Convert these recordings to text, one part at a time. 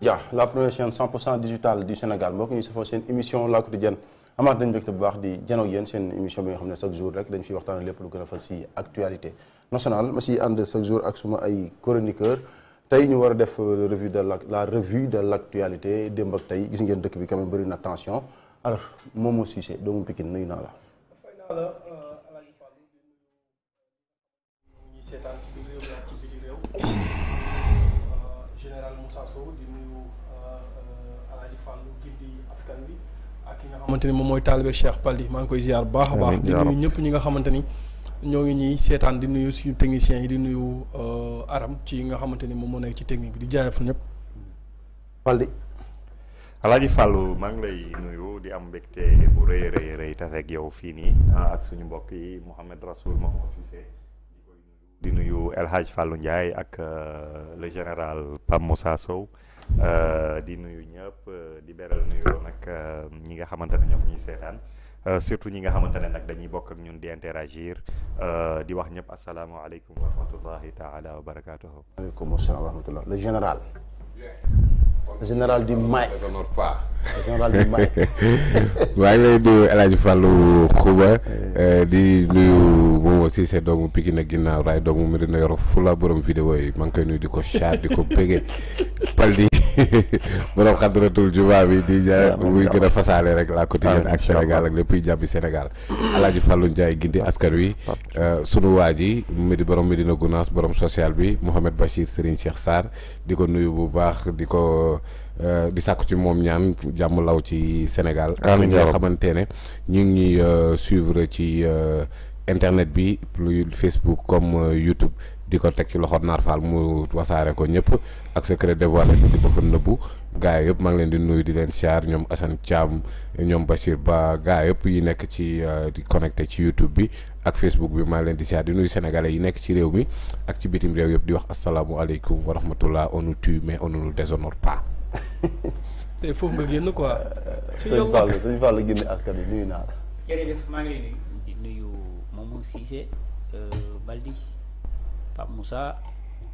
Dia la première chaîne 100 digitale digital du Sénégal mbokk ñu avons une émission la quotidienne Amad dañ mbégte bu baax di janoog yéen une émission bi nga chaque jour rek dañ fi waxtaanee lépp lu gën a actualité nationale mais si de chaque jour ak suma ay chroniqueur tey ñu war a def euh, revue de la revue de l'actualité, actualité démb ak tey gis ngeen dëkk bi Alors, moi aussi na tension alors Momo Cissé doomu Pikine nuyu la xamante moom mooy taalibe Cheikh Paldi maa ngi koy ziar bu baax a baax di nuyu ñëpp ñi nga xamante ni ñoo ngi ñuy seetaan di nuyu suñu techniciens yi di nuyu euh, aram ci nga xamante ni moom moo nekk ci technique bi di jaayee fu ñëpp Paldi Alaaji Fàllu maa ngi lay nuyu di am mbégte bu rëy rëy rëy taseeg yow fii nii ah, ak suñu mbokk yi Mouhamed Rasoul Makhou Cissé di nuyu El Hadj Fallou Ndiaye ak euh, le général Pape Moussa Sow euh, di nuyu ñëpp euh, di beral nuyu nag ñi nga xamante ne ñoom ñuy seetaan surtout ñi nga xamante ne nag dañuy bokk ñun di interagir di wax ñëpp asalaamaaleykum wa rahmatullahi taala wa barakaatuhu. waaleykum salaam wa le général. général du May. général du May. maa ngi lay nuyu El Hadj Fallou Xuba eh, di nuyu moom aussi seen doomu Pikine ginnaaw raay doomu Medina Yoro Fula borom vidéo yi maa koy nuyu di ko char di ko bëggee Paldi. borom xadratul jumaa bi di jaay muy gën fasaale rek la quotidienne ak Sénégal ak lépp jàmbi Sénégal alaaji Fallou Ndiaye gindi askan wi euh, sunu waa ji mi di borom Medina Gounass borom social bi Mouhamed Bachir Serigne Cheikh Sarr di ko nuyu bu baax di ko euh, di sàkku ci moom ñaan jàmm law ci Sénégal ak nga xamante ne ñu ngi ñuy euh, suivre ci internet bi lu Facebook comme YouTube di ko teg ci loxo narfal mu wasare ko ñëpp ak secret dévoilé bi di ko fa nëbbu gars yëpp ma ngi leen di nuyu di leen siyaar ñom Assane cham ñom bashir Ba gaay yëpp yi nekk ci euh, di connecté ci YouTube bi ak Facebook bi ma ngi leen di siyaar di nuyu sénégalais yi nekk ci réew mi ak ci bitim réew yëpp di wax assalamu alaykum wa rahmatullah on nous tue mais on ne nous déshonore pas. té fo nga genn quoi. ci yow sëñ Fall sëñ Fall genn askan wi nuyu na la. jërëjëf ma ngi leen di nuyu Momo Cissé euh Baldi pap Musa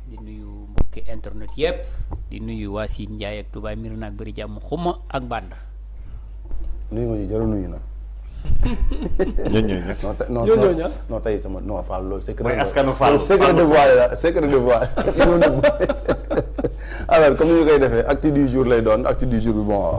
di nuyu mbokki internet yep di nuyu wasi Sine ak Touba Mbir naag bari jam xuma ak Banda. nuyu ma jaru nuyu na. ñoo ñoo ñoo ñoo non tey sama non Fall loolu secret. mooy askanu Fall secret de voix la secret de voix. alors comme ñu koy acte du jour lay acte du jour bon.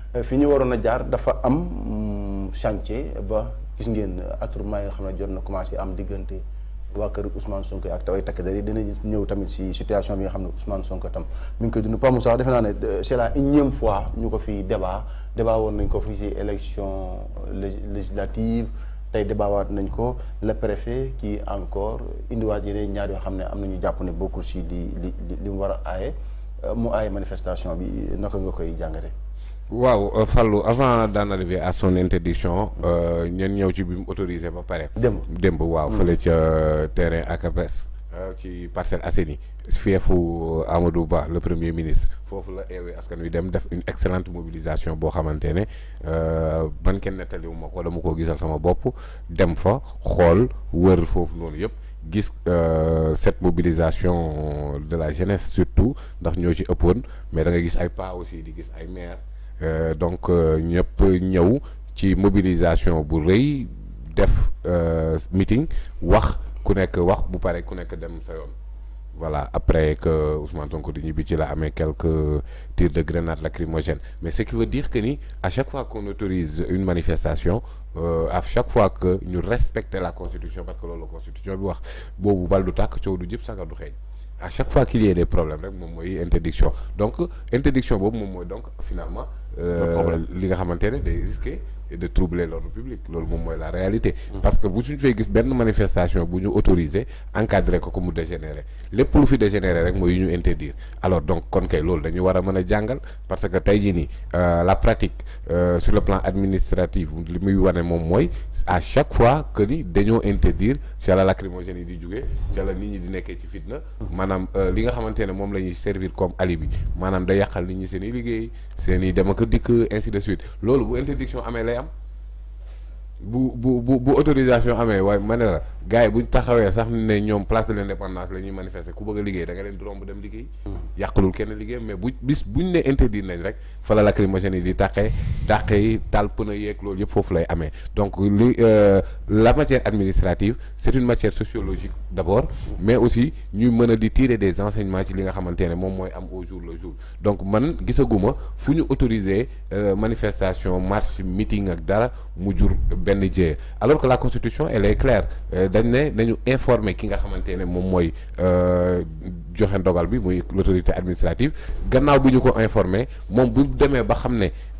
Euh, fi ñu waroon a jaar dafa am mm, chantier ba gis ngeen euh, attroupement yi nga xam ne jot na commencé am diggante waa kër Ousmane Sonko ak taway takk der yi dina ñëw tamit si situation bi nga xam ne Ousmane sonk tam mi ngi koy dund Pa Moussa defe naa ne euh, c'est la énième fois ñu ko fi débat débat woon nañ ko fi si élection législative tey débawaat nañ ko le préfet kii encore indiwaat yeneen ñaar yoo xam ne am nañu jàpp ne bokkul si li li li mu war a aaye mu manifestation bi naka nga koy jàngate waaw euh, Fallou avant d'en arriver à son interdiction euh, ñeen ñëw ci bi mu autorisé ba wow, démb démb waaw mm. fële ca euh, terrain ACAPES ci parcelle Asseni. fiefu Amadou Ba le premier ministre foofu la eewee askan wi dem def une excellente mobilisation boo xamante ne man kenn nettaliwu ma ko dama koo gisal sama bopp dem fa xool wër foofu noonu yëpp gis cette mobilisation de la jeunesse surtout ndax ñoo ci ëppoon mais da nga gis ay pas aussi di gis ay euh, donc euh, ñëpp ñëw ci mobilisation bu reuy def euh, meeting wax ku nekk wax bu paré ku nekk dem sa yoon voilà après que Ousmane Sonko di ñibi ci la quelques tirs de grenades lacrymogènes mais ce qui veut dire que ni à chaque fois qu'on autorise une manifestation euh, à chaque fois que nous respecter la constitution parce que la constitution bi wax bobu bal du tak du sagar du à chaque fois qu'il y a des problèmes rek a une interdiction donc interdiction donc finalement euh, li nga xamante de troubler l'ordre public loolu moom mooy la réalité parce que vous suñu fay gis manifestation vous nous autorisé encadré ko ko mu Les lépp lu fi dégénéré rek interdire alors donc kon kay les dañu war a parce que tey euh, la pratique euh, sur le plan administratif li muy wane à chaque fois que ni dañoo interdire c'est la lacrymogène yi di jugee la nit ñi di nekkee ci fitna Madame, euh, li nga xamante ne moom la servir comme alibi madame d'ailleurs, la nit ñi ni i c'est ni démocratique, ainsi de suite loolu bu interdiction autorisation à la gars buñ taxawé sax né ñom place de l'indépendance les manifester ku bëgg liggéey da nga leen di dem liggéey. yàqalul kenn liggéey mais bu bis buñ né interdit nañ rek fa la lacrymogène di taxé tàqe yi taal pneu yeeg lool yëpp fofu lay amé donc li euh, la matière administrative c'est une matière sociologique d'abord mais aussi nous mëna di tirer des enseignements ci li nga xamante ne moom am au jour le jour donc man gisaguma fuñu ñu autoriser euh, manifestation marche meeting ak dara mu jur alors que la constitution elle est claire euh, dañ informer ki nga euh, l'autorité administrative gannaaw nous informer mon ba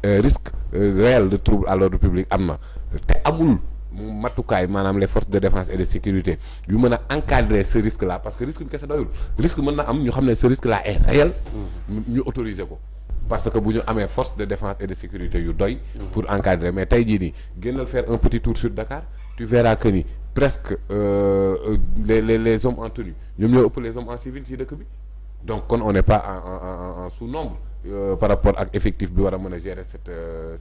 euh, risque réel de trouble à l'ordre public les forces de défense et de sécurité yu encadrer ce risque là parce que risque risque ce risque là est réel mm parce que vous avez des forces de défense et de sécurité pour encadrer mais tey jii nii faire un petit tour sur Dakar tu verras que ni presque euh, euh, les les les hommes en tenue mieux les hommes en civil ci dëkk donc on n'est pas en sous nombre. Euh, par rapport à l'effectif de la gérer cette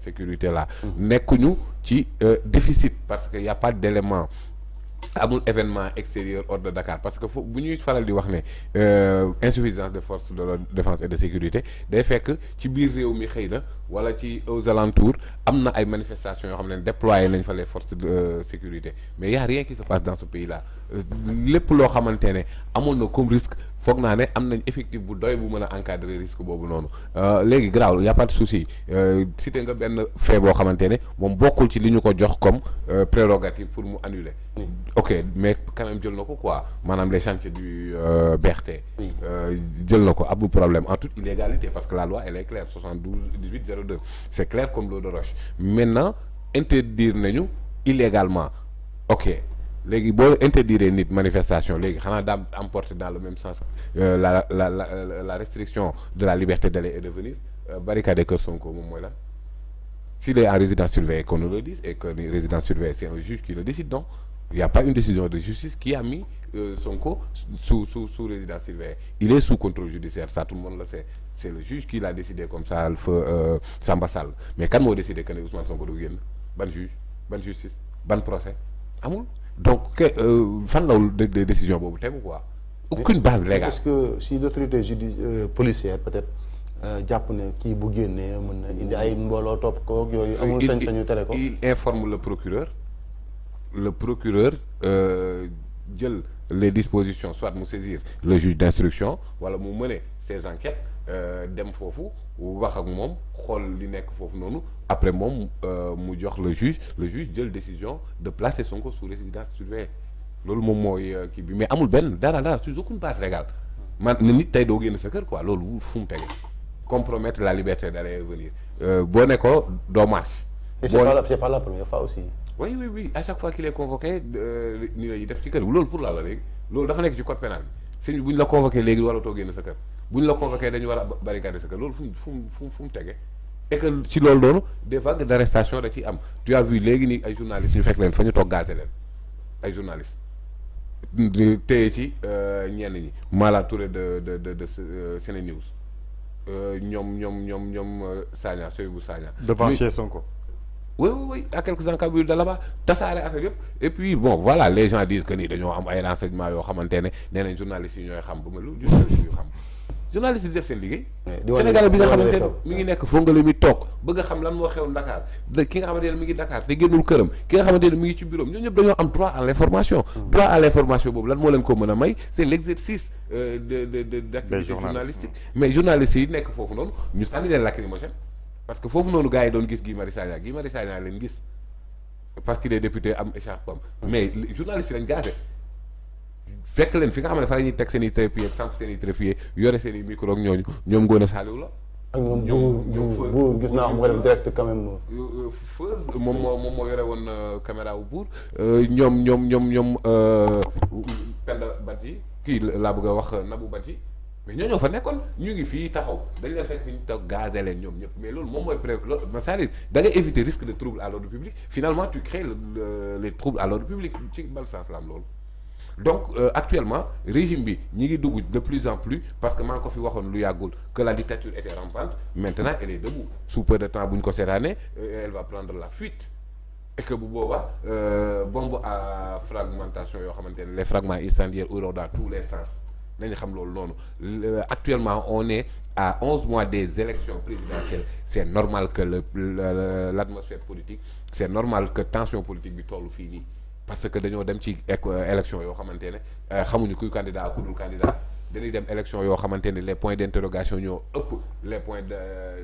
sécurité là. Mmh. nous, ci déficit parce qu'il n'y a pas d'éléments amul événement extérieur hors de Dakar parce que foofu bu ñuy faral di wax euh, insuffisance de forces de défense et de sécurité day fekk ci biir réew mi voilà qui aux alentours amna ay manifestations yo xam les forces de euh, sécurité mais il y a rien qui se passe dans ce pays là Les lo qui ne amoon comme risque faut que effectif bu doy bu mën encadrer risque boobu noonu euh, léegi y a pas de souci euh, cité nga ben fait bo xamante vous moom bokkul ci liñu ko jox comme prérogative pour mu annuler. ok mais quand même jël nako quoi manam les chantiers du BRT. jël na ko problème en toute illégalité parce que la loi elle est claire 72 18 c'est clair comme l'eau de roche maintenant interdire nous illégalement ok si interdire une manifestation les emporte dans le même sens euh, la, restriction de la liberté d'aller et de venir euh, barricade que Sonko s'il est en résidence surveillée qu'on nous le dise et que résidence surveillée c'est un juge qui le décide donc il n'y a pas une décision de justice qui a mis euh, Sonko sous sous sous résidence surveillée il est sous contrôle judiciaire ça tout le monde le sait c'est le juge qui l'a décidé comme ça il faut euh, Samba mais quand vous décidez que vous Ousmane Sonko du génn juge bonne justice ban procès donc donc que euh, a de décision vous avez quoi aucune base légale parce que si l'autorité judiciaire euh, policière peut-être japonais, qui qui bu il informe le procureur le procureur jël les dispositions soit de saisir le juge d'instruction wala de mener ses enquêtes euh, dem fofu wax ak mom xool li nek fofu nous après moom euh, mu jox le juge le juge jël décision de placer son Sonko sous résidence surveillée lolou mom moy euh, ki bi mais amul benn dara dara sous aucune base légale man nit tay do guen sa kër quoi lolou fu mu compromettre la liberté d'aller revenir euh bo ne ko doo marche. et c'est pas la c'est pas la première fois aussi. oui oui oui à chaque fois qu'il est convoqué ni lay def ci kër lolou pour la la léegi loolu dafa nek ci code pénal si vous bu ñu la convoqué léegi waratoo sa kër. Vous la convoqué dañu barricade que loolu fu fu fu mu et que ci loolu des vagues da tu as vu léegi ni ay journalistes ñu fekk leen fa ñu leen ay journalistes ci euh, ñenn Mala Touré de de de de News devant chez Sonko. oui oui oui à quelques de là-bas et puis bon voilà les gens disent que ni dañoo am ay renseignement yoo xamante journalistes yi xam journalistes journaliste de def ligue liggéey. Sénégal bi nga xamanté ne mi ngi nek fongale mi tok bëgg xam lan mo xew Dakar ki nga xamanté mi ngi Dakar te gënul kërëm ki nga xamanté mi ngi ci bureau ñoo ñëpp dañoo am droit à l'information. Mm. droit à l'information bobu lan mo leen ko mëna may c'est l'exercice euh, de de de d'activité journalistique mais journaliste yi nekk foofu noonu ñu sànni leen lacrymogène parce que fofu nonu gaay doon gis gi Marius Sagna Guy Marius Sagna leen gis parce que les députés am écharpe mm. mais journaliste yi lañ gazé fekk leen fi nga fa ak micro ak ñooñu direct quand même. mais ñoo fa nekkoon ñu ngi taxaw dañ fi mais loolu moom mooy pré éviter risque de trouble à l'ordre public finalement tu crées les troubles à l'ordre public ci sens donc actuellement, euh, actuellement régime bi de plus en plus parce que que la dictature était rampante maintenant elle est debout sous peu de temps euh, elle va prendre la fuite et que bu euh, bombe à fragmentation les fragments incendiaires auront dans tous les sens euh, actuellement on est à 11 mois des élections présidentielles c'est normal que l'atmosphère politique c'est normal que tension politique bi tollu parce que dañoo dem ci euh, élection yo xamante ne euh, xamuñu kuy candidat ak ku dul candidat dañuy dem élection yo xamante les points d'interrogation ñoo ëpp les points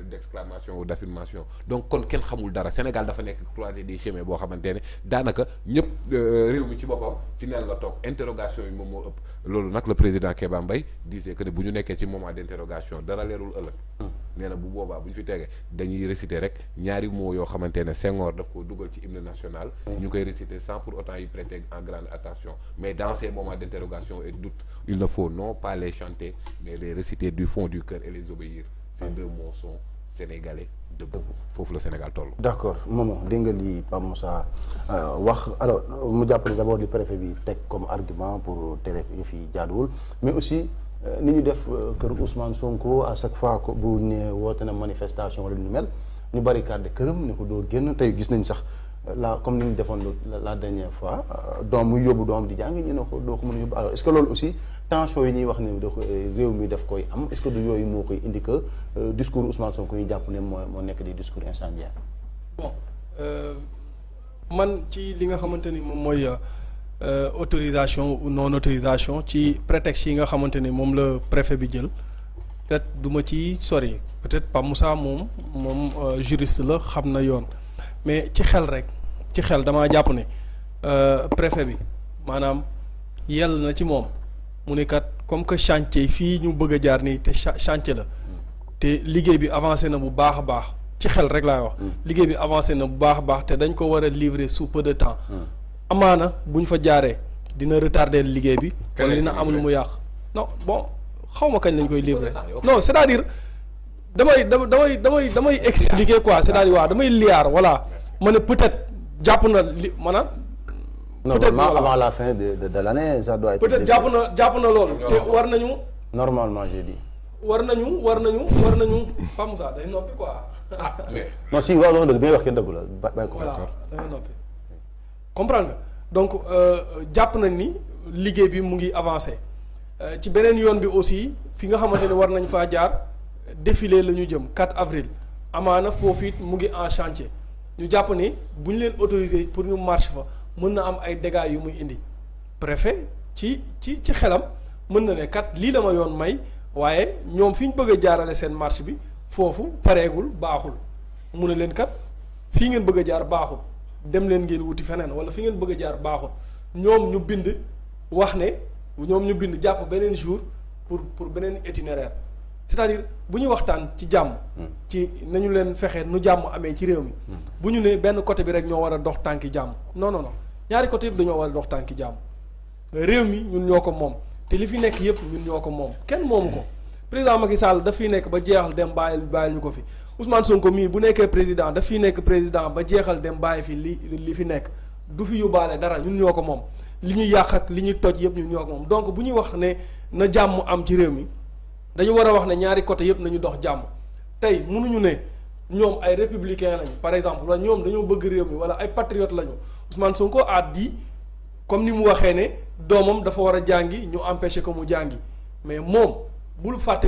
d'exclamation ou d'affirmation donc kon kenn xamul dara Sénégal dafa nekk croisée des chemins bo xamante danaka ñëpp euh, réew mi ci bopam ci neen la tok interrogation yi mom moo ëpp loolu nak le président Kéba Mbaye disait que buñu bu ci moment d'interrogation dara lérul ëlëk hmm nee na bu boba bu fi tegee dañuy réciter rek ñaari mots yo xamante ne daf ko dugal ci hymne national. ñukay réciter sans pour autant y prêter en grande attention mais dans ces moments d'interrogation et doute il ne faut non pas les chanter mais les réciter du fond du cœur et les obéir ces deux mots sont sénégalais de boobu foofu Sénégal toll. d'accord Momo dégg li Pape euh, wax alors mu jàppale d' du préfet bi comme argument pour tere yi fi mais aussi. Eh, ni ñu def eh, keur Ousmane Sonko à chaque fois ko bu ne wote na manifestation wala ñu mel ñu barricade këram ne ko do genn tay gis nañ sax eh, la comme ni ñu defoon la dernière fois doom muy yóbbu doom di jang ñu ne ko do ko mëna a alors est-ce que lool aussi tension yi ñi wax ne do rew mi daf koy am est-ce que du yoy mo koy indi que discours Ousmane Sonko ñu japp ne mo nekk di discours incendiaire bon euh man ci li nga xamanteni mom moy mooy euh, Euh, autorisation ou non ci prétexte yi nga xamante ni moom la préfet bi jël peut-être ci sori peut-être Pape Moussa moom moom euh, juriste la xam na yoon mais ci xel rek ci xel damaa jàpp ne euh, préfet bi maanaam yell na ci moom mu ne kat comme que chantier fii ñu bëgg a jaar nii te chantier la te liggéey bi avancé na bu baax a baax ci xel rek laay wax. Hmm. liggéey bi avancé na bu baax a baax te dañ ko war a livrer sous peu de temps. Hmm. amaana bu ñu fa jaaree dina retarder liggéey bi. wala dina am lu mu yàq. non bon xaw ma kañ lañ koy livrer ah, non c'est-à-dire damay damay damay damay expliquer quoi c'est-à-dire waaw damay liyaar voilà ma ne peut-être jàpp na li maanaam. normalement avant la fin de de de l'année ça doit être. peut-être jàpp na jàpp na loolu. te war nañu. normalement j'ai dit. war nañu war nañu war nañu Pa Moussa day noppi quoi. noppi. comprendre nga donc euh, jàpp nañ ni liggéey bi mu ngi avancé euh, ci beneen yoon bi aussi fi nga xamante ne war nañ faa jaar défilé la ñu jëm 4 avril amaana foofu it mu ngi en chantier ñu jàpp ni bu ñu leen autorisé pour ñu marche fa mën na am ay dégâts yu muy indi préfet ci ci ci xelam mën na ne kat lii la ma yoon may waaye ñoom fi ñu bëgg a jaarale seen marche bi foofu pareegul baaxul mu ne leen kat fii ngeen bëgg a jaar baaxul dem leen ngeen wuti feneen wala fi ngeen bëgg a jaar baaxul ñoom ñu bind wax ne ñoom ñu bind jàpp beneen jour pour pour beneen itinéraire c'est-à-dire bu ñu waxtaan ci jàmm. Hmm. ci nañu leen fexee nu jàmm amee ci réew mi. Hmm. bu ñu nee benn côté bi rek ñoo war a dox tànki jàmm non non non ñaari côté yëpp dañoo war a dox tànki jàmm réew mi ñun ñoo ko moom te li fi nekk yëpp ñun ñoo ko moom kenn moomu ko hmm. président Macky Sall daf nekk ba jeexal dem bàyyil bàyyil ñu ko fi. Ousmane ko mii bu nekkee président daf nekk président ba jeexal dem bàyyi fi li li fi nekk du fi yóbbaale dara ñun ñoo ko moom li ñuy yàq ak li ñu toj yëpp ñu ñoo ko moom donc bu ñu wax ne na jàmm am ci réew mi dañu war a wax ne ñaari côté yëpp nañu dox jàmm tey mënuñu ne ñoom ay républicain lañu par exemple la ñoom dañoo bëgg réew mi wala ay patriote lañu Ousmane ko a dit comme ni mu waxee ne doomam dafa war a jàngi ñu empêché ko mu jàng mais moom bul fàtte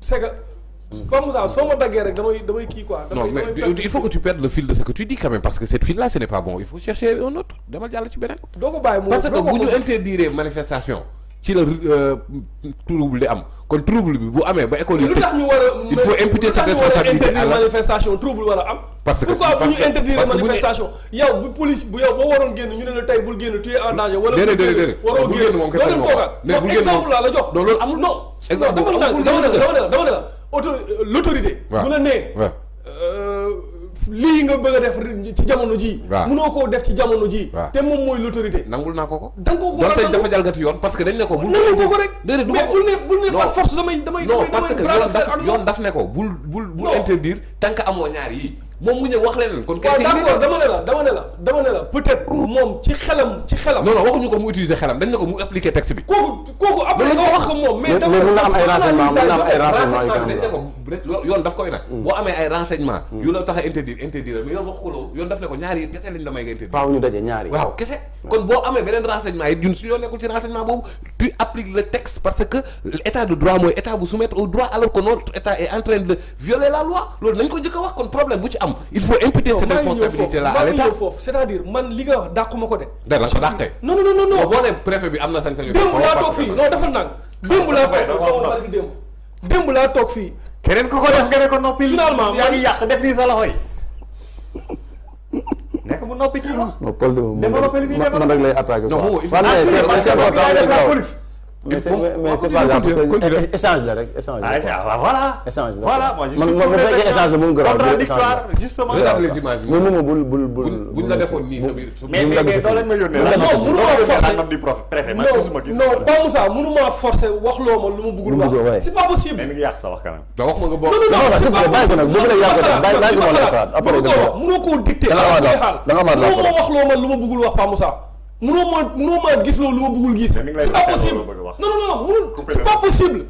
c'est que comme ça mais il faut que tu perdes le fil de ce que tu dis quand même parce que cette fil là ce n'est pas bon il faut chercher un autre parce que vous nous interdirez manifestation ci le euh, trouble est am trouble bi bu il faut imputer sa responsabilité la manifestation trouble pourquoi bu interdire manifestation yow bu police bu yow ñu en danger. wala mais exemple la jox. non exemple lii nga bëgg a def ci jamono ji mënoo koo def ci jamono jii ji te moom mooy l'autorité nangul naa ko ko da nga ko ko donte dafa jalgati yoon parce que dañ ko bul nangul ko ko rek déedéet mais bul ne bul ne force damay damay non parce que yoon daf ne ko bul bul bul interdire tant amoo ñaar yii moom mu ñëw wax leen kon. kese d'accord dama ne la dama ne la dama ne la peut-être mom ci xelam ci xelam. non non waxuñu ko mu utiliser xelam dañ ne ko mu appliquer texte bi. koku koku après nga wax ko moom. mais dama mun na am ay renseignements mu na am ay renseignements yu yoon daf koy nak mm. bo amé ay renseignements. Mm. yu la taxé interdire interdire mais yoon wax ko loolu yoon daf ne ko ñaari kese lañ la may nga interdire. faaw ñu dajé ñaari. waaw kese kon bo amé benen renseignement yi ñun su yoon nekkul ci renseignement bobu tu appliques le texte parce que l'état de droit moy état bu soumettre au droit alors que notre état est en train de violer la loi loolu nañ ko jëk wax kon problème bu ci am il faut imputer cette responsabilité là à l'État foofu c'est-à-dire man li nga dàquma ko de. dara ko dàqee non non non non boo nee préfet bi am na sañ-sañ. démb laa toog fii non laa toog fii démb démb ko def nga ne ko noppi. finalement yaa yàq def nii sa loxo yi. nekk mu noppi ci. non Paul de moom man rek lay attaqué quoi. non mais c'est par exemple um la rek échange la voilà échange la voilà moi je échange bu mu garaaw contradictoire justement regarde les images mais mënuma bul bul bul buñ la defoon nii sa biir mais mais doo leen ma yónnee non mënuma forcer non non Pape Moussa mënuma forcer wax loo ma lu ma bëggul wax c'est pas possible mais mi ngi yàq sa wax kanam da wax ma nga bokk non non bàyyi ko nag bëgg la yàq ko bàyyi bàyyi ko nag après mënoo koo dicter da nga ma wax loo ma lu ma bëggul wax Pape Moussa mënoo ma mënoo maa gis loolu ma bëggul gis. c'est pas possible non non non mënul pas possible.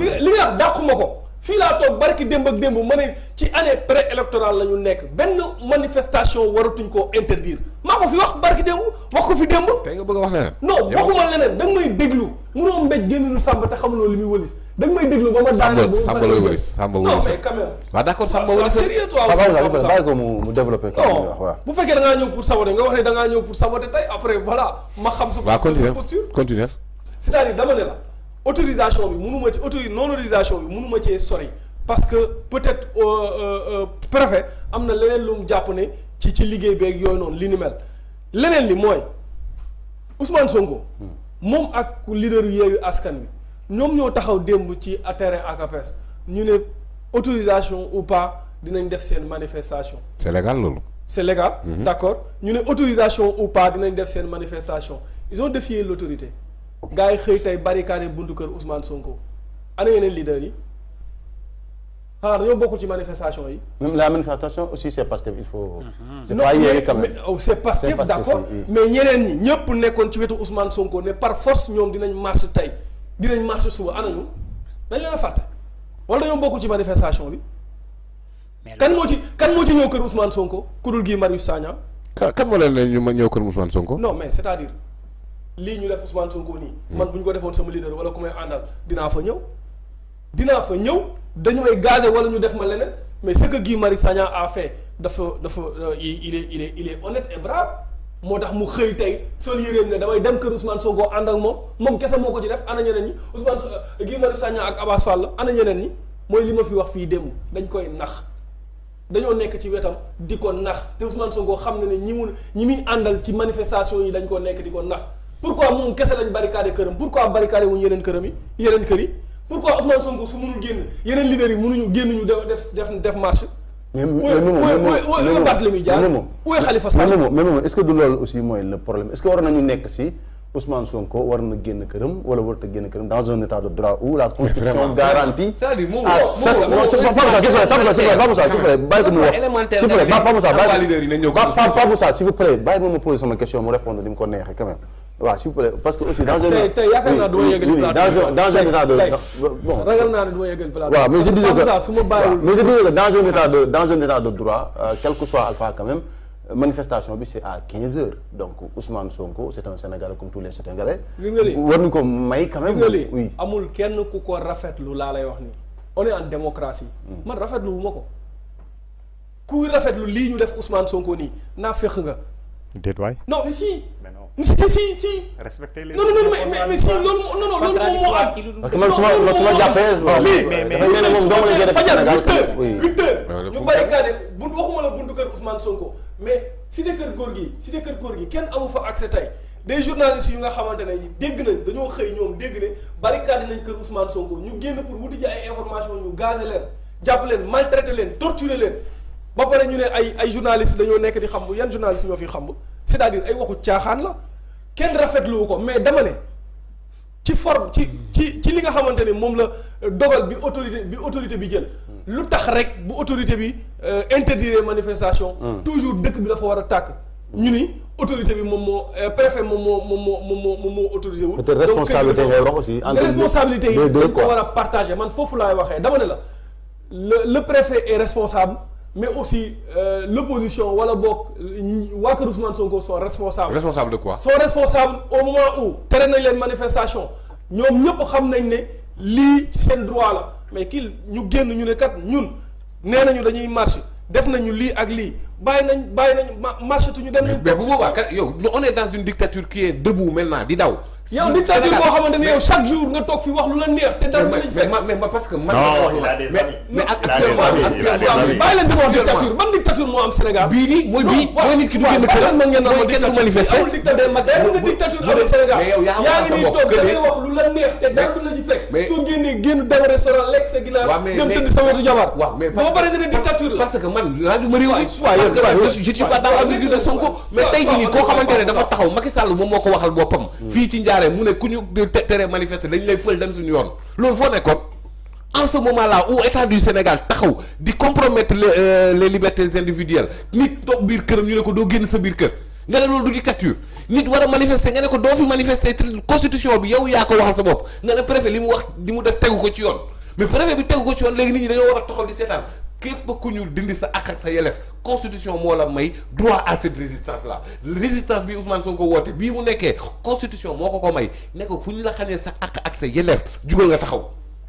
li li nga dàquma ko. fii laa toog barki démb ak démb ma ne ci année préélectorale la ñu nekk benn manifestation waratuñ ko interdire maa ko fi wax barki démb wax ko fi démb. tey nga bëgg a wax leneen. non waxuma leneen da nga déglu mënoo mbéj génn lu sàmb te xamuloo li muy wëlis. da nga may déglu ba ma daaneel ba ma bëri Samba non mais quand même. waaw d' accord Samba wërës sérieux toi aussi bàyyi ko mu mu développé. non bu fekkee da ngaa ñëw pour saboter nga wax ne da ngaa ñëw pour saboter tey après voilà ma xam sa. waaw continuer posture continuer. c' est à dire dama ne la autorisation bi mënu ma ci autori non autorisation bi mënu ma cee sori parce que peut être euh, euh, euh, préfet am na leneen lu mu jàpp ne ci ci liggéey beeg yooyu noonu li ni mel leneen li mooy Ousmane Sonko. Hmm. moom ak leader yeeyu askan wi. nous ñoo taxaw à ci terrain ACAPES ñu ne autorisation ou pas dinañ def sen manifestation. c'est légal Loulou. c'est légal. Mhm. d'accord ñu ne autorisation ou pas dinañ def sen manifestation ils ont défié l'autorité gaay xey tay tey barricade buntu Ousmane Sonko ana les leaders yi xaar beaucoup bokkul ci manifestation yi. même la manifestation aussi c'est pas il faut. Mhm. Oh, c'est pas hier, quand même non mais c'est Pastef d'accord mais ñeneen ñi ñëpp ci wétu Ousmane Sonko né par force ñom dinañ marche tay dinañ marché suba anañu dañ leen a fàtte wala dañoo bokkul ci manifestation bi. kan moo ci kan moo ci ñëw kër Ousmane Sonko ku dul Guy Marius Sagna. kan kan moo leen ne ñu ma ñëw kër Ousmane Sonko. non mais c'est-à-dire lii ñu def Ousmane Sonko nii. Hmm. man bu ñu ko defoon sama leader wala ku may àndal dinaa fa ñëw. dinaa fa ñëw dañu may gazé wala ñu def ma leneen mais ce que Guy Marius Sagna a dafa dafa euh, il est il est il est moo tax mu xëy tey sol yéreem ne damay dem kër Ousmane Sonko ànd moom moom kese moo ko ci def ana ñeneen ñi Ousmane euh, Guy Marius Sagna ak Abass Fall ana ñeneen ñi mooy li ma fi wax fii démb dañ koy nax dañoo nekk ci wetam di ko nax te Ousmane Sonko xam ne ne ñi mun ñi muy àndal ci manifestation yi dañ ko nekk di ko nax pourquoi moom kese lañ barricadé këram pourquoi barricadé wuñ yeneen këram yi yeneen kër yi pourquoi Ousmane Sonko su munu génn yeneen leaders yi mënuñu génn ñu def def def marche mais mais est-ce que du loolu aussi mooy le problème est-ce que war nañu nekk si Ousmane Sonko war na génn këram wala warut a génn këram dans un état de droit où la constitution garantit c'est-à-dire moom non c'est pas Moussa s'il vous plaît pas Moussa s'il vous plaît bàyyi ko mu wax s'il vous plaît pas Moussa bàyyi ko mu wax s'il vous plaît bàyyi ma ma poser sama question mu répondre ni mu ko neexee quand même Oui, s'il vous plaît parce que aussi dans un. état de droit. naa du ma dans un état de. bon ragal naa ne du ma yëgal plateau. waaw mais je disais que mais je disais que dans un état de dans un état de droit euh, quel que soit Alpha quand même manifestation bi c'est à 15 h donc Ousmane Sonko c'est un Sénégalais comme tous les Sénégalais. gis nga lii war nañu ko may quand même. oui amul kenn ku ko rafetlu laa lay wax nii. on est en démocratie. Hmm. man rafetlu wu ma ko. kuy rafetlu lii ñu def Ousmane Sonko nii naa fex nga. déet waay non si. si si si. respecté les non non mais mais si loolu non non loolu moo am. parce que man su ma su ma jàppee. moom doomu la ñu huit heures ñu barricadé bu waxuma la buntu kër Ousmane Sonko mais cité kër góor gi cité kër góor gi kenn amu fa accès tey des journalistes yu nga xamante ne dégg nañ dañoo xëy ñoom dégg ne barricadé nañ kër Ousmane Sonko ñu génn pour wuti ji ay information ñu gazé leen jàpp leen maltraité leen torturé leen ba paré ñu né ay ay journalistes dañu nekk di xamb yan journalistes ñoo fi xamb c'est-à-dire ay waxu tiaxan la kenn rafetlu ko mais dama né ci forme ci ci ci li nga xamante mom la euh, dogal bi autorité bi autorité bi jël. lu tax rek bu autorité bi euh, interdire manifestation. Hmm. toujours dëkk bi dafa wara tak tàkk. ñu ni autorité bi mom mo euh, préfet mom mo mo mo mo moo autorisé wul. responsabilité ngay wax aussi. responsabilité yi ko wara partager man fofu lay waxé dama né la le le préfet est responsable mais aussi euh, l'opposition wala bok Ousmane Sonko sont responsables. responsables de quoi. sont responsables au moment où y nañ une manifestation ñom ñep xam nañ né li sen droit la mais qu'ils ñu génn ñu ne kat ñun nee nañu dañuy marcher def nañu nous ak li bay nañ bay nañ marcher mais bu on est dans une dictature qui est debout maintenant di daw. yow ya, di boo xamante ne yow chaque jour nga toog fi wax lu la neex te dara du lañ mais mais parce que man. non il a des amis mais actuellement actuellement di ko wax dictature man dictature moo am Sénégal. bii nii mooy bii mooy nit ki du génn këram mooy man rajo ma réew mi. mais tey nii koo xamante dafa taxaw Macky Sall moom moo ko waxal boppam. Hmm. fii ci Ndiarème mu ne ku ñu tere manifester dañ lay fël dem suñu yoon loolu foo nekkoon en ce moment-là où état du Sénégal taxaw di compromettre les euh, les libertés individuelles nit tok bir këram ñu ne ko doo génn sa bir kër nga ne loolu du dictature nit wara manifester nga ne ko do fi manifester constitution bi yow ya ko waxal sa bop nga ne préfet limu wax li mu def tegu ko ci yoon mais préfet bi tegu ko ci yoon légui nit ñi dañoo wara a taxaw di sétal képp ku ñu dindi sa ak ak sa yelef constitution mo la may droit à cette résistance là résistance bi Ousmane Sonko woote bi mu nekkee constitution moko ko may ne ko fu la xané sa ak ak sa yelef jugal nga taxaw.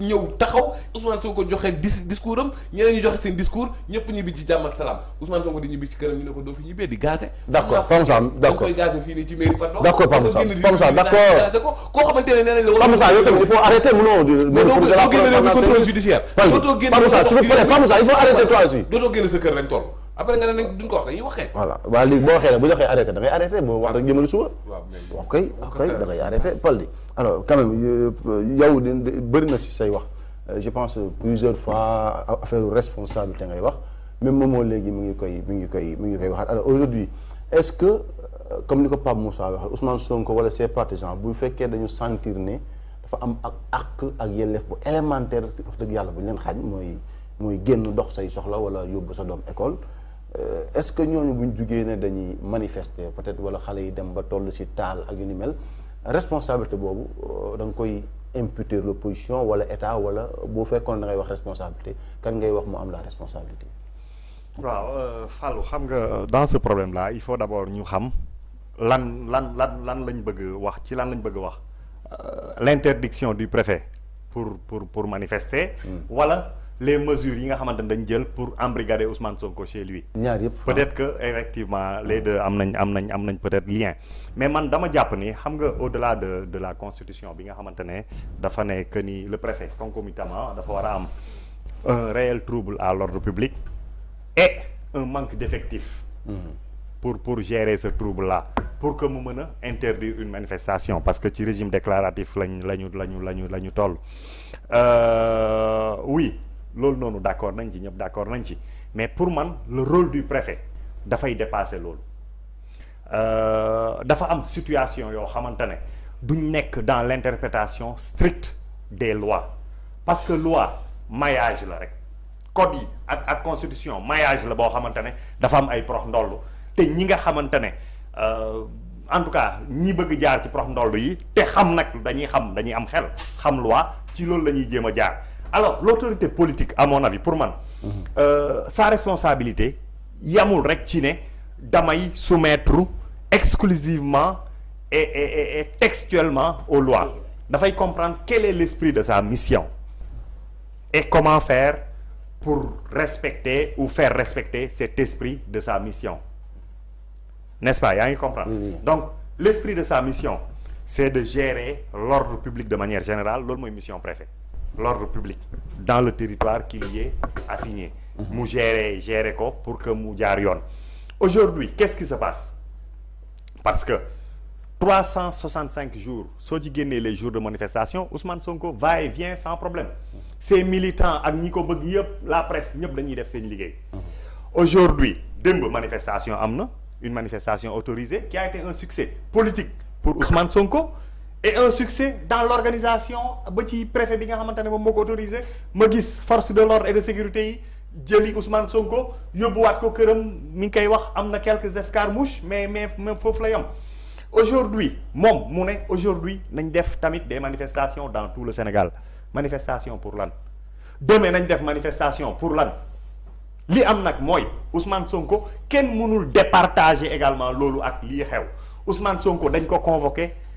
ñëw taxaw Ousmane Sonko joxe dis discours am ñeneen ñu joxe seen discours ñëpp ñibbi ci jàmm ak salaam Ousmane Sonko di ñibbi ci këram ñu ne ko doo fi ñibbee di gazé. d' accord Pam Sam d' accord tamit il faut arrêter mënoo. mënoo génne leen contrôle judiciaire. dootoo génne Pam Sam s' sa kër lañ toll. après nga ne duñ ko wax dañuy waxee. voilà waaw li boo waxee nag bu ñu arrêté da ngay arrêté boo wax rek ah. jëmale suwa waaw mais ok ok da ngay arrêté Paldi. alors quand même euh, yow bëri na ci say wax euh, je pense plusieurs fois euh, affaire responsabilité ngay wax même moom moo léegi mi ngi koy mi ngi koy mi ngi koy wax alors aujourd'hui est-ce que comme ni ko Pape Moussa wax Ousmane Sonko wala ses partisans bu fekkee dañu sentir ne dafa am ak àq ak yelef bu élémentaire wax deug yalla bu len xagn moy moy mooy génn dox say soxla wala yóbbu sa doom école. Euh, est-ce que nous, avons peut-être wala yi dem responsabilité euh, l'opposition wala état wala responsabilité la responsabilité. Euh, dans ce problème là il faut d'abord ñu xam lan l'interdiction du préfet pour pour manifester. Hmm. les mesures yi nga xamante ne dañ jël pour embrigader Ousmane Sonko chez lui. ñaar yëpp peut-être que effectivement les deux am nañ am nañ am nañ peut-être lien. mais man dama jàpp ni xam nga au-delà de de la constitution bi nga xamante ne dafa ne que ni le préfet concomitamment dafa war a am un réel trouble à l'ordre publique et un manque d'effectifs. Mhm. pour pour gérer ce trouble la pour que mu mën a interdire une manifestation parce que ci régime déclaratif lañ lañu lañu lañu la ñu toll euh, oui. Lol sommes d'accord nous ci mais pour moi, le rôle du préfet fay dépasser euh, da que am situation yo xamantane dans l'interprétation stricte des lois parce que loi maillage la rek code constitution maillage la bo am ay euh, en tout cas ñi bëgg jaar ci prof de yi xam dañuy xam loi ci alors l'autorité politique à mon avis pour moi, mhm. euh, sa responsabilité y a ci ne damay soumettre exclusivement et, textuellement aux lois faut comprendre quel est l'esprit de sa mission et comment faire pour respecter ou faire respecter cet esprit de sa mission n'est-ce pas Il comprend. donc l'esprit de sa mission c'est de gérer l'ordre public de manière générale L'homme la mission préfet l'ordre public dans le territoire qui lui est assigné Mou gérer gérer quoi pour que mou jaar aujourd'hui qu'est-ce qui se passe parce que 365 jours sauf les jours de manifestation Ousmane Sonko va et vient sans problème Ces militants la presse dañuy aujourd'hui manifestation une manifestation autorisée qui a été un succès politique pour Ousmane Sonko et un succès dans l'organisation ba ci préfet bi nga xamantane mom moko autoriser autorisé ma gis force de l'ordre et de sécurité yi djeli Ousmane Sonko wat ko keureum mi ngi wax quelques escarmouches mais mais mais foofu la aujourd'hui mom mu aujourd'hui nañ def tamit des manifestations dans tout le Sénégal manifestation pour lan demain nañ def manifestation pour lan li am nak moy Ousmane Sonko ken mënul départager également lolu ak li xew Ousmane Sonko dañ ko convoqué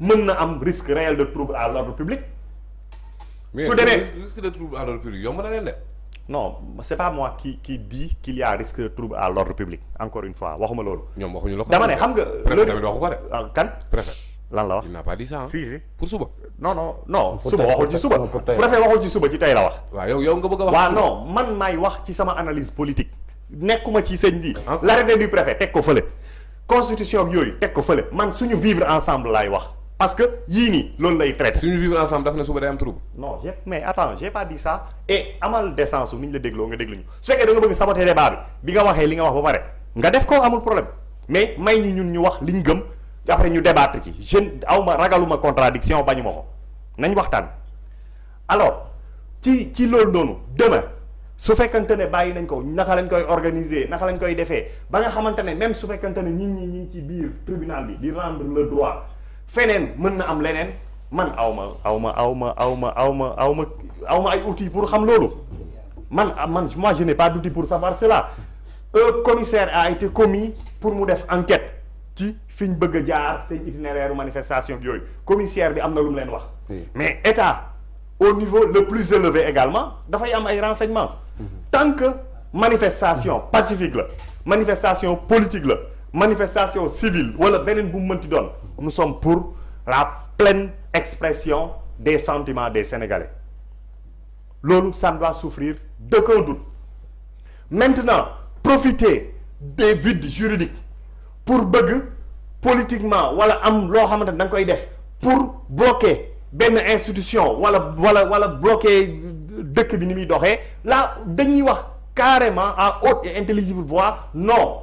mën na am risque réel de trouble à l'ordre public. su demee risque de trouble à l'ordre public yomb na leen de. non c'est pas moi qui qui dit qu'il y a risque de trouble à l'ordre public encore une fois waxuma loolu. ñoom waxuñu la ko dama ne xam nga. préfet tamit waxu ko de. Ah, kan préfet. lan la wax il n'a pas dit ça hein. si si pour suba. non non non suba waxul ci suba. préfet waxul ci suba ci tey la wax. waaw yow yow nga bëgg a wax. waaw non man may wax ci sama analyse politique. nekkuma ci sëñ bi. l'arrêté du préfet teg ko fële. constitution ak yooyu teg ko fële man suñu vivre ensemble laay wax. parce que yii nii loolu lay traité. suñu vivre ensemble daf na suba day am trouble. non j'ai mais attends j'ai pas dit ça et amal décence niñ la déglo nga dégluñu su fekkee da nga bëgg saboter débat bi bi nga waxé li nga wax ba paré nga def ko amul problème mais may ñu ñun ñu wax liñ gëm après ñu débattre ci je awma ragaluma contradiction bañu ma ko nañ waxtan alors ci ci loolu noonu demain su fekkante ne bàyyi nañ ko naka lañ koy organiser naka lañ koy défé ba nga xamantene même su fekkante ne ñi ñi ñi ci biir tribunal bi di rendre le droit fenen mën na am leneen man awma awma awma awma awma awma awma ay outils pour xam loolu man man moi je n'ai pas d'outils pour savoir cela un commissaire a été commis pour mu def enquête ci fiñ ñu bëgg jaar seen itinéraire manifestation bi yooyu commissaire bi am na lu mu leen wax mais état au niveau le plus élevé également dafay am ay renseignements mhm. tant que manifestation mhm. pacifique la manifestation politique la manifestation civile wala benen bu nous sommes pour la pleine expression des sentiments des Sénégalais loolu ça ne doit souffrir De d'aucun doute maintenant profiter des vides juridiques pour bugger... politiquement wala am pour bloquer Des institution wala bloquer deuk bi ni là dañuy wax carrément à haute et intelligible voix non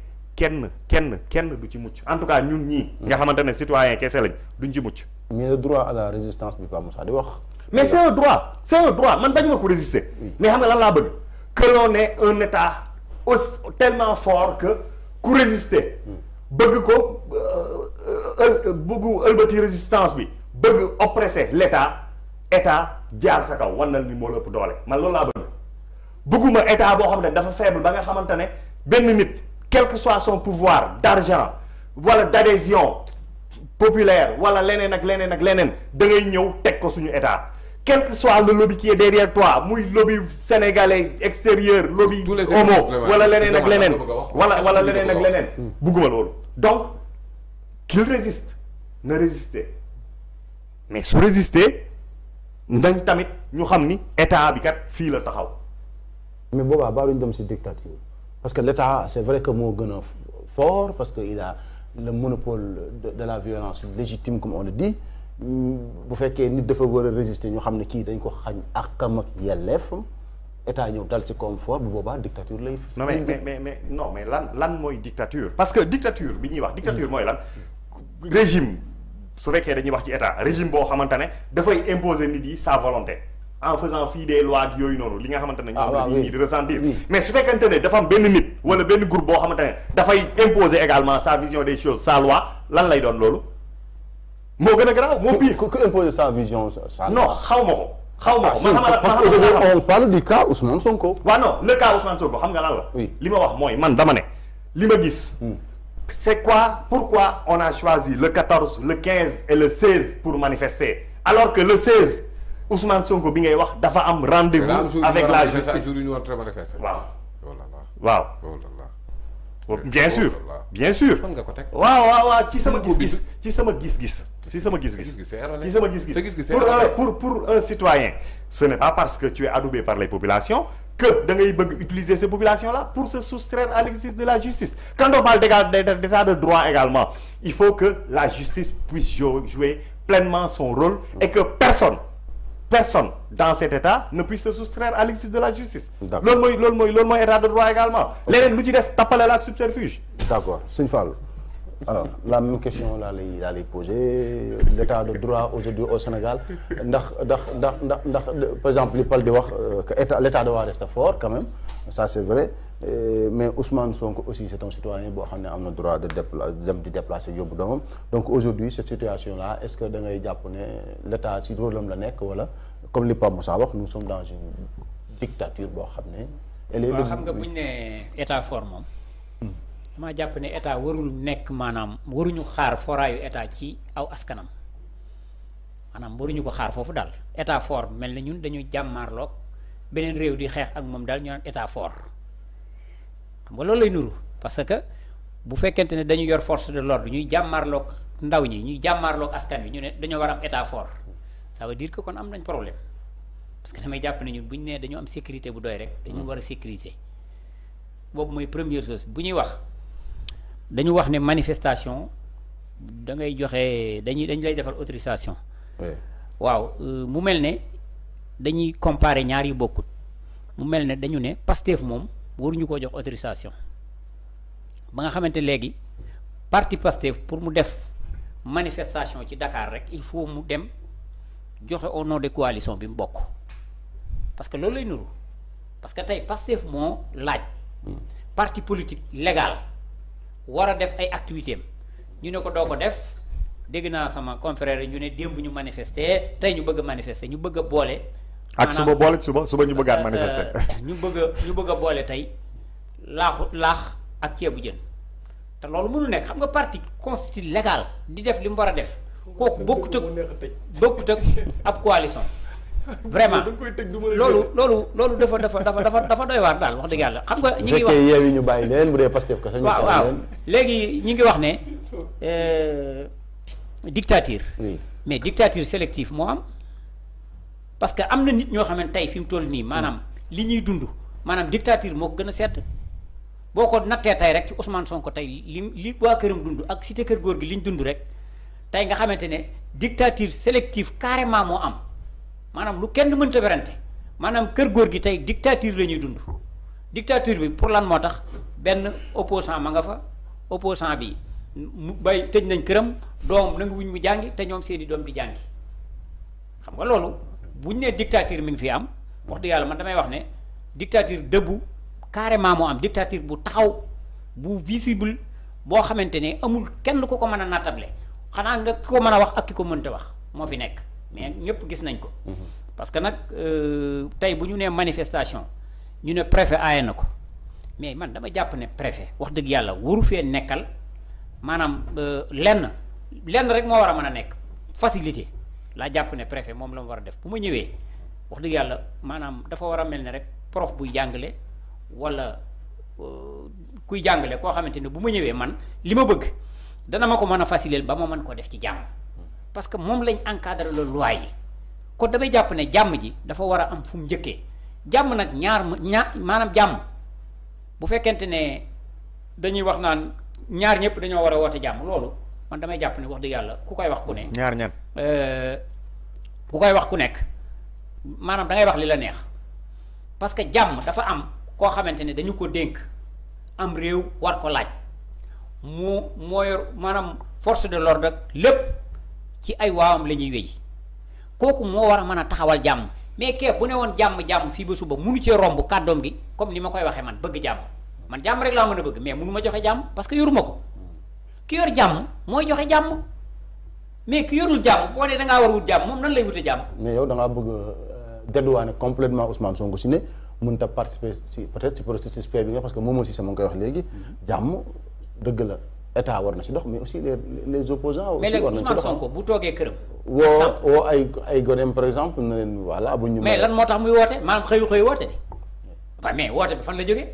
kenn kenn kenn du ci mucc en tout cas ñun ñii. Hmm. nga xamante ne citoyen kese lañ duñ ci mucc. mais a droit à la résistance bi Pape Moussa di wax. mais c' est un droit c' est droit man bañu ma ko résister. mais xam nga lan laa bëgg. que ne est un état aussi tellement fort que ku résister. Hmm. bëgg ko euh, euh, euh, bëggu ëlbati résistance bi bëgg oppresser l' état état jaar sa kaw wan na ni moo la ëpp doole man loolu laa bëgg bëgguma état boo xam ne dafa faible ba nga xamante ne benn nit. quel que soit son pouvoir d'argent voilà d'adhésion populaire wala leneen ak leneen de réunion, da ngay état quel que soit le lobby qui est derrière toi muy lobby sénégalais extérieur lobby homo wala leneen ak voilà wala wala leneen ak leneen donc qu'il résiste ne résiste, mais sous résister nous tamit ñu xam ni état bi kat fii la taxaw mais Boba, baa duñ dem si dictature parce que l'État c'est vrai que est fort parce qu'il a le monopole de, la violence légitime comme on le dit bu faire que nous devons résister confort dictature mais mais mais non mais lan dictature parce que dictature dictature régime su wax ci régime imposer sa volonté en faisant fi des lois ak yooyu noonu li nga xamante ne. ah ñoom di ressentir. mais su fekkente ne dafa am benn nit wala benn groupe bo xamante da fay imposer également sa vision des choses sa loi lan lay doon lolu mo gën a mo moo pire. ku imposer sa vision sa non xaw ma ko. xaw ma ah, ma parce on parle du cas Ousmane Sonko. wa non le cas Ousmane Sonko xam nga lan la. li ma wax moy man dama ne li ma gis. Hmm. c'est quoi pourquoi on a choisi le 14 le 15 et le 16 pour manifester alors que le 16. Ousmane Sonko bi ngay wax dafa rendez-vous avec la justice bien sûr bien sûr waaw waaw waaw ci sama gis-gis ci sama gis-gis ci sama gis-gis ci sama gis-gis pour un citoyen ce n'est pas parce que tu es adoubé par les populations que da ngay utiliser ces populations là pour se soustraire à l'exercice de la justice quand on parle d'état de droit également il faut que la justice puisse jouer pleinement son rôle et que personne personne dans cet état ne puisse se soustraire à l'exercice de la justice. L'homme est loolu mooy loolu mooy état de droit également. leneen lu ci des pas la ak subterfuge. D'accord, c'est une Fall alors la même question là a posée, l'état de droit aujourd'hui au Sénégal par exemple euh, l'État de droit reste que l'état droit reste fort quand même ça c'est vrai euh, mais Ousmane Sonko aussi c'est un citoyen qui a le droit de déplacer les donc aujourd'hui cette situation là est-ce que dans les Japonais, l'état si le la comme les pas Moussa nous sommes dans une dictature Je pense que elle est fort damaa jàpp ne état warul nekk maanaam waruñu xaar foraayu état ci aw askanam maanaam waruñu ko xaar foofu daal état fort mel na ñun dañu jàmmaarlook beneen réew di xeex ak moom daal ñu naan état fort xam nga loolu lay nuru parce que bu fekkente ne dañu yor force de l'ordre ñuy jàmmaarloog ndaw ñi ñuy jàmmaarloog askan bi ñu ne dañoo war am état fort ça veut dire que kon am nañ problème parce que damay jàpp ne ñun bu ñu nee dañu am sécurité bu doy rek. dañu hmm. war a sécuriser boobu mooy première chose bu ñuy wax. dañu wax ne manifestation da ngay joxe dañuy dañ lay defal autorisation. waaw euh, mu mel ne dañuy comparer ñaar yu bokkut mu mel ne dañu ne Pastef moom waruñu ko jox autorisation ba nga xamante léegi parti Pastef pour mu def manifestation ci Dakar rek il faut mu dem joxe au nom de coalition bi mu bokk parce que loolu lay nuru parce que tey Pastef moo laaj hmm. parti politique légal. war a def ay activités am ñu ne ko doo ko def dégg naa sama confrère ñu ne démb ñu manifester tey ñu bëgg a ñu bëgg a boole. ak suba boole suba suba ñu bëggaat euh, manifester. Euh, ñu bëgg a ñu bëgg a boole tey laaxu laax ak ceebu jën te loolu mënu nekk xam nga parti constitution légale di def li mu war a def. kooku bokkut ak ak ab coalition. vraiment loolu loolu loolu dafa dafa dafa dafa dafa doy waar daal wax dëgg yàlla xam nga ñi ngi wax yeew yi ñu bàyyi leen bu dee Pastef kese waaw léegi ñi ngi wax ne euh, dictature mais dictature sélective moo am parce que am na nit ñoo xamante ne tey fi mu toll nii maanaam mm. li ñuy dund maanaam dictature moo gën a sedd boo ko nattee tey rek ci Ousmane ko tey li li waa këram dund ak cité kër góor gi li ñu dund rek tey nga xamante ne dictature sélective carrément moo am manam lu kenn ta werante manam kër goor gi tay dictature lañuy dund dictature bi pour lan motax ben opposant ma nga fa opposant bi bay tej nañ kërëm dom nang wuñ mu jangi te ñom seeni dom di jangi xam nga lolu buñ né dictature mi ngi fi am wax du yalla man damay wax né dictature debu carrément mo am dictature bu taxaw bu visible bo xamante ne amul kenn ku ko mëna natablé xana nga ko mëna wax ak ki ko mënta wax mo fi nek mais mhm. ñëpp gis nañ ko. Mhm. parce que nag euh, tey bu ñu nee manifestation ñu ne préfet aaye na ko mais man dama jàpp ne préfet wax dëgg yàlla waru fee nekkal maanaam euh, lenn lenn rek moo war a mën a nekk facilité laa jàpp ne préfet moom la mu war a def bu ma ñëwee wax dëgg yàlla maanaam dafa war a mel ni rek prof buy jàngale walla euh, kuy jàngale koo xamante ne bu ma ñëwee man li ma bëgg dana ma ko mën a faciliter ba ma mën koo def ci jàmm. parce que moom lañ encadrer le loi yi damay japp ne jamm ji dafa wara am fum jëkke jamm nak ñaar manam jamm bu fekkente ne dañuy wax naan ñaar ñepp dañu wara wote jamm lolu man damay japp ne wax du yalla ku koy wax ku ne. ñaar ñan euh, ku koy wax ku nek manam da ngay wax lila neex parce que jamm dafa am ko xamantene dañu ko denk am rew war ko laaj mu moyor manam force de l'ordre lepp ci ay waawam lañuy wéy koku mo wara mëna taxawal jamm mais ké bu néwon jamm jamm fi fii ba suba mënu ci rombu kaddom gi comme nima koy waxé man bëgg jamm man jamm rek la mëna bëgg mais munu joxé jamm parce que yoruma ko ki yor jamm moy joxé jamm mais ki yorul jamm bo né da nga war wut jàmm moom nan lay wuté jamm mais yow da nga bëgg euh, dédouaner complètement Ousmane Sonko ci né mun ta participer si peut-être si processus paix bi nga parce que mom aussi sama ngi koy wax légui mm-hmm. jamm deug la état war na si dox mais aussi les les opposants aussi war nañ si dox mais léegi Sonko bu toogee këram. woo woo ay ay goneem par exemple na leen voilà bu ñu. mais lan moo tax muy woote maanaam xëyu xëyu woote de. waaw mais woote bi fan la jógee.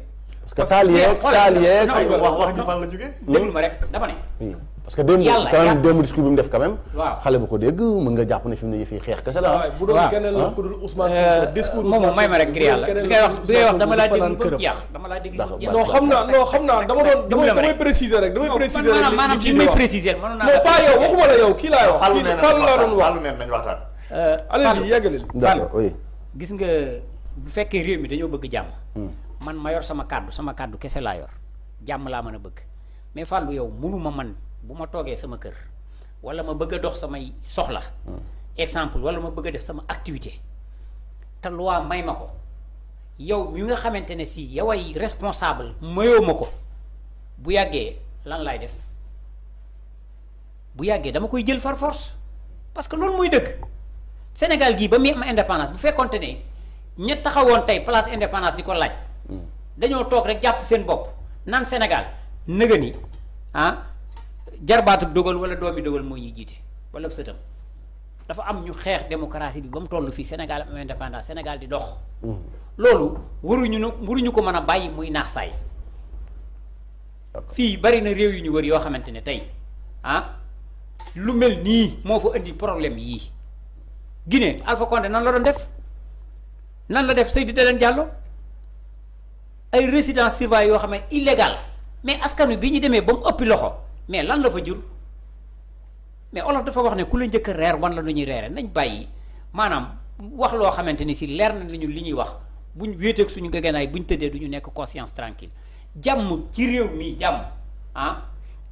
parce que taal yeeg ya, iya, taal yeeg ya. iya, iya. wax wax ñu fan la jógee ya? déglu ma rek dama ne parce que démb quand même démb discours bi mu def quand même waaw xale bu ko dégg mën nga jàpp ne fi mu ne yëf yi xeex kese la bu doon keneen la ku dul Ousmane Sonko discours moom may ma rek ngir yàlla bi ngay wax bi ngay wax dama laa déglu ba jeex dama laa déglu ba jeex non xam dama doon dama damay préciser rek damay préciser rek maanaam li may préciser mënoon naa non yow waxuma la yow kii laa yow kii fan laa doon wax neen nañ waxtaan allez-y yeggalil d'accord gis nga bu fekkee réew mi dañoo bëgg jàmm man mayor sama kaddu sama kaddu kese la yor jam la mëna bëgg mais fallu yow munuma man buma sama kër wala ma bëgg dox sama soxla hmm. exemple wala ma bëgg def sama activité ta loi may mako yow mi nga xamantene si yow ay responsable mayo mako bu yagge lan lay def bu yagge dama koy jël far force parce que lool mooy dëgg Sénégal gi ba mi am indépendance bu fekkonté né ñi taxawon tay place indépendance di laaj dañu tok rek japp seen bop nan senegal nëga ni ah jarbaatu dogal wala doomi dogal moy ñi jité wala seutam dafa am ñu xex démocratie bi bam tollu fi Senegal am indépendance senegal di dox waru ñu waru ñu ko mëna bayyi bàyyi muy naax saay fii bari na rew yu ñu wër yo xamantene tay tey ah lu mel ni mo fa andi problème yi guiné Alpha Condé nan la doon def nan la def Seydou Dalein Diallo ay résidence surveillée yo xam illégal mais askan bi ñu démé bam uppi loxo mais lan la fa jur mais olof dafa wax ne ku la njëkk rër wan la lu ñuy rër nañ bayyi manam wax lo xamante ni si leer na nañu li ñuy wax buñ ak suñu ngegeenaay buñ tëddee duñu nekk conscience tranquille jàmm ci réew mi jam han ah,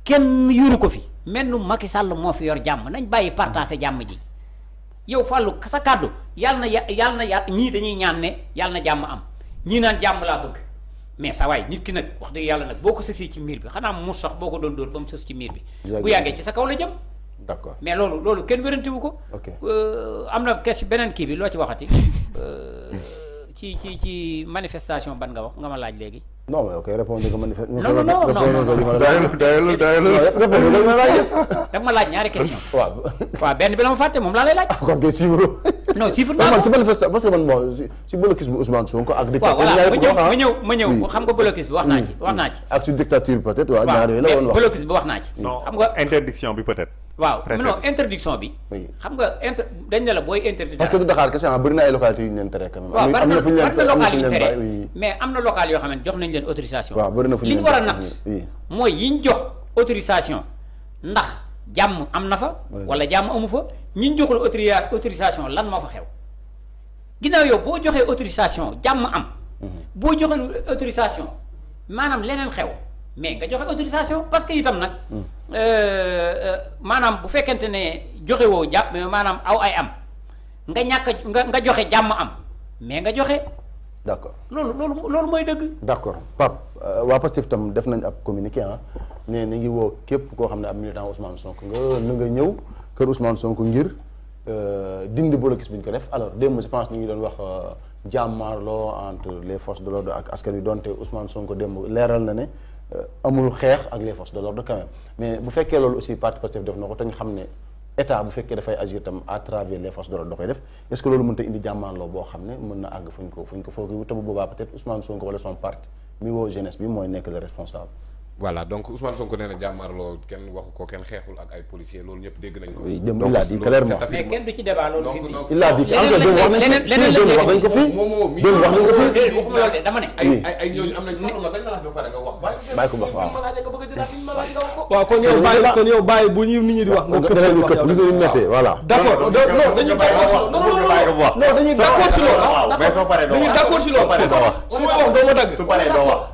kenn yuru ko fi melnu Macky Sall mo fi yor jàmm nañ bayyi partager jàmm ji yow fallu sa cadeau yalna na ya-, ya-, ñi dañuy ñaan ne yalna na am ñi naan jam la bëgg mais sa waay nit ki nag wax dëgg yàlla nag boo ko sësee ci miir bi xanaa mu sax boo ko doon dóor ba mu sës ci miir bi bu yàggee ci sa kaw la jëm d'accord mais loolu loolu kenn wéranti wu ko euh, am na question beneen kii bi loo ci waxati euh, ci ci ci manifestation ban nga wax nga ma laaj léegi non mais ok répondre nga man. non non non non ma laaj ñaari question waaw waaw benn bi la ma fàtte moom laa lay laaj. kon kay chiffre. non chiffre naa man si manifestation parce que man bon si blocus bi Ousmane Sonko ak. dictature bi ñaari ma ñëw ma ñëw xam nga blocus bi wax naa ci wax naa ci. ak si dictature peut-être waaw ñaari la woon wax. blocus bi wax naa ci. xam nga interdiction bi peut-être. waaw non interdiction bi. xam nga inter dañ ne la booy interdit. parce que du Dakar kese ah bëri na ay localités yu ñu leen tere. waaw na am na local yoo xam jox nañ leen autorisation. waaw na fu ñu war a natt mooy yi ñu jox autorisation ndax jàmm am na fa. wala jàmm amu fa ñi ñu joxul autorisation lan moo fa xew. ginnaaw yow boo joxee autorisation jàmm am. Mhm. boo joxee autorisation maanaam leneen xew mais nga joxe autorisation parce que itam nag. Mhm. Euh, euh, maanaam bu fekkente ne joxe woo jàpp mais maanaam aw ay am nga ñàkk nga nga joxe jàmm am mais nga joxe. d' accord loolu loolu loolu mooy dëgg. d' accord Pape euh, waa Pastef tam def nañ ab communiqué ah ne ni ngi woo képp koo xam ne ab militant Ousmane sonk nga na nga ñëw kër Ousmane Sonko ngir dindi blocus bi ñu ko def alors démb je pense ñu ngi doon wax jàmmaarloo entre les forces de l'ordre ak askan wi donte Ousmane Sonko démb leeral na ne. Euh, amul ak les forces de l'ordre quand même mais bu fekké loolu aussi parti parce def xamné agir à travers les forces de l'ordre est-ce que vous mën ta indi lo bo xamné mën na ag fuñ ko fuñ ko boba peut-être Ousmane Sonko wala son mi jeunesse bi le responsable voilà donc Ousmane Sonko nee na jàmmaarloo kenn waxu ko ay policiers loolu ñëpp dégg nañ ko. donc a dit clairement mais kenn la dañ la laaj ba wax. ko wax waaw waaw kon yow bàyyi bu ñu nit ñi di wax. nga këpp seen wax yow li ñu dañuy d' si loolu. mais soo paree doo dagg.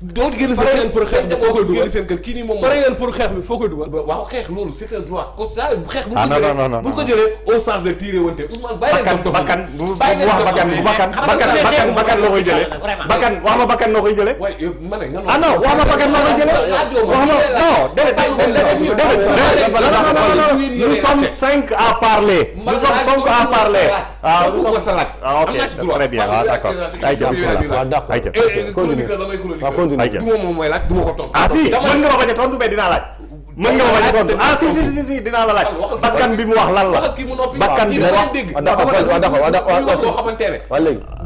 doo génn seen kër pour xeex bi foo koy dugal seen kër kii nii moom pare ngeen pour xeex bi foo koy dugal waaw xeex loolu c'est un droit ko ça xeex bu ko jëlee bu ko jëlee au sens de tirer wante Ousmane bàyyi leen dox bakkan bu wax bakkan bu bakkan bakkan bakkan noo koy jëlee bakkan wax ma bakkan noo koy jëlee waaye ma ne nga ah non wax ma bakkan noo koy jëlee wax ma non déedéet déedéet nous sommes cinq à parler nous sommes cinq à parler ah nous sommes cinq ah ok très bien ah d'accord ayca bismillah tontu nii. duma moom mooy laaj duma ko tontu. ah si mën nga ma bañ a tontu mais dinaa laaj. mën nga ma a tontu ah si si dinaa laaj. bakkan bi mu wax la. bakkan bi mu wax waaw d'accord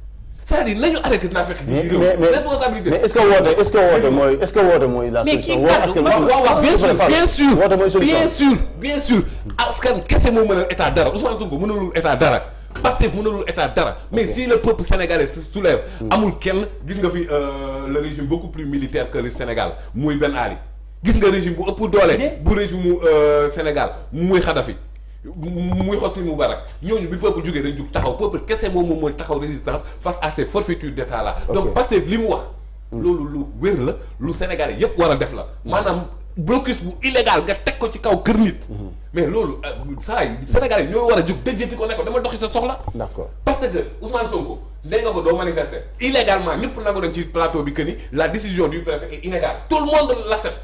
c'est-à-dire nañu arrêté naa fekk. mais responsabilité mais est-ce que woote est-ce que woote mooy est-ce que woote mooy la solution. parce que waaw waaw bien sûr bien sûr woote mooy solution bien sûr bien sûr. askan kese moo mënal état dara Ousmane Sonko mënalul état dara. Pastef mon état dara mais si le peuple sénégalais se soulève hmm. amul kenn gis nga fi euh, le régime beaucoup plus militaire que le Sénégal muy Ben Ali gis nga régime bu ëpp doole bu régime euh, Sénégal muy Xadafi muy Moubarak ñooñu bi peuple jógee dañ jug taxaw peuple kese taxaw résistance face à ces forfaitures d'état là donc Pastef que wax hmm. lu la Sénégalais la hmm. blocus illégal nga ko ci kaw nit hmm. mais euh, Sénégalais ko dama doxi sa soxla d'accord parce que Ousmane Sonko nga illégalement ci la décision du préfet est illégale tout le monde l'accepte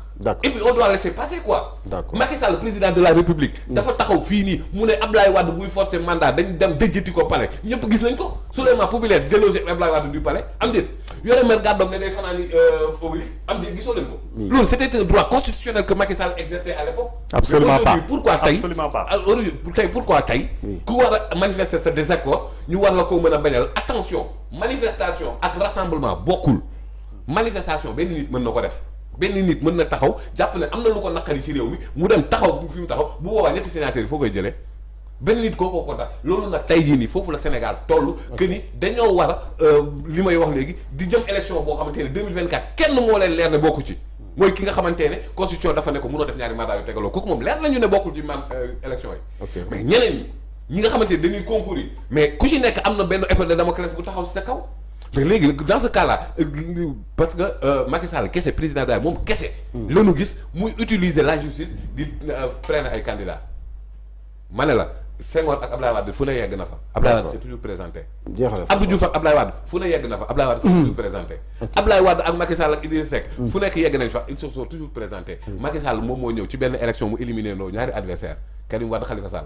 et puis on doit laisser passer quoi. Macky Sall président de la république. Mm. dafa taxaw fii nii mu ne Abdoulaye Wade buy forcer mandat dañ dem déjati ko palais ñëpp gis nañ ko soulèvement populaire délogé Abdoulaye Wade du palais am déet yore mer gàddoom ne day fanaani euh, obélisque am déet gisoo leen ko. loolu c' un droit constitutionnel que Macky Sall exerçait à l'époque. absolument pas pourquoi tey ah, tey pourquoi tey. ku war a manifester sa désaccord ñu war la ko mën a bañal attention manifestation ak rassemblement beaucoup. manifestation ben nit mën na ko def. benn nit mën na taxaw jàppale am na lu ko naqari ci réew mi mu dem taxaw fi mu taxaw bu boobaa ñetti sénateur yi foo koy jëlee benn nit kookoo kontaan loolu nag tey jii nii foofu la Sénégal toll que ni dañoo war a euh, li may wax léegi di jëm élection boo xamante ne 2024 kenn moo leen leer ne bokku ci mooy ki nga xamante ne constitution dafa ne ko mënoo def ñaari mandat yu tegaloo kooku moom leer nañu ne bokkul ci man euh, élection yi mais ñeneen ñi ñi nga xamante ne dañuy concourir mais ku ci nekk am na benn épée de Damoclès bu taxaw si kaw dans ce cas là parce que euh, Macky Sall le président qu'est-ce, la la justice di euh, freiner ay candidats Manela, c'est toujours présenté. Abdou c'est toujours présenté. Mm-hmm. Abdoulaye Macky Sall ak Idrissa mm. ils sont toujours présentés. Mm. Macky Sall élection éliminer adversaire Karim Khalifa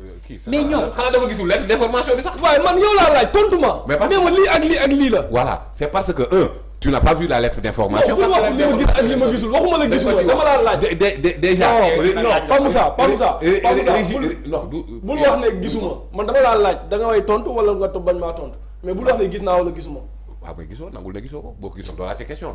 Euh, kii mais ñoom xanaa dafa gisul lettre d'information bi sax. waaye man yow laa laaj tontu ma. mais parce que nee ma lii ak lii ak lii la. voilà c'est parce que un. tu n'as pas vu la lettre d'information. non wax li ma gis ak li ma gisul waxuma la gisul dama laa laaj. dé déjà. Euh, non Pas Moussa ça. Moussa. Euh, pa Moussa bul wax ne gisuma man dama laa laaj da nga may tontu wala nga bañ maa tontu mais bul wax ne gis naa wala gisuma. waaw mais gisoo nangul n'a gisoo ko boo ko gisoon doo laajte question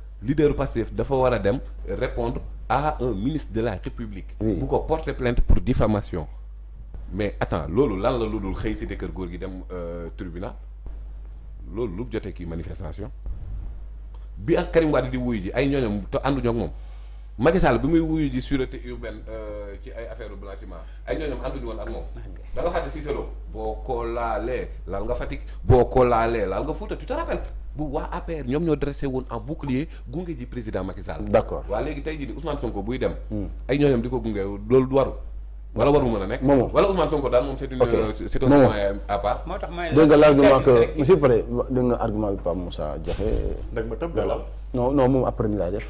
leader passif dafa répondre à un ministre de la république bu ko porter plainte pour diffamation mais attends lolo lan la lu dul xëy si kër euh, tribunal Lolo, loup j'étais qui manifestation bien ak Karim Wade di ay Macky Sall bi muy wuyu ji sûreté urbaine euh ci ay affaire blanchiment ay ñoñum andu ñu won ak mom da nga xati Cicelo boo ko laalee laal nga fatik boko laalé laalee nga Fouta tu te rappelles bu wa APR ñom ñoo dressé won en bouclier gungé ji président Macky Sall d'accord wa légui tay ji di Ousmane Sonko buy dem hmm. ay ñoñum diko gungé gunge du waru wala waru mëna nek nekk wala Ousmane Sonko daal mom c'est une euh, c'est un moment à part motax may dégg nga l'argument que monsieur Pré dégg nga argument bi Pape Moussa joxe dag ma tëb non non mom après ni la def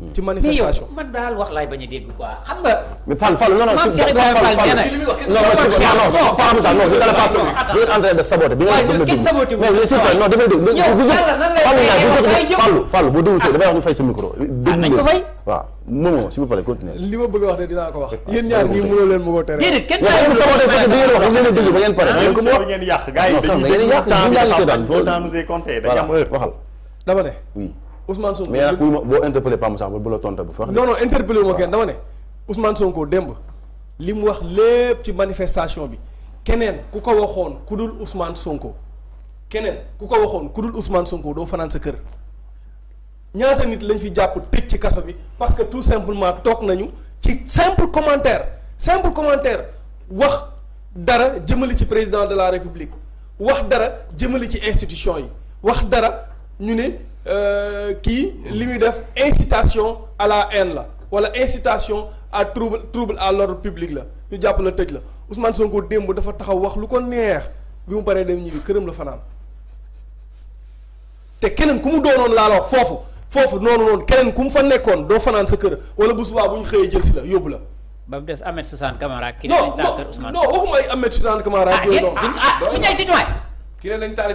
Mm. ci manifestation mais yow man daal wax laay bañ a dégg na non non pas comme ça de saboter bi nga def dégg mais s'il vous plaît non dafay dégg vous êtes Fallu Fallu boo déglu damay wax ñu fay sa micro ah, déglu waaw moom s'il vous plaît continuez li ma bëgg a wax de dinaa ko wax ah, yéen ñaar ñii mënoo leen ma ko tere déedéet kenn dañu saboter parce que da ngeen wax da ngeen déglu ba ngeen pare ngeen ah, ngeen yàq gars yi dañuy temps bi temps nous est compté dañu am heure waxal Ousmane Sonko. mais nag boo interpellé Pape Moussa bu la tontu bu fa. non non interpellé wu ma kenn dama ne Ousmane Sonko démb li mu wax lépp ci manifestation bi keneen ku ko waxoon ku dul Ousmane Sonko keneen ku ko waxoon ku dul Ousmane Sonko doo fanaan sa kër ñaata nit lañ fi jàpp tëj ci kaso bi parce que tout simplement toog nañu ci simple commentaire simple commentaire wax dara jëmali ci président de la république wax dara jëmali ci institution yi wax dara kii euh, li muy def incitation à la haine la wala incitation à trouble trouble à l'ordre public la ñu japp la tëj la Ousmane Sonko démb dafa taxaw wax lu ko neex bi mu paree dem ñibbi kërëm la fanaan té kenen ku mu doonoon laa la wax fofu fofu noonu non kenen ku mu fa nekkoon do fanan sa kër wala bu subaa bu ñu jël si la yóbbu la. ba mu Ahmed Suzanne Camara. kii lañ taal kër Ousmane non non waxuma ay Ahmed Suzanne Camara. ah yéen ah bu ah, ay citoyen. kii lañ taal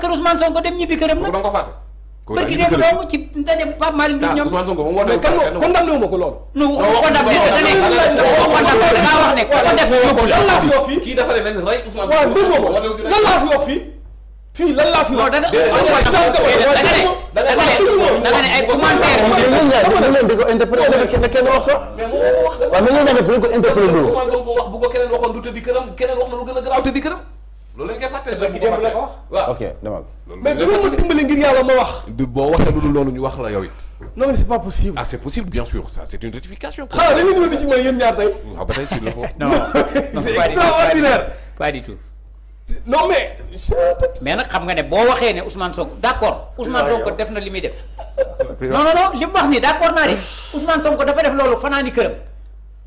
kër Ousmane Sonko dem ñibbi këram la. da nga ko fàtte. barki démb doomu ci ndaje Pape Malick bi ah, ñoom kon dam néew ma ko loolu non ko ko dam ne da wax ne ko def lan laa fi wax fii kii dafa ne dañ rey Ousmane waaw dégg ma lan laa fi wax fii fii lan laa fi wax da nga ne da nga ne ay commentaire leen di ko interpréter ne kenn wax sax waaw mais leen da nga bu ko interpréter wax bu ko keneen waxoon du tëddi këram keneen wax na lu gën a garaaw tëddi këram loolu lañ koy fàttali rek bu ko wax waaw ok demal. mais dama ma dimbali ngir yàlla ma wax. du boo waxee lu dul loolu ñu wax la yow it. non mais c'est pas possible. ah c'est possible bien sûr ça c'est une rectification. xanaa da ngeen ñëw di ci may yéen ñaar tey. waaw ba tey si le foofu. non c'est extraordinaire. pas du tout. non mais. mais nag xam nga ne boo waxee ne Ousmane Sonko d'accord Ousmane ya, Sonko ya. def na li muy ya. def. non non non li mu wax nii d'accord naa de Ousmane Sonko dafa def loolu fanaani këram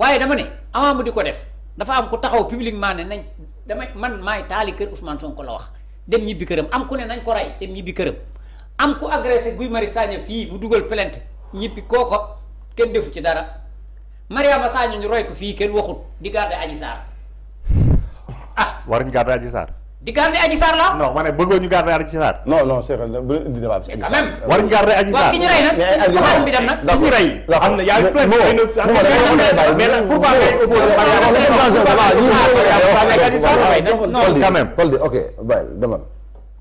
waaye dama ne avant mu di ko def dafa am ku taxaw publiquement ne nañ damay man maay taali kër Ousmane Sonko la wax dem ñibbi këram am ku ne nañ ko rey dem ñibbi këram am ku agressé Guy Marius Sagna fii mu dugal plainte ñibbi kooko kenn defu ci dara Mariama Sagna ñu roy ko fii kenn waxut di garder Adji Sarr ah. war ñu garder Adji Sarr. di garder Adji Sarr la. non ma ne bëggoo ñu garder Adji Sarr. non non c'est vrai di débat bi. quand même war ñu garder Adji Sarr. ki ñu rey nag mais bi dem nag. ki ñu rey. am na y a eu plein de. mais pourquoi ngay Paldi quand même Paldi ok bàyyi demal.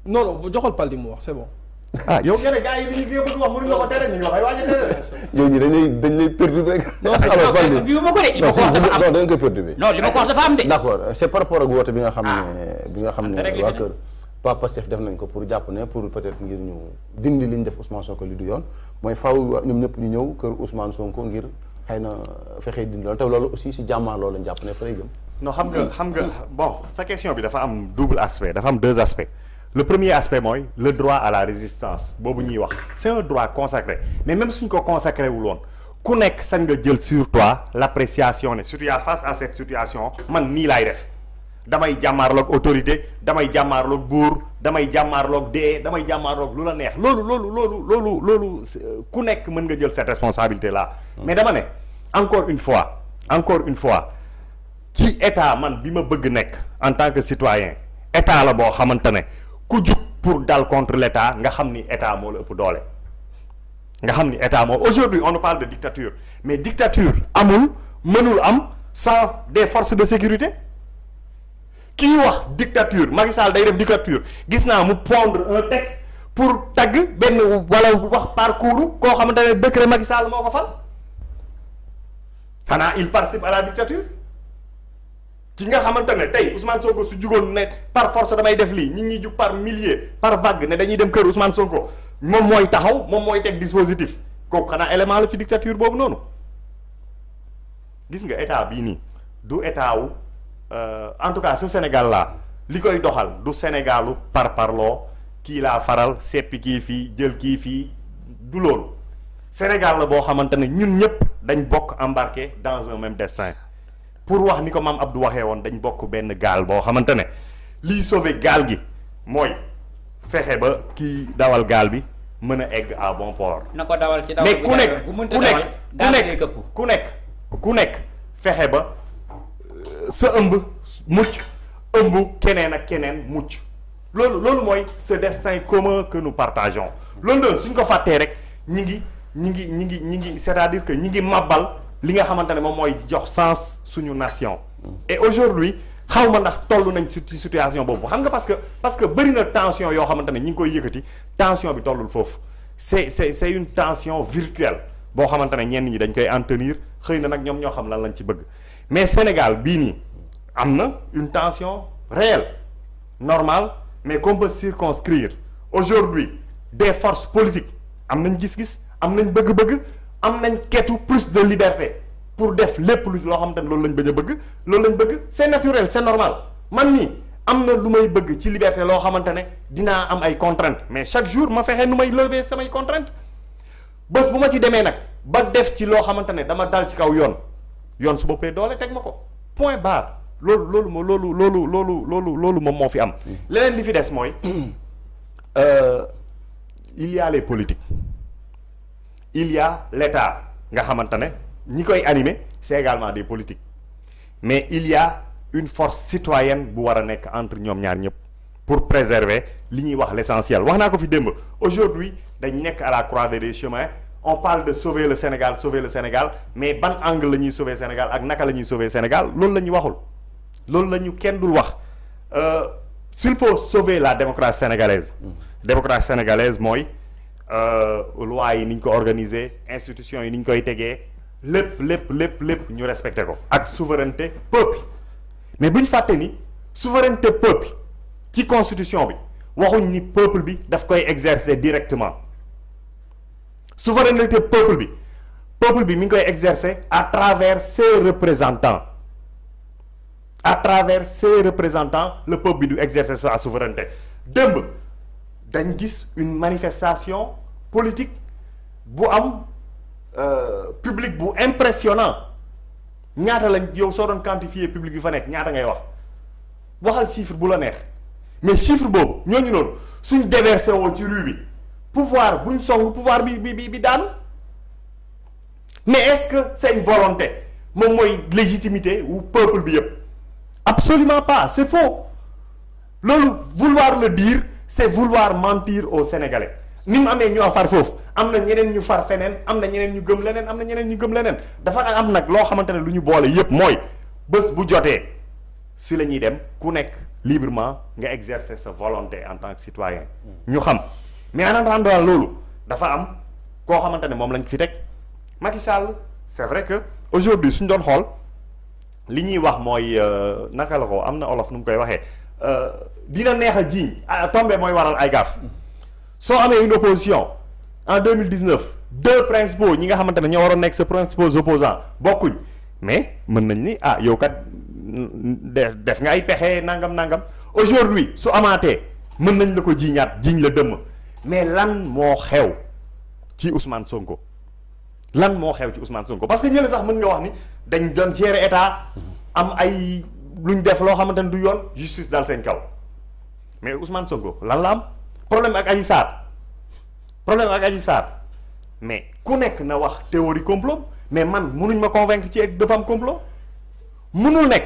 non non joxol Paldi mu wax c'est ah, wax mënuñu a tere. yow ñi dañ lay dañ lay perturber rek. non ah, dañ koy perturber. non li ma ko wax dafa am de. d'accord c'est par rapport ak woote bi nga xam ne ah. bi nga xam ne waa kër Papa Pastef def nañ ko pour jàpp ne pour peut-être ngir ñu dindi li ñu def Ousmane ko li du yoon mooy faaw ñoom ñëpp ñu ñëw kër Ousmane Sonko ngir xëy na fexe dindi loolu te loolu aussi si jàmmaar loolu lañ jàpp ne fa lay jëm non xam nga xam nga bon sa question bi dafa am double aspect dafa am deux aspects le premier aspect moy, le droit à la résistance bobu ñuy wax c'est un droit consacré mais même suñ ko consacré wul woon ku nek sa nga jël sur toi l'appréciation ne surtout face à cette situation man ni lay def damay jàmmaarloog autorité damay jàmmaarloog bour, damay jàmmaarloog dé, damay jàmmaarloog lu la neex Lolu lolu lolu lolu lolu ku nek mën nga jël cette responsabilité là hmm. mais dama né encore une fois encore une fois ci état man bi ma bëgg nekk en tant que citoyen état la boo xamante ne ku jug pour dal contre l' nga xam ni état moo la ëpp doole nga xam ni état moo aujourd'hui on parle de dictature mais dictature amul mënul am sans des force de sécurité kii wax dictature Macky Sall day def dictature gis naa mu pondre un texte pour tagg benn wala wax parcours koo xamante ne décret Macky Sall moo ko fal xanaa il participe à la dictature ci nga xamantene ne Ousmane Sonko su jugon ne par force damay def li ñi ñi ju par milier, par vague ne dañuy dem keur Ousmane Sonko mom moy taxaw mom moy tek dispositif ko xana element la ci dictature bobu nonu gis nga état bi ni du état wu euh, en tout cas ce Sénégal là likoy doxal du Sénégalu par parlo, ki la faral seppi ki fi jël ki fi du loolu Sénégal la bo xamantene ñun ñep dañ bok embarqué dans un même destin pour wax ni ko maam Abdou waxee woon dañ bokk benn gaal boo xamante ne liy sauver gaal gi mooy fexe ba kii dawal gaal bi mën a egg à bon port. na ko dawal ci dawal mais ku nekk ku nekk ku nekk ku nekk ku nekk fexe ba euh, sa ëmb mucc ëmb keneen ak keneen mucc loolu loolu mooy ce destin commun que nous partageons loolu suñ ko fàttee rek ñi ngi ñi ngi ñi ngi ñi ngi c'est-à-dire que ñi ngi màbbal li nga xamante ne moom mooy jox sens suñu nation. et aujourd'hui xaw ma ndax toll nañ ci situation boobu xam nga parce que parce que bëri na tension yoo xamante ne ñi ngi koy yëkkati tension bi tollul foofu c'est c'est c'est une tension virtuelle boo xamante ne ñenn ñi dañ koy en tenir xëy na nag ñoom ñoo xam lan lañ ci bëgg mais Sénégal bii nii am une tension réelle normale mais qu'on peut circonscrire aujourd'hui des forces politiques am nañ gis-gis am nañ bëgg-bëgg am nañ ketu plus de liberté pour def lépp lu loo xamante ne loolu lañ bëgg bëgg c'est naturel c'est normal man amener am na lu may bëgg ci liberté loo xamante ne am ay contraintes mais chaque jour ma fexe nu may lever samay contraintes bés bu ma ci demee nag ba def ci loo xamante ne dama dal ci kaw yoon yoon su boppee doole teg point barre lolo lolo lolo lolo lolo lolo lolo loolu moom moo fi am mm. li fi des mooy mm. euh, il y a les politiques il y a l'État nga xamante ñi c'est également des politiques mais il y a une force citoyenne bu entre nous ñaar pour préserver li l'essentiel wax fi aujourd'hui dañ nekk à la croisée des chemins on parle de sauver le Sénégal sauver le Sénégal mais ban angle la sauver le Sénégal ak naka la ñuy sauver Sénégal loolu la ñu waxul loolu la ñu kenn euh, s'il faut sauver la démocratie sénégalaise mm. démocratie sénégalaise mooy euh, loi yi niñ ko organiser institution yi niñ koy des lepp lepp lepp ñu souveraineté peuple mais si faté ni souveraineté peuple ci constitution bi waxuñ ni peuple bi daf koy exercer directement souveraineté peuple bi peuple bi mi exercer à travers ses représentants à travers ses représentants le peuple bi exercer sa souveraineté une manifestation politique bu euh, public impressionnant ñaata lañ public chiffre mais chiffre boobu c'est une pouvoir pouvoir mais est-ce que une volonté de légitimité ou peuple absolument pas c'est faux Le vouloir le dire c'est vouloir mentir aux Sénégalais ni mu amee ñoo far foofu am ñeneen ñu far feneen amna ñeneen ñu gëm leneen amna ñeneen ñu gëm leneen dafa am nak lo xamantene ne lu ñu boole yépp mooy bés bu joté si lañuy dem ku nekk librement nga exercer sa volonté en tant que citoyen ñu xam mais en attendant loolu dafa am ko xamantene ne moom lañ fi tek Macky Sall c'est vrai que aujourd'hui suñ doon xool li ñuy wax mooy euh, naka la ko amna olof nu mu koy waxee euh, dina neex a jiiñ tombe mooy waral ay gaaf soo amee une opposition en deux mille dix neuf deux principaux ñi nga xamante ne ñoo waroon nekk sa principaux opposants bokkuñ mais mën nañ ni ah yow kat def nga ay pexe nangam nangam aujourd'hui su amaatee mën nañ la ko jiiñaat jiiñ la dëmm mais lan moo xew ci Ousmane Sonko lan moo xew ci Ousmane Sonko parce que ñële sax mën nga wax ni dañ doon gérer état am ay luñ def loo xamante ne du yoon justice dal seen kaw. mais Ousmane Sonko lan la problème ak Adji Sarr problème ak Adji Sarr mais ku nek na wax théorie complot mais man mënuñ ma convaincre ci deux femmes complot mënul nek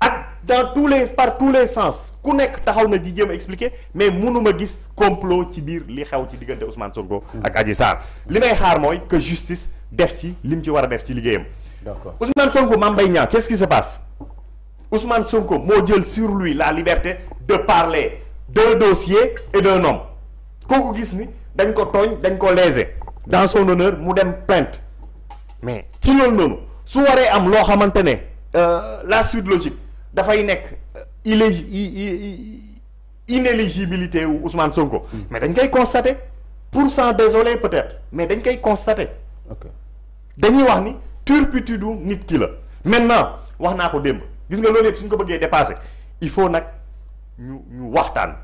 ak dans tous les par tous les sens ku nek taxaw na di jëm expliquer mais mënuma gis complot ci bir li xew ci Ousmane Sonko ak Adji Sarr limay xaar moy que justice def ci lim ci wara def ci d'accord Ousmane Sonko mam qu'est-ce qui se passe Ousmane Sonko moo sur lui la liberté de parler deux dossiers et d'un homme gis ni dañ ko dans son honneur mu dem plainte mais ci loolu noonu su waree am lo à maintenir euh, la suite logique da euh, inéligibilité ou Ousmane Sonko. Hmm. mais dañ constater pour s'en désoler peut-être mais dañ constater. wax ni turpitude nit ki la maintenant wax ko gis nga dépasser il faut ñu ñu waxtaan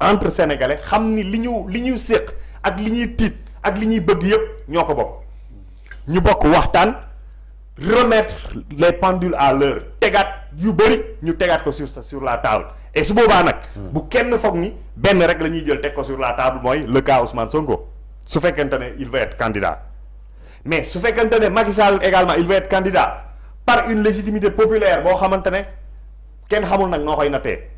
entre sénégalais xam ni li ñu li ñuy séq ak li ñuy tiit ak li ñuy bëgg yëpp ñoo ko bokk ñu bokk waxtaan remettre les pendules à l'heure tegaat yu bëri ñu tegaat ko sur sur la table et su boobaa nag. Hmm. bu kenn foog ni benn rek la ñuy jël teg ko sur la table mooy le cas Ousmane Sonko su fekkente ne il va candidat mais su fekkente ne Macky Sall également il va être candidat par une légitimité populaire boo xamante ne kenn xamul nag noo koy nattee.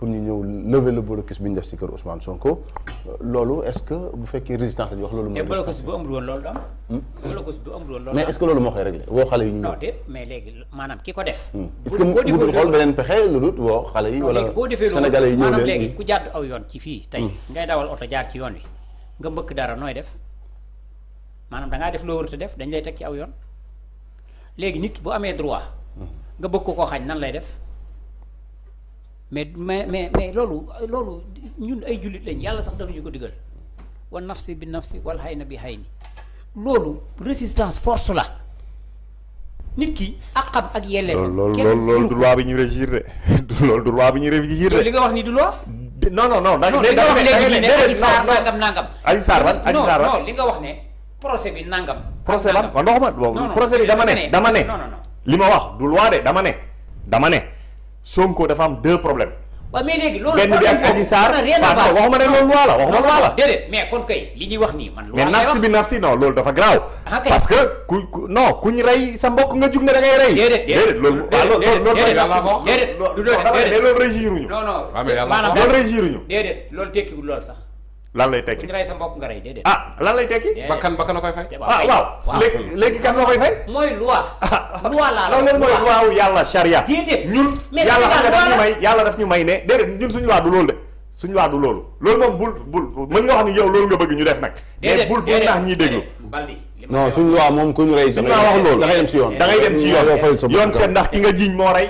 pour ñu ñëw lever le blocus bi ñu def ci kër Ousmane Sonko loolu est-ce que bu fekkee résistance la ñu wax loolu. mooy résistance mais hmm? blocus bu amul woon loolu da am. blocus bu amul woon loolu mais est-ce que loolu moo koy réglé woo xale yi ñu. non de mais léegi maanaam ki ko def. Hmm. est-ce que mu dul xool beneen pexe lu dul woo xale yi. wala Sénégalais yi ñëw leen maanaam léegi ku jàdd aw yoon ci fii tey. Hmm. ngay dawal oto jaar ci yoon wi nga mbëkk dara nooy def maanaam da ngaa def loo warut a def dañ lay teg ci aw yoon léegi nit ki bu amee droit nga bëgg ko koo xañ nan lay def mais mais mais mais lolu loolu ñun ay jullit lañ yàlla sax dafa ko wa nafsi bi nafsi wal hayna bi hayni lalu resistance force la nit ki ak ak yelleefam loolu loolu du loi bi ñu régir de loolu du loi bi ñu régir de li nga wax ni du loi non non non dañu dañu dañu ne nangam nangam Adji Sarr ban Adji Sarr ban non li nga wax ne procès bi nangam procès lan man waxuma procès bi dama ne dama ne li wax du loi de dama ne dama ne Sonko dafa am deux problèmes. waaw mais léegi loolu. benn bi ak Adji Sarr waxuma ne loolu loi waxuma loi la. déedéet kon kay li ñuy wax nii man. mais nafsi bi ah, parce que ku non ku ñu rey sa mbokk nga jug ne da rey. déedéet loolu. déedéet déedéet loolu loolu régir ah, loolu tekkiwul sax. lan lay tekki bu ñu rey sa mbokk nga rey ah lan lay tekki. bakkan bakkan a koy fay. ah waaw léegi léegi kan moo koy fay. mooy loi. loi la loolu mooy loi wu yàlla charia. déedéet ñun yàlla xam nga daf ñu may yàlla daf ñu may ne déedéet ñun suñu loi du loolu de suñu loi du loolu loolu moom bul bul mën nga wax ni yow loolu nga bëgg ñu def nag. déedéet bul bul naax ñiy déglu. non suñu loi moom ku ñu rey. suñu loi wax loolu da dem ci yoon. da ngay dem ci yoon yoon seet ndax ki nga jiiñ moo rey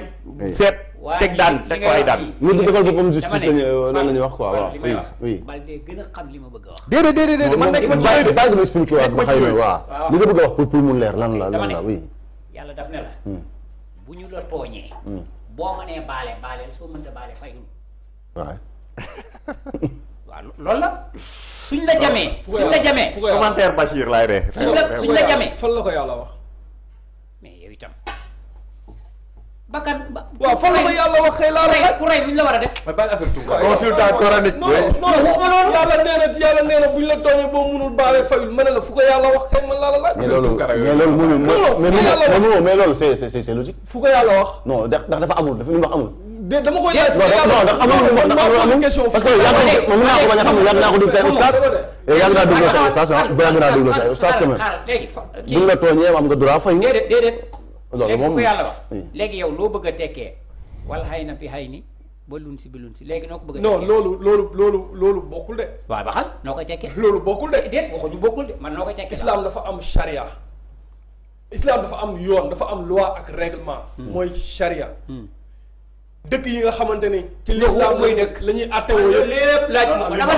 seet teg daan teg ko ay daan. ñu defal ko comme justice lañu la ñuy wax ko waaw oui oui. a li ma bëgg a wax. déedéet déedéet déedéet man nekk ma ci a wax mu leer lan la lan yàlla daf ne hmm. bu ñu la tooñee. Hmm. boo baale baale la. suñ la jamee. suñ la jamee commentaire Bachir laay de. suñ la jamee bakkan waaw fa la ma yàlla waxee laa la ku rey bu ñu la war a def consultant coranique non non yàlla nee na yàlla nee na bu ñu la tooñee boo mënul baale fayul ma ne la fu ko yàlla wax kay man laa la laaj mais loolu mais loolu mënul mais mais loolu c'est c'est c'est logique fu ko yàlla wax non ndax dafa amul dafa li mu wax amul de dama koy laaj non ndax amul lu ndax amul amul parce que yàgg mën naa ko bañ a xam yàgg naa ko déglu say oustaz yàgg naa déglu say oustaz ah yàgg naa déglu say oustaz quand même bu ñu la tooñee am nga droit fay déedéet loolu moom léegi yàlla wax. léegi yow loo bëgg a tekkee wala xay na bi xay ni ba lun si bi lun si léegi noo ko bëgg a. tekkee loolu loolu loolu loolu bokkul de. waaw ba xam noo koy tekkee. loolu bokkul de. Eh, déet waxuñu bokkul de man noo koy tekkee. islam dafa am charia. islam dafa am yoon dafa am loi ak règlement. Hmm. mooy charia. Hmm. dëkk yi nga xamante ni. ci lislaam mooy dëkk la ñuy attewoo yëpp. lépp laaj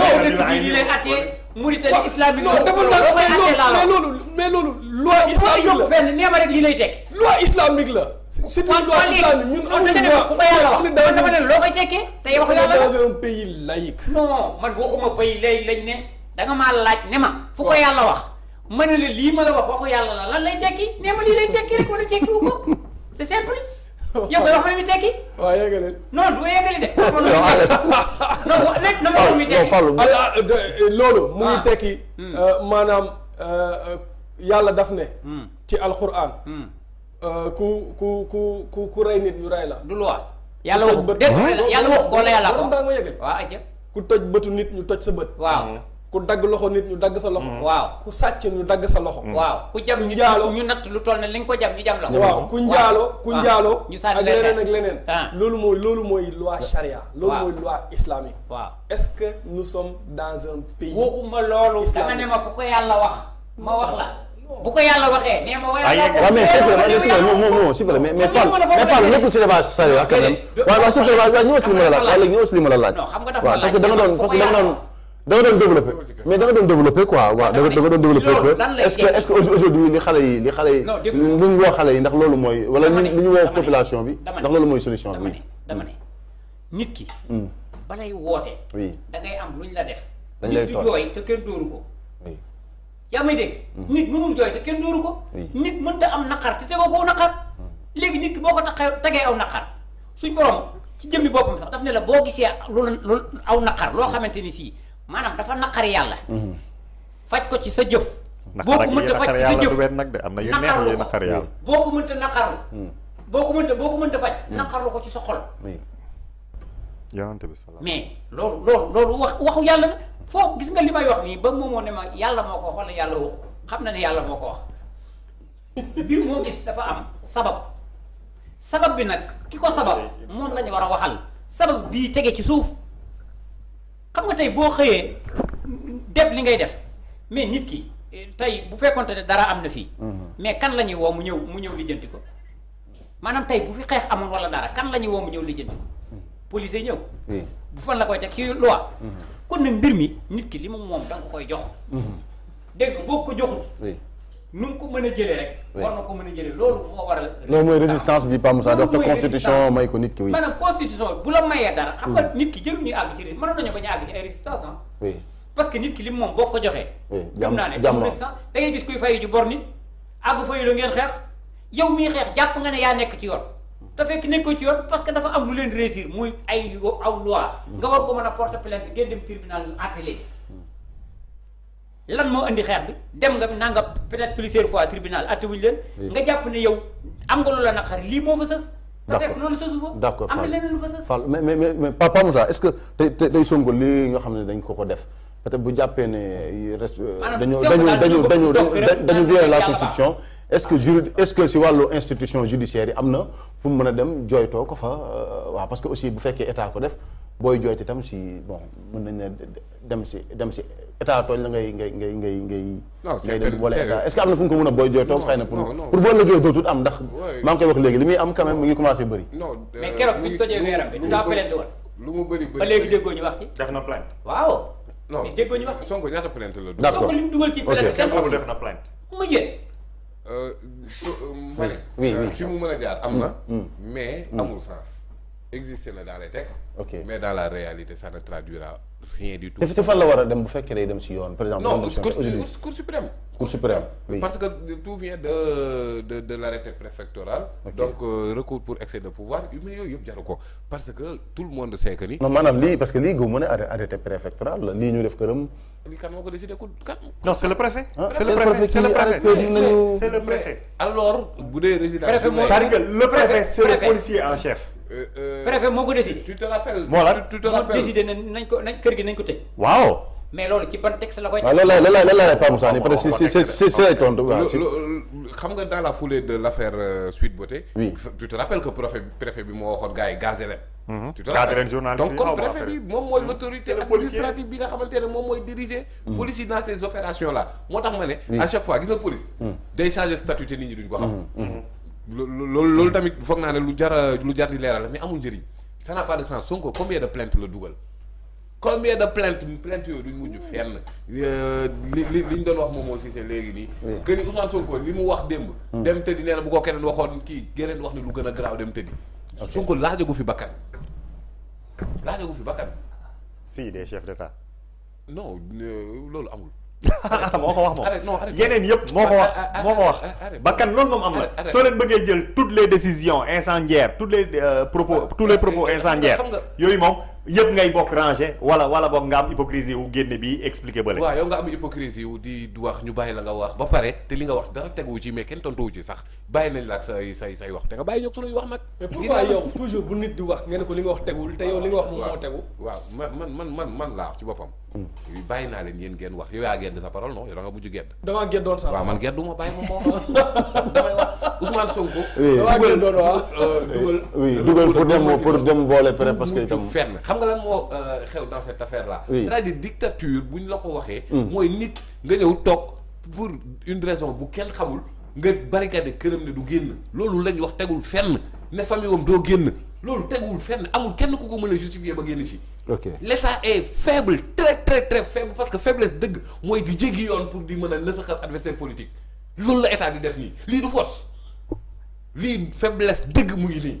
ma Mauritanie islamique non dafa mais loolu mais loolu loi islamique la fenn nee ma rek lii lay teg loi islamique la c'est une loi islamique ñun amuñu wax dama ne loo koy tekkee tey wax yàlla dans un pays laïque non man waxuma pays lay lañ ne da nga maa laaj ne ma fu ko yàlla wax ma ne la lii ma la wax waxu yàlla la lan lay tekki nee ma lii lay tekki rek wala tekki wu ko c'est simple yow nga wax ni muy tekki. waaw yeggali. non du ma yeggali de. non eh, loolu mu ngi ah. tekki. Mm. Ah, maanaam ah, yàlla daf ne. Mm. ci alquran. Mm. ku ku ku ku ku rey nit ñu rey la. du loi. yàlla wax dëgg yàlla wax ko la yàlla ko. waaw ku toj bëtu nit ñu toj sa bët. waaw. ku dagg loxo nit ñu dagg sa loxo. Mm-hmm. waaw ku sàcc ñu dagg sa loxo. Mm-hmm. waaw ku jam ñu jaalo ñu natt lu toll na li nga ko jam ñu jam la. waaw ku njaalo ku njaalo. leneen ak ah. loolu mooy loolu mooy loi charia. loolu mooy loi islamique. waaw est-ce que nous sommes dans un ma fu ko yàlla wax ma wax la. bu ko yàlla waxee nee ma waaye waaw mais la laaj. waaw léegi ñëwal si la laaj. parce que da doon parce que da doon dama doon développé mais dama doon développé quoi waaw dama doon développé que est-ce que est-ce que aujourd'hui li xale yi li xale yi li ñu woo xale yi ndax loolu mooy wala li ñu woo population bi ndax loolu mooy solution bi dama ne nit ki hmm. balay woote oui da ngay am luñ la def dañ lay toog jooy te kenn dóoru ko yaa may dégg hmm. nit mënul jooy te kenn dóoru ko nit mënta am naqar te tegoo ko naqar hmm. léegi nit ki boo ko taxee tegee aw naqar suñ borom ci jëmmi boppam sax daf ne la boo gisee lu aw naqar loo xamante ni sii maanaam dafa naqar yàlla. Mhm. faj ko ci sa jëf. boo ko mënta faj ci sa jëf nag de am na yu neex yu naqari yàlla mm. boo ko mënta naqarlu. Mm. boo ko mënta boo ko mënta faj. Mm. naqarlu ko ci sa xol. yonent bi salaam mais loolu loolu wax waxu yàlla la foo gis nga li may wax nii ba moomoo ne ma yàlla moo ko wax wala yàlla wax xam na ne yàlla moo ko wax mbir moo gis dafa am sabab sabab bi nag ki ko sabab moom lañu war a waxal sabab bii tege ci suuf. xam nga tey boo xëyee def li ngay def mais nit ki tey bu fekkonte ne dara am na fii. Mhm. mais kan la ñuy woo mu ñëw mu ñëw lijjanti ko maanaam tey bu fi xeex amoon wala dara kan la ñuy woo mu ñëw lijjanti ko. Mhm. police ñëw. bu fan la koy teg ci loi. Mhm. kon nag mbir mi nit ki li mu moom da koy jox. dégg boo ko joxul. nu mu ko mën a jële rek. war na ko mën a jëlee loolu war waral. loolu mooy résistance bi PAM sax dox constitution may ko nit ki. oui maanaam constitution nañu bañ a àgg ci ay résistance ah. parce que nit ki li moom boo ko joxee. oui jàmm naa ne résistance da ngay gis kuy fayu ju bor nit. àgg fayu la ngeen xeex yow mii xeex jàpp nga ne yaa nekk ci yoon. te fekk nekkoo ci yoon parce que dafa am lu leen réussir muy ay aw loi. nga war ko mën a porter plainte ngeen dem tribunal l lan mo andi xex bi dem nga nanga peut-être plusieurs fois tribunal atte wuñu leen. nga japp ne yow am nga loola naqari lii moo fa sës. d' accord loolu sësu fa. d' accord am na leneen lu fa seuss Fall mais mais mais Papa Moussa est-ce que tey tey tey li nga xam dañ ko ko def peut-être bu jappé ne. Euh, dañu dañu dañu dañu dañu violer la constitution. est-ce que ah, est-ce que si wàllu institution judiciaire amna am na fu mu dem joyto ko fa euh, wa parce que aussi bu fekkee état ko def. booy jooyte tam si bon mën nañ ne dem si dem si état tooñ la ngay ngay ngay ngay ngay ngay dem wala état est-ce que am na fu nga ko mën a booy jooy toog xëy na pour pour boo lëggee dootul am ndax maa ngi koy wax léegi li muy am quand mu ngi commencé bëri non euh, keroog lu mu bëri bëri ba léegi déggoo ñu wax ci na plainte waaw non déggoo ñu wax Sonko ñaata plainte la d'accord Sonko li mu dugal def a jaar am mm, na mm. mais mm. amul sens existe dans les textes. mais dans la réalité ça ne traduira rien du tout. c'est pas la war a dem bu fekkee par exemple non cour suprême. cour suprême parce que tout vient de de de préfectoral. donc euh, recours pour excès de pouvoir mais y a des parce que tout le monde sait que non madame li parce que li gëw arrêté préfectoral C'est ñu def non c'est le préfet. Ah, c'est le préfet C'est le préfet le préfet alors vous résident. le préfet c'est le policier en chef préfet euh, euh, moo décidé. tu te rappelles Moi là, tu te rappelles moo décidé nañ ko nañ kër gi nañ ko tëj. waaw. mais loolu ci ban texte la koy. waaw loolu la loolu la loolu la Pape Moussa nii parce que si si si si xam nga dans la foulée de l'affaire affaire euh, Sweet Beauté. oui tu te rappelles que préfet préfet bi moo waxoon gars yi gazé leen. Mhm. tu te rappelles donc comme ah, préfet bi moom la police administrative bi nga xamante ne moom mooy diriger. Mhm. police dans ces opérations là moo tax ma ne. à chaque fois gis nga police. Mhm. day changer statut te nit ñi duñ ko xam. loolu loolu tamit foog naa ne lu jar lu jar di leeral mais amul njëriñ ça n'a pas de sens Sonko combien de plainte la dugal combien de plainte plainte yooyu duñ mujj fenn euh, li li ñu doon wax moom aussi c'est léegi nii que ni Ousmane Sonko li mu wax démb hmm. dem tëddi nee na bu ko keneen waxoon kii geneen wax ni lu gën a garaaw dem tëddi Sonko laajagu fi bakkan laajagu fi bakkan si des chefs d'État non euh, loolu amul moo ko wax moom yeneen yëpp moo ko wax moo ko wax ba kan loolu moom am na soo leen bëggee toutes les décisions incendiaires toutes les euh, propos tous les propos incendiaires yooyu moom yëpp ngay bokk rangé wala wala boog nga am hypocrisie wu génne bi expliqué ba la. waaw yow nga am hypocrisie wu di wax ñu bàyyi la nga wax ba pare te li nga wax dara teguwu ci mais kenn tontuwu ci sax bàyyi nañ la ak say say say wax te nga bàyyi ñoog suñuy wax nag. mais pourquoi yow toujours bu nit di wax ngeen ko li nga wax tegul te yow li nga wax moom moo tegu. waaw man man man man laa ci boppam. Hmm. bàyyi naa leen yéen ngeen wax yow yaa gedd sa parole non yow da nga mujj gedd. damaa geddoon sax waaw man gedd du ma bàyyi ma moo wax damay wax Ousmane Sonko. oui dugal euh, dugal pour dem pour dem boole parce que itam fenn xam nga lan moo euh, xew dans cette affaire là. oui c'est-à-dire dictature buñ la ko waxee. Mm. mooy nit nga ñëw toog pour une raison bu kenn xamul nga barricade këram ne du génn loolu lañ wax tegul fenn ne famille wam doo génn loolu tegul fenn amul kenn ku ko mën a justifier ba génn si. ok l'État est faible très très très faible parce que faiblesse dëgg mooy di jéggi yoon pour di mën a nësaxal adversaire politique loolu la État di def nii lii du force lii faiblesse dëgg mu ngi nii.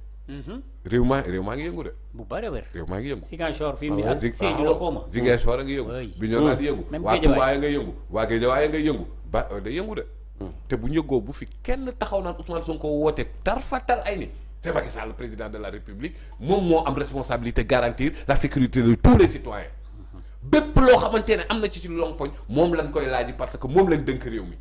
Mhm. réew maa réew maa ngi yëngu de. bu réew maa ngi yëngu. Ziguinchor fii mu ah, ne ak Sédhiou ah, a ngi yëngu. Bignona di yëngu. waa Touba ya ngay yëngu. waa Guédiawaye ngay yëngu ba euh, day yëngu de. Hmm. te bu ñëggoo bu fi kenn taxaw naan Ousmane Sonko woote tarfatal ay ni c'est Macky Sall président de la République moom moo am responsabilité garantir la sécurité de tous les citoyens hmm. bépp loo xamante ne am na ci ci lompoñ moom lañ koy laaj parce que moom lañ dënk réew mi.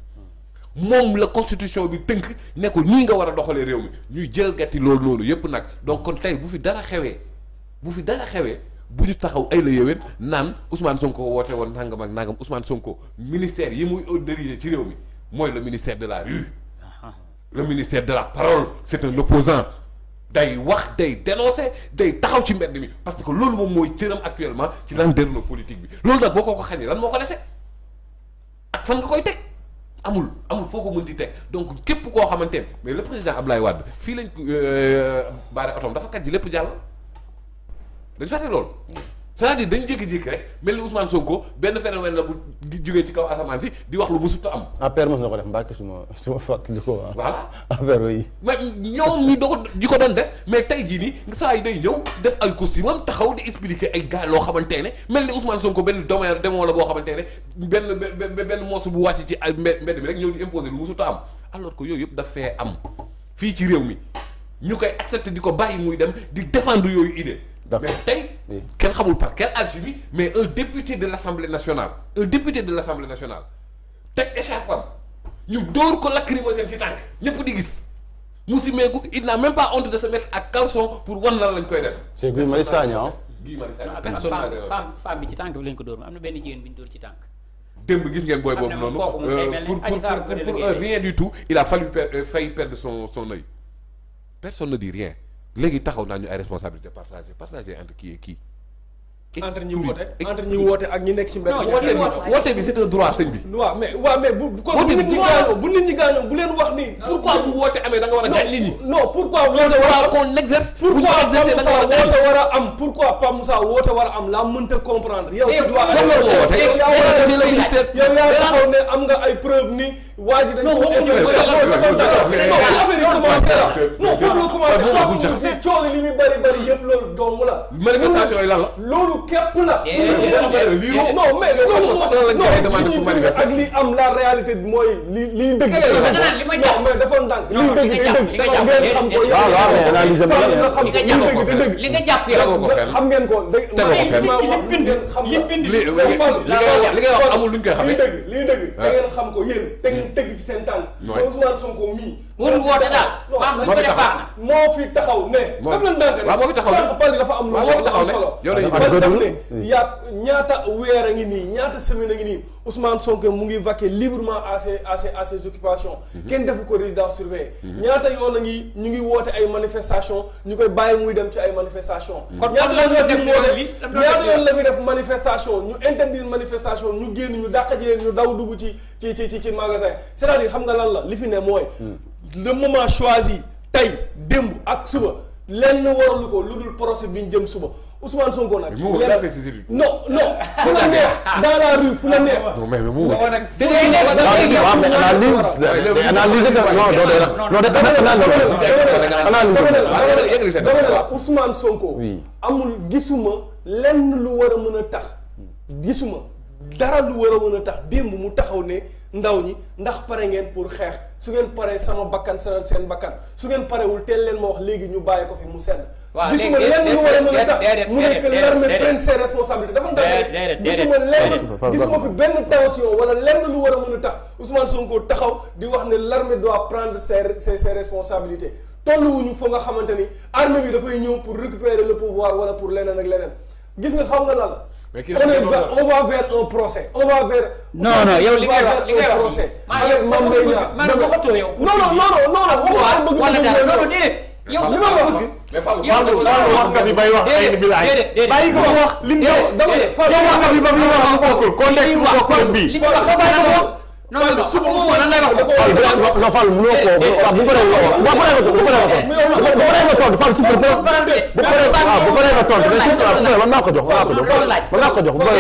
mom la constitution bi teunk ne ko nga wara Nous doxalee mi ñuy jëlgati yépp nak donc bu fi dara xewé bu fi dara xewé bu ñu taxaw ay la yewen Ousmane Sonko woté won nangam ak Ousmane Sonko ministère yi muy diriger ci le ministère de la rue le ministère de la parole c'est un opposant day wax day dénoncer day taxaw ci parce que loolu moom mooy actuellement ci lan politique bi loolu nag boo ko ko lan moo ko fan nga amul amul foo ko mën di teg donc képp koo xamante ne mais le président Ablaye Wade fii lañ ku euh, baare otom dafa kat ji lépp jàll dañ fàtte loolu c'est-à-dire dañ jékki-jékki rek mel ni Ousmane Sonko benn phénomène la ci kaw asamaan si di wax lu musut a am. affaire ah, mos na ko def mbàkk su ma su ma ah. ko doon def mais tey jii nii saa yi day ñëw def ay costume taxaw di expliquer ay gars loo xamante ne mel ni Ousmane Sonko benn domaine demoo la boo xamante ne benn benn benn moosu bu wàcc ci ay mbedd mi rek ñëw di imposer lu musut a am alors que yooyu yëpp daf fee am fii ci réew mi ñu koy accepter di ko bàyyi muy dem di défendre yooyu idée. mais xamul par quelle alchimie mais un député de l'Assemblée nationale un député de l'Assemblée nationale teg écharpe am ñu dóor ko lacrymogène ci tank, ñëpp di gis mu il n'a même pas honte de se mettre à caleçon pour wan lan lañ koy c'est Guy Marissagne, hein Guy Marius personne femme femme bi ci Tank bi lañ ko dóor am na benn jigéen bi ñu dóor ci tànk démb gis ngeen booy boobu euh, pour pour pour pour rien du tout il a fallu euh, failli perdre son son œil personne ne dit rien léegi taxaw naa ñu ay responsabilité partagée partagée entre qui et qui entre ñi woote entre ak ñi nekk ci mbedd bi woote bi c'est droit sëñ bi waaw mais waaw mais bu kon bu nit ñi gaañoo bu nit ñi gaañoo bu leen wax ni euh, pourquoi bu woote amee da war a gaañ nit ñi non pourquoi woote a a woote war a am pourquoi Pape Moussa woote war a am laa mënta comprendre yow ci droit yow ne am nga ay preuve ni waa ji dañ ko affaire la non foofu la commencé coow li bari bari yëpp loolu doomu la manifestation yi la képp la. Eh, eh, eh, non mais loolu ak li am la réalité mooy li liy dëgg. non mais dafa ndànk. li dëgg dëgg ngeen xam ko yow. li nga jàpp yow xam ngeen ko. li nga wax amul luñ koy xamee. li dëgg ah. da ngeen xam ko yéen da ngeen tëgg ci seen tànk. Ousmane Sonko mii warul woote daal. moo fi taxaw moo fi taxaw ne. moo waaw moo fi taxaw ne bal dafa am. waaw moo fi taxaw ne yow dañuy def bal daf ne yaa ñaata weer a ngi nii ñaata semaine a ngi nii. Ousmane Sonko mu ngi librement à ses à ses à ses occupations. Mhm. kenn defu ko résidence surveillée. Mhm. ñaata yoon nous ñu ngi manifestations ñu koy muy dem ci ay manifestations. Mhm. kon manifestation ñu interdire manifestation ñu génn ñu avons ñu daw ci ci c'est-à-dire xam nga lan la li fi avons hmm. le moment choisi tay démb ak suba lenn waralu ko procès bi jëm suba. Ousmane Sonko nag. mais Mouma daa non non. fu la neex dans la rue fu la ah, neex. non mais Mouma. dégg nga da analyse non non non Ousmane Sonko. amul gisuma lenn lu war a mën a tax gisuma dara lu war a mën a tax démb mu taxaw ne ndaw ñi ndax pare ngeen pour xeex su ngeen paree sama bakkan seen seen bakkan su ngeen parewul teel leen ma wax léegi ñu bàyyi ko fi mu sedd gisuma lenn lu war a mën a tax mu nekk l'armée prenne ses responsabilités dafa ndànk gisuma lenn gisuma fi benn tension wala lenn lu war a mën a tax Ousmane Sonko taxaw di wax ne l'armée doit prendre ses ses responsabilités tolluwuñu fa nga xamante ni armée bi dafay ñëw pour récupérer le pouvoir wala pour leneen ak leneen gis nga xam nga lan la mais kii on va vers un procès on va vers. non non yow li ngay wax li ngay wax. maa ngi leen di wax maa ngi leen di wax non non non non non. waaw wala dara non non déedéet. yow li ma bëgg. mais Fallou wax nga fi bay wax ay bilaay. bàyyi ko wax lim yow dama ne Fallou yow wax nga fi ba mu wax bokkul contexte bu bokkul bi li wax ba bàyyi ko wax. non non su ma woo nan lay wax dafa wax nga Fallou mënoo ko bu paree nga wax bu paree nga bu paree nga tontu Fallou super bu paree waaw bu paree nga tontu mais super super man maa ko jox maa ko jox man maa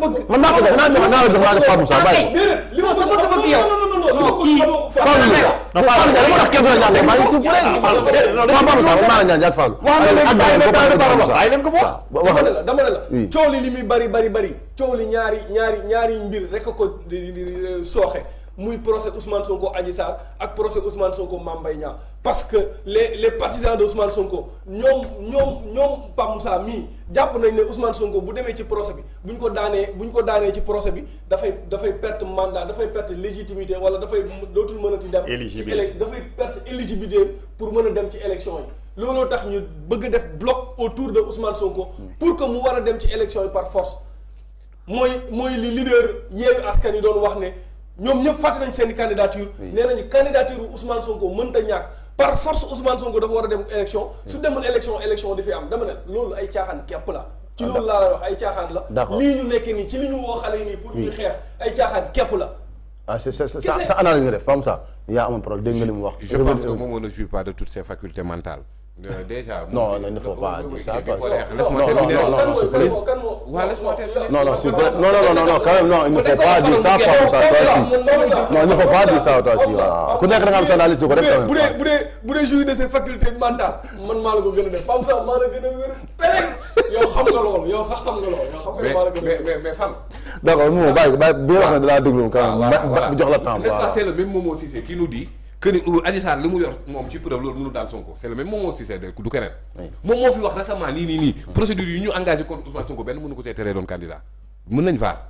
ko jox man maa ko jox naa la jox naa la Pape Moussa bàyyi li ma bëgg yow dama ne la coow li li muy bari bari bari coow li ñaari ñaari ñaari mbir rek ko sooxe le procès Ousmane Sonko Adji Sarr ak procès Ousmane Sonko Mame Niang parce que les les partisans de Ousmane Sonko ñoom ñoom ñoom Pape Moussa mii jàpp nañ ne Ousmane Sonko bu Vous ci procès bi bu ñu ko daanee bu ko daanee ci procès bi dafay dafay perdre mandat dafay perdre légitimité wala dafay dootul mënati dem. éligibilité ci dafay perdre éligibilité pour mën dans dem ci élection yi. looloo tax ñu bëgg def bloc autour de Ousmane Sonko pour que mu wara a dem ci élection yi par force moy moy li leader Yewwi Askan Wi doon wax né ñoom ñëpp fàtte nañ seen candidature nee nañu candidature Ousmane Sonko mënta ñàkk par force Ousmane Sonko dafa war a dem élection su demul élection élection dafay am dama ne loolu ay caaxaan képp la ci ah, loolu laa la wax ay caaxaan la lii ñu nekk nii ci li ñu woo xale yi nii pour ñuy xeex ay caaxaan képp la ah c'est ça sa analyse nga def fam ça yaa amoon problème dégg li mu wax je pense que moom on ne jouit pas de toutes ses facultés mentales Euh, déjà non il ne faut pas dire ça parce que non non non non non non quand même non il ne faut pas dire ça toi aussi non il ne faut pas dire ça toi aussi voilà ku nekk da nga am sa analyse di ko def bu dee bu dee bu dee jouir de ses facultés mentales man maa la ko gën a def Pam sax maa la gën a wér peleng yow xam nga loolu yow sax xam nga loolu yow xam nga maa la gën a mais mais Fam d'accord moom bàyyi ko bàyyi bi wax na dalaa déglu quand même ah, jox la temps voilà c'est le même Momo Cissé qui nous dit que ni Adji Sarr li mu yor moom ci preuve loolu mënu daan Sonko c' est le même moom aussi du keneen. moom moo fi wax récemment nii nii nii. procédure yi ñu engagé contre Ousmane benn mënu ko see teree doon candidat mën nañ vaar.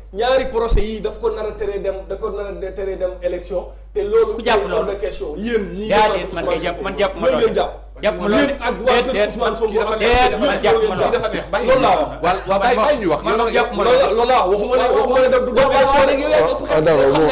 ñaari procès yi daf ko nar a tere dem da ko nar a tere dem élection te loolu. ku jàpp loolu de question yéen ñii. jaajëf man kay jàpp man jàpp ma loolu yéen jàpp. jàpp ma loolu ak waa kër Ousmane Sonko ak yéen jàpp ma loolu dafa neex bàyyi loolu laa wax. waaw waaw bàyyi bàyyi ñu wax. man loolu jàpp ma loolu loolu laa waxuma ne waxuma ne daf du dem élection léegi yow yaa xam nga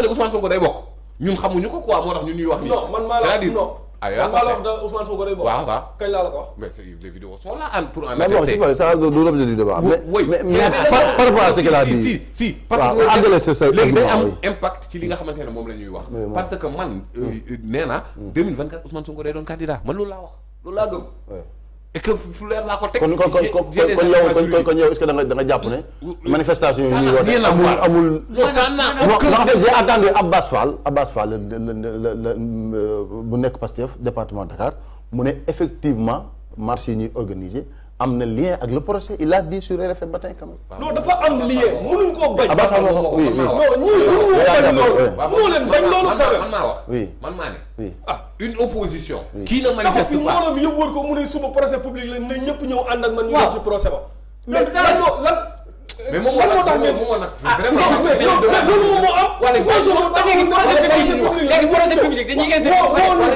ne Ousmane Sonko day bokk ñun xamuñu ko quoi moo tax ñun ñuy wax nii. non man maa la non ayiwa alors laa la ko wax. mais les vidéos sont là pour en mais non c'est ça l'objet du débat. mais mais par rapport à ce qu'il a dit. si si parce que léegi am impact ci li nga xamante ne moom la ñuy wax. parce que man euh, mm. nee na 2024 mm. Ousmane Sonko day doon candidat man loolu laa wax loolu laa gëm. et que vous voulez la ko de kon kon manifestation j'ai attendu Abbas Fall Abbas Fall le euh, département Dakar effectivement marché organisé. am na lien ak le procès il a dit sur RFM matin quand même. dafa am lien mënuñ koo bañ. abaxal ma ko oui oui man maa ne. oui ah une opposition. kii na manifeste pas taxaw ko mu suba procès public la ne ñëpp ñëw ànd ak man. ñu dem ci ba. mais moom moo tax ngeen ah, moom moo nag vraiment. mais loolu moom moo am. léegi bu doon public dañuy indi. waaw waaw non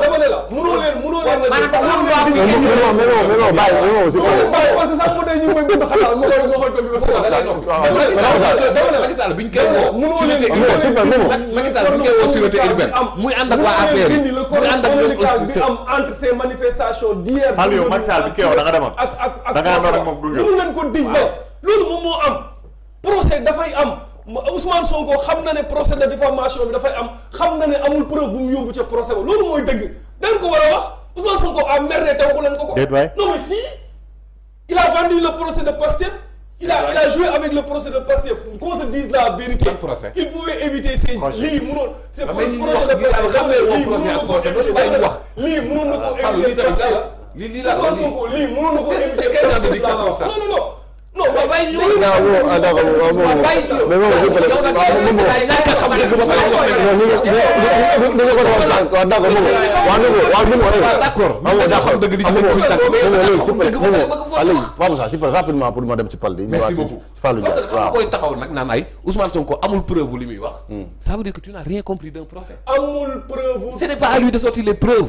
dama ne la. mënoo leen mënoo leen. maanaam am na mais non mais non mais non bàyyi mais non. bàyyi parce que sax mu dee ñu may bind xasaal ma koy ma koy toll. waaw Macky Sall bi ñu koy woo. mënoo leen mënoo leen mënoo leen Macky Sall bi ñu koy woo sûreté urbaine. muy ànd ak waa affaire yi muy ànd ak communication bi am entre ces manifestations d'hier. Aliou Macky Sall bi ñu koy woo da nga demoon. ak ak ak da ngaa doon moom du ñu. mënu leen ko dij ba loolu moom moo am procès dafay am Ousmane Sonko xam na procès de déformation. bi dafay am ne amul preuve bu mu procès ba dëgg Ousmane Sonko a merdé non mais si il a vendu le procès de Pastef il a joué avec le procès de Pastef qu'on se dise la vérité il pouvait éviter ces lii c'est procès de Pastef na ko ko éviter non non non non ça veut dire que tu n'as rien compris d'un procès. ce n'est pas à lui de sortir les preuves.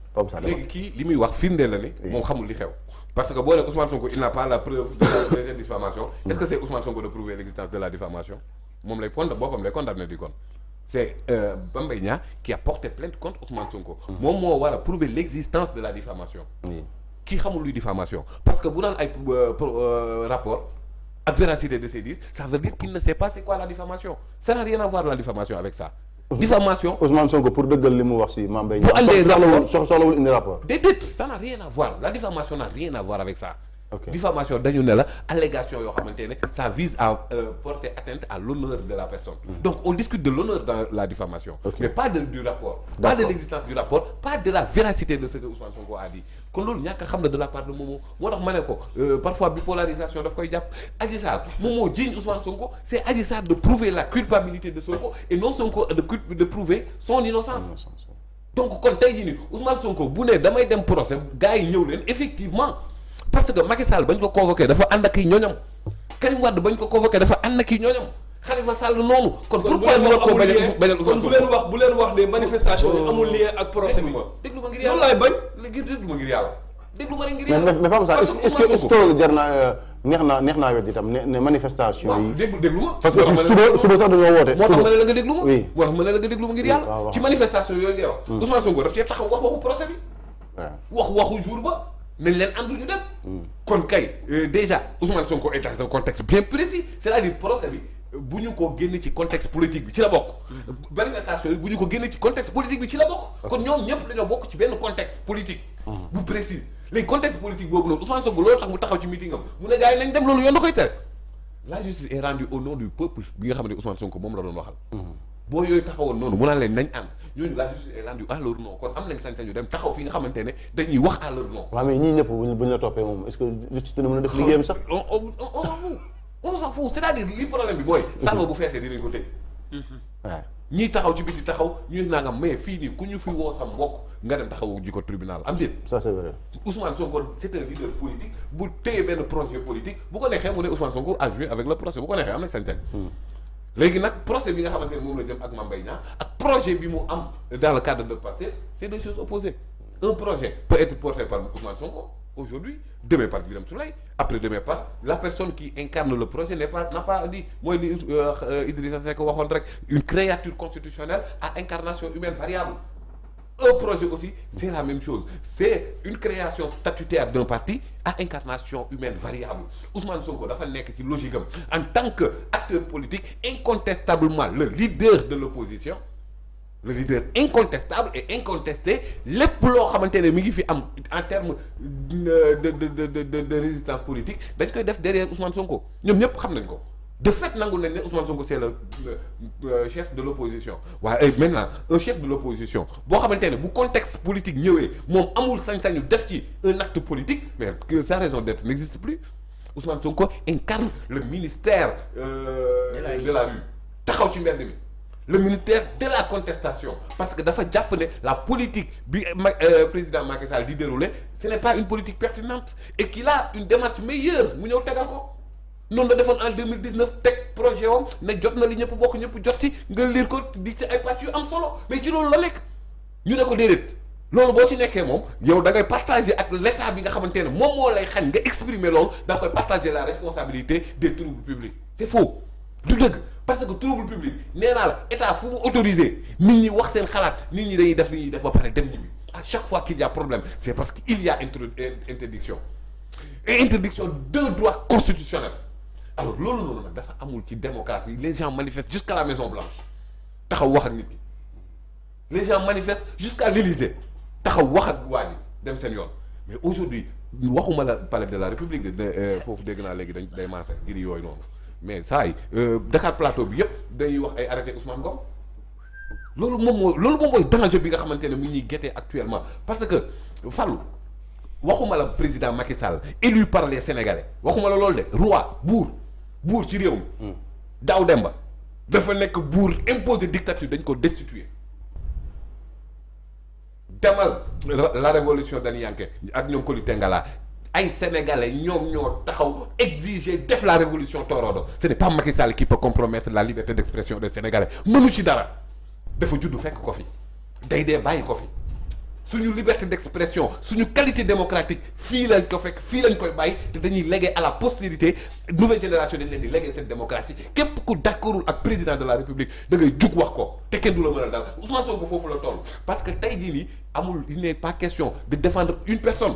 qui ça léegi kii mon wax parce que bon Ousmane il n'a pas la preuve de la diffamation mm. est-ce que c'est Ousmane Sonko de prouver l'existence de la diffamation Je lay pond boppam lay di kon c'est euh, Bambay qui a porté plainte contre Ousmane Sonko mm. moom prouver l'existence de la diffamation qui xamul la diffamation parce que vous avez ay euh, euh, rapport la véracité de ces dires ça veut dire qu'il ne sait pas c'est quoi la diffamation ça n'a rien à voir la diffamation avec ça diffamation Ousmane Sonko pour dégager les mots, si rapport ça n'a rien à voir la diffamation n'a rien à voir avec ça. diffamation dañu allégation ça vise à euh, porter atteinte à l'honneur de la personne. Mm. donc on discute de l'honneur dans la diffamation. mais pas de, du rapport. pas de l'existence du rapport pas de la véracité de ce que Ousmane Sonko a dit kon loolu a la de la part de Momo moo tax ma ko euh, parfois bipolarisation daf koy jàpp aji Momo Ousmane Sonko c'est est Adji de prouver la culpabilité de Sonko et non Sonko de de prouver son innocence. donc kon tey jii nii Ousmane Sonko bu ne damay dem procès gars effectivement parce que Macky Sall bañ ko convoqué dafa ànd ak ñooñam Karim Wade bañ ko convoqué dafa Khalifa Sall noonu. kon pourquoi ñu à leen wax bu leen wax des manifestations oh. amul lien ak procès bi. pas bañ. ngir ngir mais est-ce que est-ce que euh, ne manifestation yi. parce que suba suba sax ma ne la nga ma. avez la nga ngir yalla ci manifestation ngay wax. Hmm. Ousmane Sonko taxaw wax waxu procès bi. wax waxu jour ba dem. Hmm. kon kay euh, déjà Ousmane Sonko est dans un contexte bien précis c'est-à-dire procès bi bu ko génne ci contexte politique bi ci la bok manifestation yi bu ko génne ci contexte politique bi ci la bok kon ñoom ñëpp dañoo bokk ci benn contexte politique. Mmh. bu précis les contextes politiques boobu noonu Ousmane Sonko lo tax mu taxaw ci meeting am mu ne gars yi dem loolu yoon da koy tere. la justice est rendue au nom du peuple bi nga xam Ousmane Sonko mom la doon waxal. Mmh. bo yoy taxawon noonu mu naan leen nañ and ñooñu la justice est rendue à leur nom kon am nañ sañ sañu dem taxaw fi nga xamanté ne dañuy wax à leur nom. wa mais ñi ñëpp buñ la topé mom est-ce que justice dina mëna a def liggéeyam sax on s'en fout c'est-à-dire le problème bi mooy. salon mhm. bu feesee dinañ ko tëj. waaw mhm. ñiy taxaw ci biti taxaw ñu nangam mais fii nii ku ñu fi wo sa bok nga dem taxaw ji ko tribunal am dit ça c'est vrai Ousmane Sonko c'est un leader politique bu téyé benn projet politique bu ko neexee mo né Ousmane Sonko a joué avec le procès bu ko neexee am na sañ hmm. légui nak procès bi nga xamanté ne la jëm ak Mame Mbaye ak projet bi mu am dans le cadre de Pastef c'est deux choses opposées un projet peut être porté par Ousmane Sonko aujourd'hui demain par Birame Soulaï, après demain par la personne qui incarne le projet n'est pas n'a pas dit moi, euh, Idrissa une créature constitutionnelle à incarnation humaine variable un projet aussi c'est la même chose c'est une création statutaire d'un parti à incarnation humaine variable Ousmane Sonko dafa logique en tant qu'acteur politique incontestablement le leader de l'opposition le leader incontestable et incontesté les plots en termes de de de de de de résistance politique derrière Ousmane Sonko Nous ñëpp xam de fait Ousmane Sonko c'est le chef de l'opposition maintenant un chef de l'opposition pour le contexte politique il moom amul def un acte politique mais que sa raison d'être n'existe plus Ousmane Sonko incarne le ministère euh, de la rue le militaire de la contestation parce que dafa japonais la politique bi euh, président Macky Sall di dérouler ce n'est pas une politique pertinente et qu'il a une démarche meilleure mu ñëw tegal ko noonu la en 2019 teg projet wam ne jot na li ñëpp bokk ñëpp jot si nous liir ko di ci ay pàcc am solo mais ci loolu la nekk ñu ne ko déedéet loolu boo ci nekkee mom yow da ngay partager ak l'état bi nga xamanté né mom mo lay xañ nga exprimer lolu da koy partager la responsabilité des troubles publics c'est faux du deug parce que trouble public nee la état autorisé nit ñi wax seen xalaat nit ñi dañuy def li def à chaque fois qu'il y a problème c'est parce qu'il y a une interdiction et interdiction de droit constitutionnel alors ce noonu dafa amul ci démocratie les gens manifestent jusqu'à la Maison Blanche taxaw wax ak nit les gens manifestent jusqu'à l'Élysée taxaw wax ak mais aujourd'hui waxuma la palais de la République de euh, foofu dégg dañ day mais saa yi euh, Dakar Plateau bi yëpp dañuy wax ay arrêté Ousmane Ngom lolu mom lolu mom moom danger bi nga xamante ne mu ñuy guetté actuellement parce que Fallou waxuma la président Macky Sall élu par les Sénégalais waxuma la lolu de roi bour bour ci réew mi. Hmm. Daaw Demba dafa nek bour imposé dictature dañ ko destituer demal la révolution dañu ak ñom ko li Tengala ay sénégalais ñom ñoo taxaw exiger def la révolution Torodo ce n'est pas Macky Sall qui peut compromettre la liberté d'expression des sénégalais mënu ci dara defu juddou fekk ko fi day dee bàyyi ko fi suñu liberté d'expression suñu qualité démocratique fi lañ ko fekk fi lañ koy bay té dañuy légué à la postérité nouvelle génération dañ leen di cette démocratie képp ku d'accordul ak président de la république da ngay juk wax ko té kenn du la mën a Ousmane Sonko fofu la toll parce que tay jii nii amul il n'est pas question de défendre une personne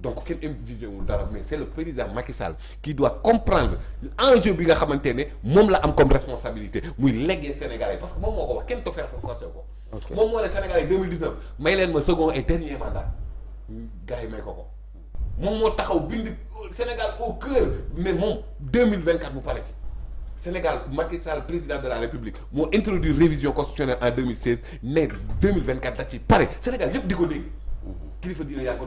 donc quel MDJ, le président Macky Sall qui doit comprendre l'enjeu bi nga xamante ne la am comme responsabilité muy léguer Sénégalais parce que moi, je ko wax kenn ko faire. forcé ko. Sénégalais 2019 je suis le second et dernier mandat Je yi may ko Moi, moom je taxaw bind Sénégal au cœur mais mon 2024 bu parle le Sénégal Macky Sall président de la République a introduit révision constitutionnelle en 2016 mais 2024 c'est pareil. Sénégal je ne qu'il pas dire il y a dire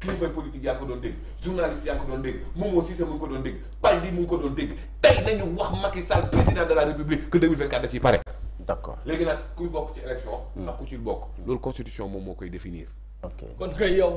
kilifa politique yaa ko journalistes journaliste gens ko sont dégg Momo ko président de la République que 2024 da Les gens d' sont léegi kuy ci élection. Hmm. ak gens constitution définir. ok kon kay yow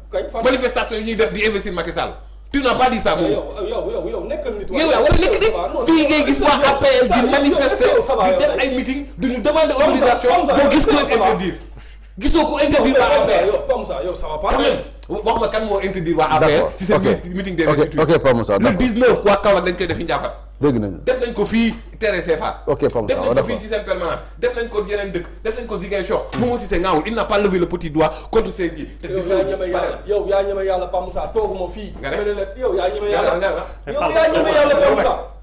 manifestation yi ñuy def di investir Macky Sall. tu n'as pas dit ça moom. yow yow yow yow nekkal nit. a nekk nit fii ngay gis waa APS di manifester di def ay meeting duñu demander autorisation boo gis ku leen interdire. gisoo ko interdire waa APR yow Pam Sa yow ça va pas. wax ma kan moo interdire waa APR. ci ok ok Pam Sa le 19 quoi Kaolack dañ koy def Ndiaffate. dégg nañu def nañ ko fii Thérèse fa ok Pam def nañ ko fii ci seen permanence def nañ ko yeneen dëkk def nañ ko Ziguinchor. Momo Cissé ngaawul il n'a pas levé le petit doigt contre ces ji. yaa ñeme yàlla yow yaa ñeme yàlla Pam Moussa tooguma fii. nga ne yaa ñeme yàlla. yow yaa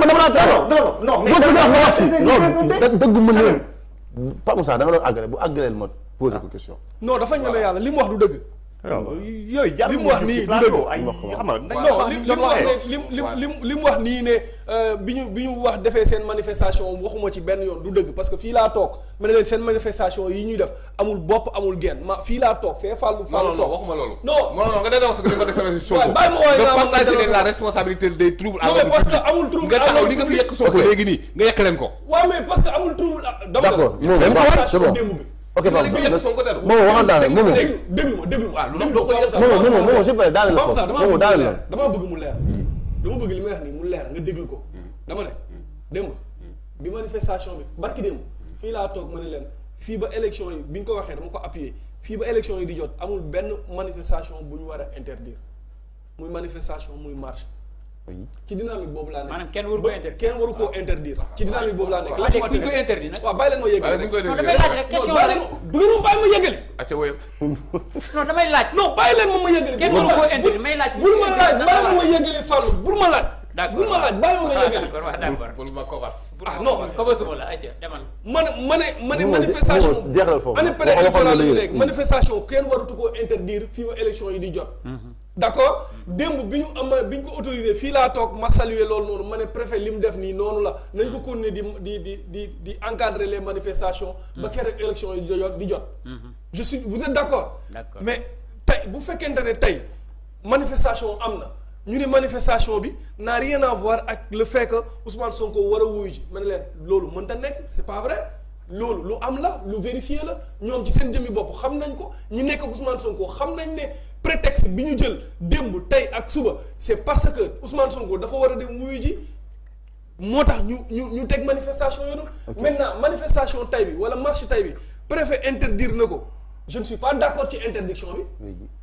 ma dama laa teel non non mais dëgg mën na Pape Moussa da nga doon àggale bu àggaleel ma posé ko question. non dafa ñeme yàlla li mu wax du dëgg. yooyu jàll li mu wax nii du dëgg ay li mu wax nii ne euh, bi ñu bi ñu wax defee seen manifestation waxuma ci benn yoon du dëgg parce que fii laa toog ma ne leen seen manifestation yi ñuy def amul bopp amul genn fii laa toog fee fàllu fàllu toog waxuma loolu non non nga delloo sa ko defee Sonko bàyyi ma wooy naa partage la responsabilité des troubles à l'ordre public nga taxaw li nga fi yekk Sonko léegi nii nga yekk leen ko waaw mais parce que amul trouble d'accord ok Momo waxal daal rek Momo. déglu ma déglu ma loolu doo ko yegg sax. Momo Momo Momo s'il vous plaît daal la ko Momo daal la dama bëgg mu leer hmm. dama bëgg li may wax nii mu leer nga déglu ko. Hmm. dama ne hmm. démb bi manifestation bi barki démb fii laa toog ma ne leen fii ba élection yi bi ñu ko waxee dama ko appuyer fii ba élection yi di jot amul benn manifestation bu ñu war a interdire muy manifestation muy marche. ci dynamique boobu laa nekk. kenn waru koo interdire. Ah, ci dynamique boobu laa nekk. laaj rek question la rek bu ngeen ma bàyyi ma yëgale. acca woyam. non damay laaj. non bàyyi leen ma ma yëgale. kenn waru koo interdire may laaj. bul ma laaj bàyyi ma ma yëgale bul ma laaj. bul ma laaj bàyyi ma ma yëgale. ah non kobasuma la manifestation. jeexal foofu waxoon na léegi manifestation kenn warutu koo interdire fii ba élection yi di jot. Mhm. D'accord Dembou, si vous autorisé je saluer préfet Lim def encadrer les manifestations hmm. élection hmm. je suis vous êtes d'accord mais vous vous qu'un détail. manifestation amna. ñu n'a rien à voir avec le fait que Ousmane Sonko a dit que c'est pas vrai loolu lu am la lu vérifié la ñom ci seen xam nañ ko ñi nekk Ousmane Sonko xam nañ ne prétexte bi nous jël ak c'est parce que Ousmane Sonko dafa ji ñu ñu manifestation maintenant manifestation tay bi wala marche tay bi interdire je ne suis pas d'accord ci interdiction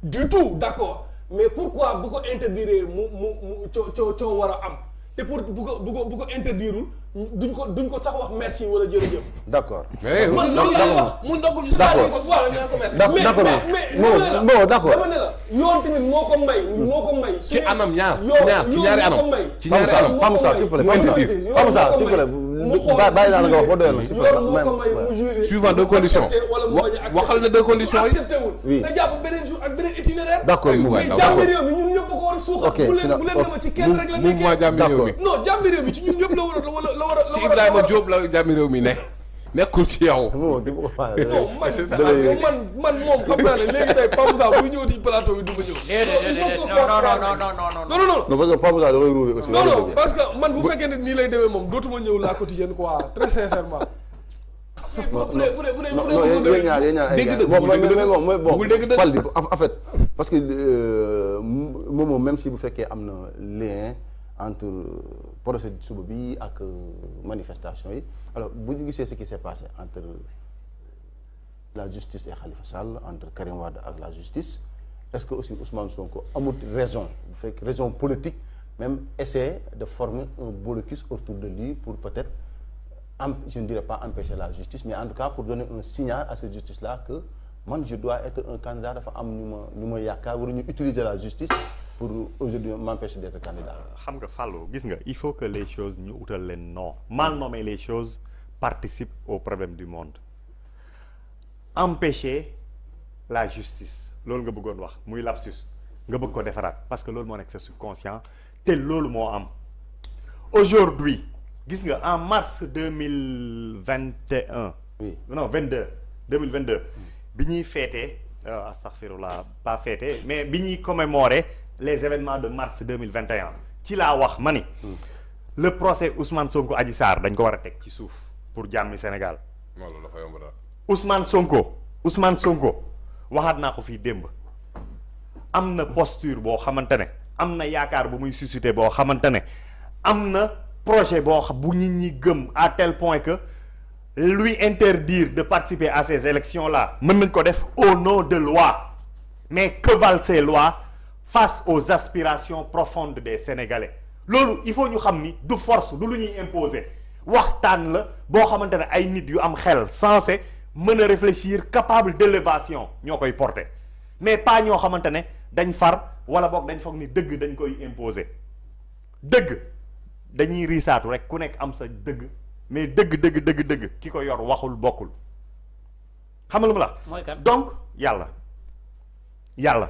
du tout d'accord mais pourquoi bu ko interdire mu mu am te pour bu ko bu ko bu ko duñ ko duñ ko sax wax merci wala jërëjëf. d' accord. mais man loolu mu ndogul d' accord mais mais non d' accord dama ne la yoon tamit moo ko may. Hmm. moo ko may ci anam ñaar ñaar ci ñaari anam. ci ñaari anam Pape Moussa s'il vous plaît. mu xool bàyyi naa la nga wax ba doyal la. loolu moo ko may mu jugé suivant deux conditions wala mu bañ a waxal na deux conditions yi su accepté wul nga jàpp beneen jour ak beneen itinéraire. d' accord mu mais jàmbi réew mi ñun ñëpp ko war a suuxal. ok bu leen bu leen dama ci kenn rek la nekkee. d' accord non jàmbi réew mi ci ñun ñëpp la war a la war a la war a. ci Ibrahima Diop la jàmbi réew mi ne. nekkul ci yow. non man man moom xam naa ne léegi tey Pape Moussa buy ñëwati plateau bi du ma ñëw. déedéet non non non non parce que Pape Moussa da koy ruube aussi. non non parce que man bu fekkee ne nii lay demee moom dootuma ñëw la quotidienne quoi très sincèrement. non non yéen ñaar yéen ñaar dégg dëgg bon mais bon fal di en fait parce que euh, moom même si bu fekkee am na lien entre procès suba bi ak euh, manifestation alors vous savez ce qui s'est passé entre la justice et Khalifa Sall entre Karim Wade et la justice est-ce que aussi Ousmane Sonko en raison fait raison politique même essayer de former un blocus autour de lui pour peut-être je ne dirais pas empêcher la justice mais en tout cas pour donner un signal à cette justice là que moi je dois être un candidat dafa am utiliser la justice pour aujourd'hui m'empêcher d'être candidat. Euh, xam nga il faut que les choses nous utal leen mal nommer les choses participe au problème du monde empêcher la justice que nga veux dire. muy lapsus nga bëgg ko dire. parce que ce que je suis conscient. C'est ce que am aujourd'hui gis nga en mars 2021, oui non 22. 2022. deux mille euh, astaghfirullah pas fêter, mais bi commémorer les événements de mars 2021 ci la wax hmm. le procès Ousmane Sonko Adji Sarr dañ ko a ci pour Sénégal Ousmane Sonko Ousmane Sonko waxaat naa ko fii démb a une posture il xamante ne am yakar yaakaar bu muy suscité boo ne projet bu à tel point que lui interdire de participer à ces élections là mën nañ ko def au nom de loi mais que valent ces lois face aux aspirations profondes des Sénégalais il faut ñu ramener force du imposer réfléchir capable d'élévation nous porter mais pas far imposer mais donc Yalla. Yalla.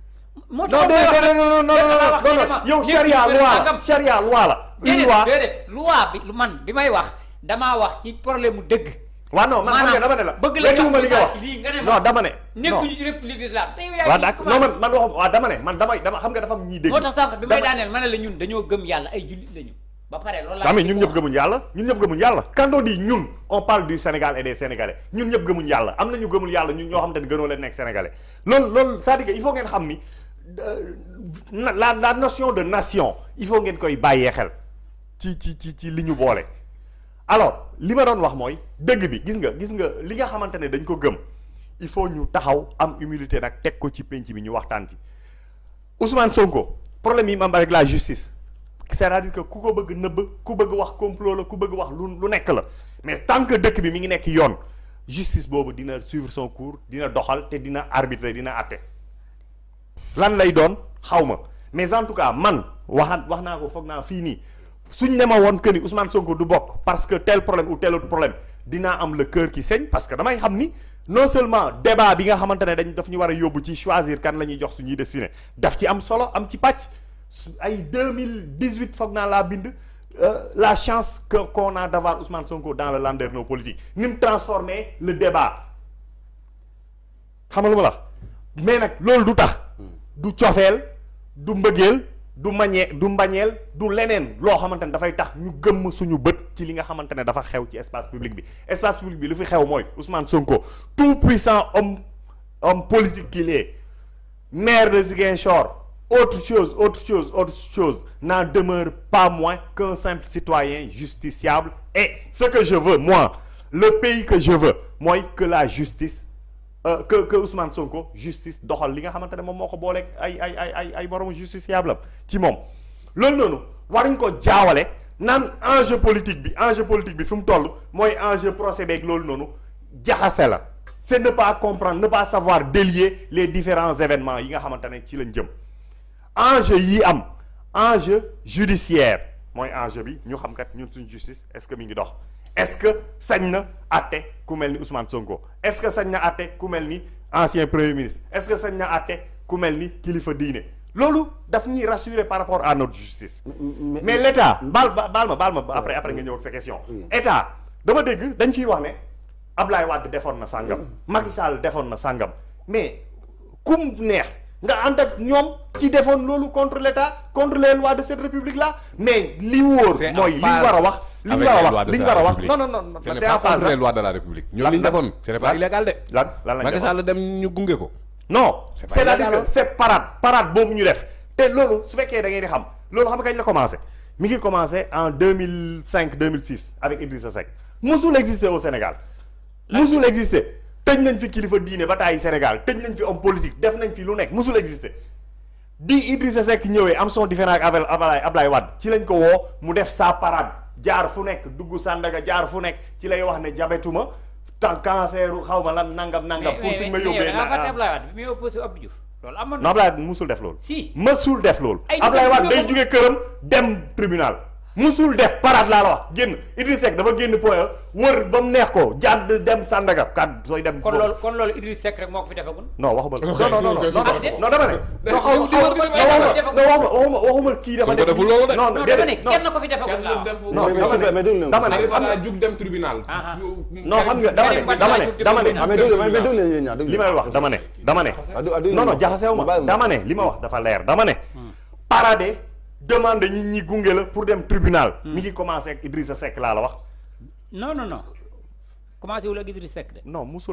moo tax non non non non non yow charia loi la charia loi la. une loi déedéet loi bi man bi may wax damaa wax ci problème mu dëgg. waaw non man xam nga dama ne la bëgg la li nga wax non dama ne. nekkuñu ci république islam. waaw d'accord non man man waxu waaw dama ne man damay dama xam nga dafa am ñuy dégg. moo tax sànq bi may daaneel ma ne la ñun dañoo gëm yàlla ay jullit lañu. ba pare loolu laa ñun ñëpp gëmuñ yàlla ñun ñëpp gëmuñ yàlla quand on dit ñun on parle du Sénégal et des Sénégalais ñun ñëpp gëmuñ yàlla am na ñu gëmul yàlla ñun ñoo xam te ne gënoo leen nekk Sénégalais loolu loolu c'est-à-dire que il faut ngeen xam ni Euh, la la notion de nation il faut ngeen koy bàyyee xel ci ci ci ci li ñu boole alors li ma doon wax mooy dëgg bi gis nga gis nga li nga xamante ne dañ ko gëm il faut ñu taxaw am humilité nag teg ko ci penc bi ñu waxtaan ci Ousmane Sonko problème yi mu am avec la justice c'est-à-dire que ku ko bëgg nëbb ku bëgg wax complot la ku bëgg wax lu nekk la mais tant que dëkk bi mi ngi nekk yoon justice boobu dina suivre son cours dina doxal te dina arbitrer dina atte. lan lay doon xaw ma mais en tout cas man waxaan wax naa ko foog naa fii nii suñ ne ma woon que ni Ousmane Sonko du bokk parce que tel problème ou tel autre problème dinaa am le cœur ki señ parce que damay xam ni non seulement débat bi nga xamante ne dañ daf ñu war a yóbbu ci choisir kan lañuy ñuy jox suñuy destiné daf ci am solo am ci pàcc ay mille 2018 foog naa laa bind euh, la chance que qu'on a d'avoir Ousmane Sonko dans le landerneau politique ni mu transformer le débat xamaluma la mais nag loolu du tax. du cofeel du mbëggeel du mañee du mbagnel du lenen lo xamante da fay tax ñu gëm suñu bëtt ci li nga xamante ne dafa xew ci espace public bi espace public bi lu fi xew moy Ousmane Sonko tout puissant homme homme politique qu'il est maire de Ziguinchor autre chose autre chose autre chose n'en demeure pas moins qu'un simple citoyen justiciable et ce que je veux moi le pays que je veux moi, que la justice euh, que que Ousmane Sonko justice doxal li nga xamante mom moko bolé ko ay ay ay ay ay borom justiciable ci mom lool noonu warñ ko jaawale nan enjeu politique bi enjeu politique bi fi mu moy mooy enjeu procès beeg lool noonu jaxase la c'est ne pas comprendre ne pas savoir délier les différents événements yi nga xamante ci lañ jëm enjeu yi am enjeu judiciaire mooy enjeu bi ñu xam kat ñun suñ justice est-ce que mi ngi dox est-ce que Sagna a été Koumelni Ousmane Sonko est-ce que Sagna a été Koumelni, ancien premier ministre est-ce que Sagna a été ku kilifa Lolo, daf rassuré par rapport à notre justice. mais, l'État après après nga ñëw ak sa question. État dama dit dañ ciy wax ne Ablaye Wade defoon na Sangam, mm. Macky Sall défendu na mais kum neex nga ànd ak ñoom ci defoon loolu contre l'État contre les lois de cette république là mais li wóor mooy li ñu wax li wax li wax non non non c'est pas contre les hein. lois de la république ñoom li ñu defoon c'est pas illégal de Macky Sall dem ñu ko non c'est-à-dire que hein. c'est parade parade boobu ñu def te ce su fekkee da ngeen di xam loolu xam nga commencé mi commencé en 2005 2006 avec Idrissa Seck musul exister au Sénégal musul existait tëj nañ fi kilifa diine ba tàyyi Sénégal tëj nañ fi homme politique def nañ fi lu nekk musul exister bi Idrissa Seck ñëwee am son différent ak Ablaye Ablaye Wade ci lañ ko woo mu def sa parade jaar fu nekk dugg Sandaga jaar fu nekk ci lay wax ne jabetuma ta cancer xaw ma lan nangam nangam. pour si ma yóbbee na Ablaye Wade bi muy loolu amoon na Ablaye Wade musul def loolu. si mësul def loolu. Ablaye Wade day jóge këram dem tribunal. musul def parade laa la wax génn Idriss Seck dafa génn point wër ba mu neex ko jàdd dem Sandaga kàdd sooy dem. kon loolu kon loolu Idriss Seck rek moo ko fi defagul. non waxuma non non non non dama ne. kii dafa def. non non dama ne kenn ko fi defagul laa wax. non dama ne dama ne jug dem tribunal. Ah, ah. xam ne dama ne dama li may wax dama ne dama ne. non non jaxasewu ma dama ne li ma wax dafa leer dama ne hmm. parade demande ñi ñi gunge la pour dem tribunal. Hmm. mi ngi commencé ak Idrissa Seck laa la wax. non non non commencé wul ak Idrissa Seck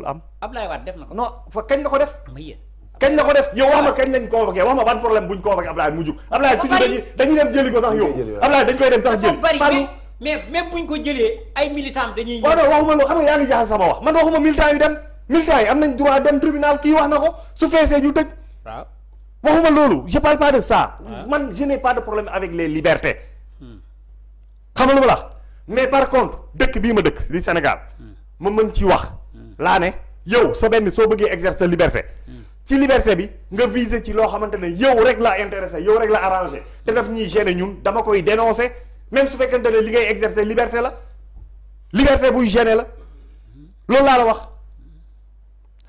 am. Ablaye Wade def na ko. non fa kañ nga ko def. ma yéen kañ nga ko def yow wax ma kañ lañ convoqué wax ma ban problème buñ convoqué Ablaye koy dem sax jëli. Fallou mais ko jëlee ay militant dañuy. waaw non waxuma loo xam nga yaa ngi jaaxal sama wax man waxuma militant yu dem militant yi am nañ droit dem tribunal kii wax na ko su feesee ñu tëj waaw waxuma loolu je parle pas de ça. man je n'ai pas de problème avec les libertés. Hmm. xam lu ma mais par contre dëkk bii ma dëkk di Sénégal. Hmm. ma mën ci wax. Hmm. laa ne yow sa benn soo bëggee exercer liberté. ci liberté bi nga viser ci loo xamante ne yow rek la intéresser, yow rek la arranger. te daf ñuy gêner ñun dama koy dénoncer même su fekkente ne li ngay exercer liberté la liberté buy gêner la loolu laa la wax.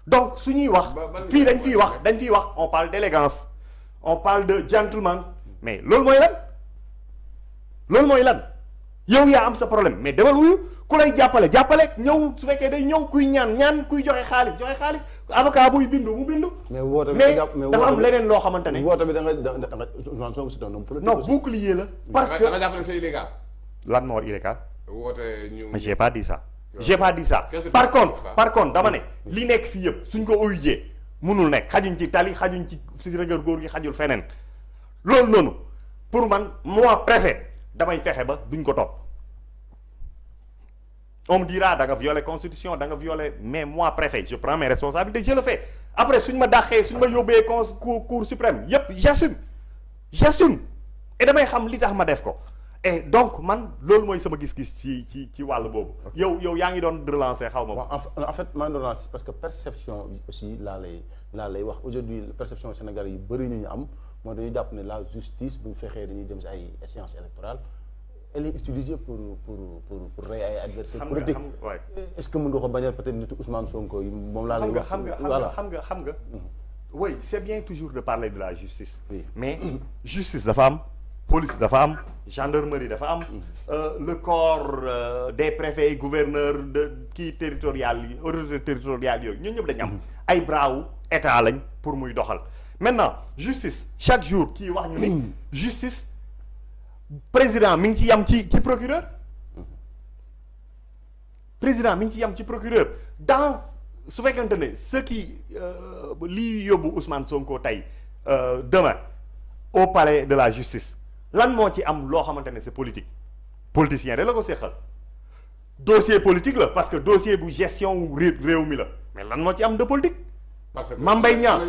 donc su ñuy wax fii dañ fiy wax dañ fiy wax on parle d'élégance on parle de gentleman mais loolu mooy lan loolu mooy lan yow yaa am sa problème mais demal wuyu ku lay jàppale jàppale ñëw su fekkee day ñëw kuy ñaan ñaan kuy joxe xaalis joxe xaalis avocat buy bindu mu bindu. mais woote bi dafa am leneen loo xamante ne. woote bi da nga da nga Ousmane Sonko c'est un homme la. parce que da jàppale c'est illégal. lan moo war illégal. pas dit ça. j'ai pas dit ça par contre par contre dama ne li nek fi yëpp suñ ko ouyé mënul nek xajuñ ci tali xajuñ ci si rëgër góor gi xajul fenen lool noonu pour man moi préfet damay fexé ba duñ ko top on me dira da nga violé constitution da nga mais moi préfet je prends mes responsabilités je le fais après suñ ma dàqee suñ ma yobé, cour suprême yëpp j'assume j'assume et damay xam li tax ma def ko et eh, donc man loolu moy sama gis-gis ci ci ci bob yow yow y'a relancer en fait man relance parce que perception aussi la lay lay wax aujourd'hui perception sénégalais yu est ñu am dañu japp la justice bu fexé dañuy dem elle est utilisée pour pour pour pour adversaires est-ce que mën nga bañal peut-être nitu Ousmane Sonko oui c'est bien toujours de parler de la justice. mais mhm. justice la femme, police de femmes, gendarmerie de femmes euh, le corps euh, des préfets et gouverneurs de qui territorial autorités territoriales yooyu ñun ñëpp mm-hmm. état pour muy maintenant justice chaque jour qui va nous justice président mi procureur mm-hmm. président mi yam procureur dans su ce qui euh, lie yóbbu Ousmane Sonko euh, demain au palais de la justice lan mo ci am lo xamantene c'est politique politicien de la ko Le dossier politique la parce que dossier bu gestion réew mi la mais lan ci am de politique Mambay Mbaye Niang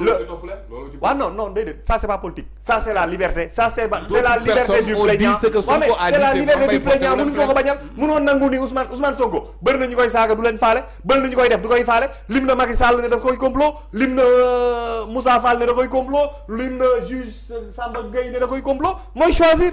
le non non déedéet ça c'est pas politique ça c'est la liberté ça c'est la liberté du plaignant mais c'est la liberté du plaignant mënuñu ko ko bañal mënoon nangu ni Ousmane Ousmane Sonko Ben na ñu koy du leen faale bëri na ñu def du koy faale lim Macky Sall ne daf koy complot lim euh, Moussa Fall ne da koy complot lim juge Samba Gueye ne da koy complot mooy choisir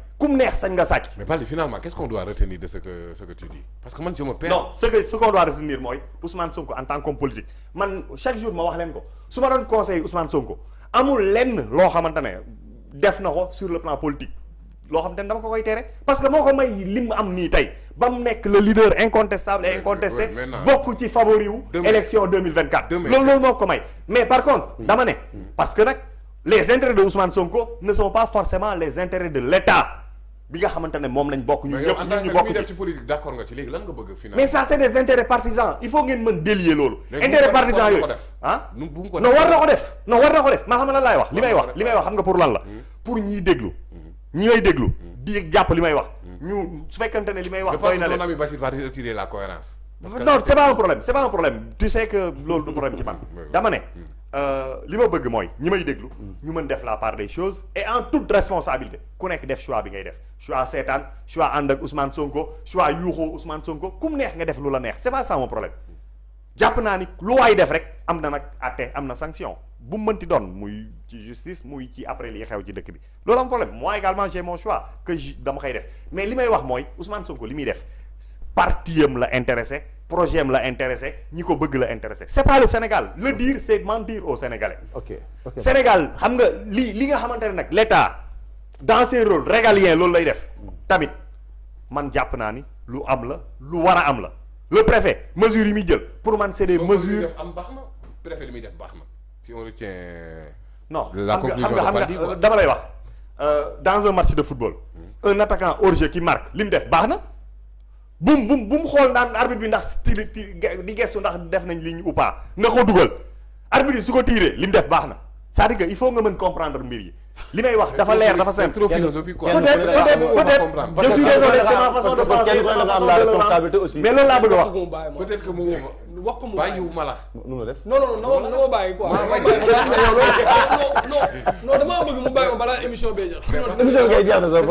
mais finalement qu'est-ce qu'on doit retenir de ce que ce que tu dis parce que moi, je me perds. non ce que ce qu'on doit retenir moi, Ousmane Sonko en tant qu'homme politique man chaque jour je wax vous ko je je Ousmane Sonko amul n'y a pas ne def sur le plan politique Il n'y ne dama de koy sur parce que moi Parce may lim am suis le leader incontestable et incontesté beaucoup ci favori élection 2024. mais par contre. parce que les intérêts de Ousmane Sonko ne sont pas forcément les intérêts de l'État bi nga xamante ne lañ bokk. ñun ñu bokk mais ça c'est des intérêts partisans il faut ngeen mën délier loolu. intérêts partisans yooyu ah. non war na ko def non war na ko def ma xam na laay wax. limay wax limay wax xam nga pour lan la. Hmm. pour ñi déglu. Hmm. ñi may déglu. Hmm. di japp limay wax. ñu su fekkante ne li wax. doy na la non c'est pas un problème c'est pas un problème tu sais que loolu du problème ci man dama né Euh, lima ma bëgg mooy ñi may déglu. ñu mën def la part des choses et en toute responsabilité ku nekk def choix bi ngay def choix seetaan choix ànd ak Ousmane Sonko choix yuuxoo Ousmane Sonko kum neex nga def lu la neex c'est pas ça mon problème. jàpp naa ni lu waay def rek am na nag àtte am na sanction bu mënti doon muy ci justice muy ci après li xew ci dëkk bi loolu am problème moi également j'ai mon choix que dama koy def mais li may wax mooy Ousmane Sonko li def parti am la intéressé. projet am la intéressé ñi ko bëgg la intéressé c'est pas le Sénégal le dire c'est mentir aux Sénégalais. ok Sénégal xam nga li li nga xamante ne nag l'État dans ses rôles régaliens loolu lay def tamit man jàpp naa ni lu am la lu war a am la le préfet mesures yi muy jël pour man c'est des mesures am baax na préfet li muy def baax na si on retient non la conclusion xam nga xam euh, dama lay wax euh, dans un match de football mm. un attaquant hors jeu qui marque li mu def baax na bum bum bu mu xool naan arbitre bi ndax tili di gestu ndax def nañ li ñu pas nga ko dugal arbitre bi su ko tiiree li mu def baax na cest à il faut nga mën comprendre mbir yi li may wax dafa leer dafa simple. peut-être peut-être peut-être je suis désolé c'est ma façon de penser c'est ma façon de la responsabilité aussi. mais loolu laa bëgg a wax. peut-être que mu woo ma. wax ko mu bàyyi ma la. nu ma def non non non na ma bàyyi quoi. non non damaa bëgg mu bàyyi ma balaa émission bee jeex. émission bee jeex na sax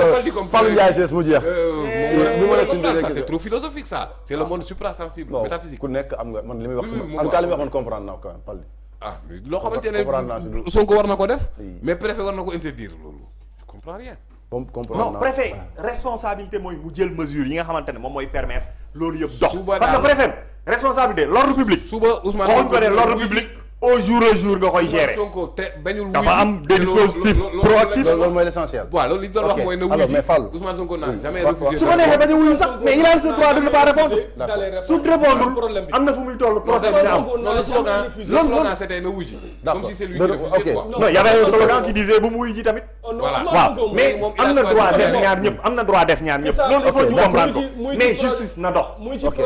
Fallou Ndiaye Cess mu jeex. mu mën a tudd c'est trop philosophique ça. c'est le ah. monde suprasensible métaphysique. ku nekk am nga man li muy wax en tout cas li muy wax man comprendre naa ko quand même ah loo xamante ne Sonko war def mais préfet war na ko interdire loolu je comprends rien non préfet responsabilité mooy mu jël mesure yi nga xamante ne moom permettre loolu yëpp dox parce que préfet responsabilité l'ordre public Souba, Ousmane l'ordre public au jour au jour nga koy gérer. dafa am des dispositifs proactifs. loolu mooy l'essentiel. waaw loolu li doon wax moy ne wuy Ousmane Sonko n'a jamais refusé. su ma neexee bañ a sax mais il a le droit de ne pas répondre. su répondre am na fu muy toll procès bi am. non le slogan slogan c'était ne wuy ji. comme si c'est lui qui refusait quoi. non y avait un slogan qui disait bu mu ji tamit. Oh, voilà mais amna droit def ñaar ñëpp amna droit def ñaar ñëpp. lolu il faut ñu comprendre mais justice na dox.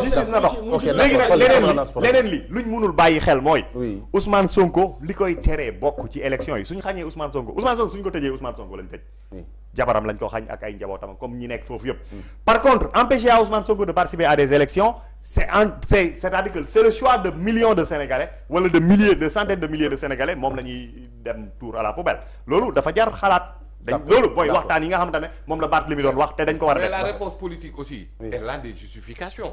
justice na dox légui nag lenen li leneen li luñ mënul bayyi xel mooy Ousmane Sonko li koy teree bokk ci élection yi suñu xagné Ousmane Sonko Ousmane Sonko suñu ko tejé Ousmane Sonko lañ tej jabaram lañ ko xagn ak ay njabootam comme ñi nek fofu yëpp mm. par contre empêcher à Ousmane Sonko de participer à des élections c'est c'est c'est-à-dire que c'est le choix de millions de Sénégalais wala de milliers de centaines de milliers de Sénégalais mom lañuy dem tour à la poubelle lolu dafa jar xalat dañ loolu booy waxtaan yi nga xamante ne moom la Barthélémy doon wax té dañ ko wara def mais la réponse politique aussi elle a des justifications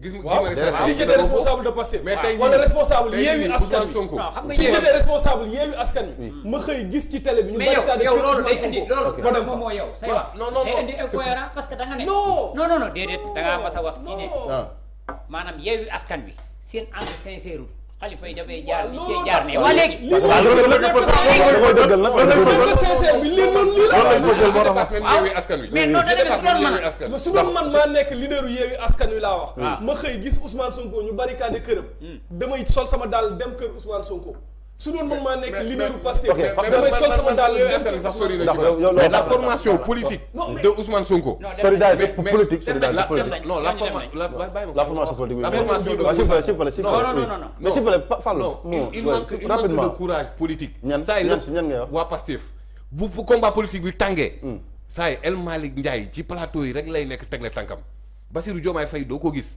gis nga waaw si j'étais responsable de Pastef wala responsable Yewwi Askan Wi si j'étais responsable Yewwi Askan Wi ma xëy gis ci télé bi ñu bari taa de moo yow say wax non non day indi incohérent parce nga ne non non non déedéet da ngaa mas a wax fii ne maanaam Yewwi Askan seen ànd sincère xalifa yi dafay jaar ni cee jaar ne. waaw léegi li loolu la ñu fas yéene la loolu la ñu fas lii noonu lii la. su doon a. ma man maa nekk leaderu yeewi askan wi laa wax. ma xëy gis Ousmane Sonko ñu barricade këram. damay sol sama daal dem kër Ousmane Sonko. su doon moom maa nekk leaderu Pastef. ok damay sol sama dàll def ko sax sori na ci la formation politique de Ousmane Sonko. solidarité politique solidarité politique. non la formation la formation la formation politique non non non si ñan ngay waa Pastef bu combat politique bi tàngee. saa hmm. yi El Ndiaye ci plateau yi rek lay nekk tegle tànkam. Bassirou Diomaye Faye doo ko gis.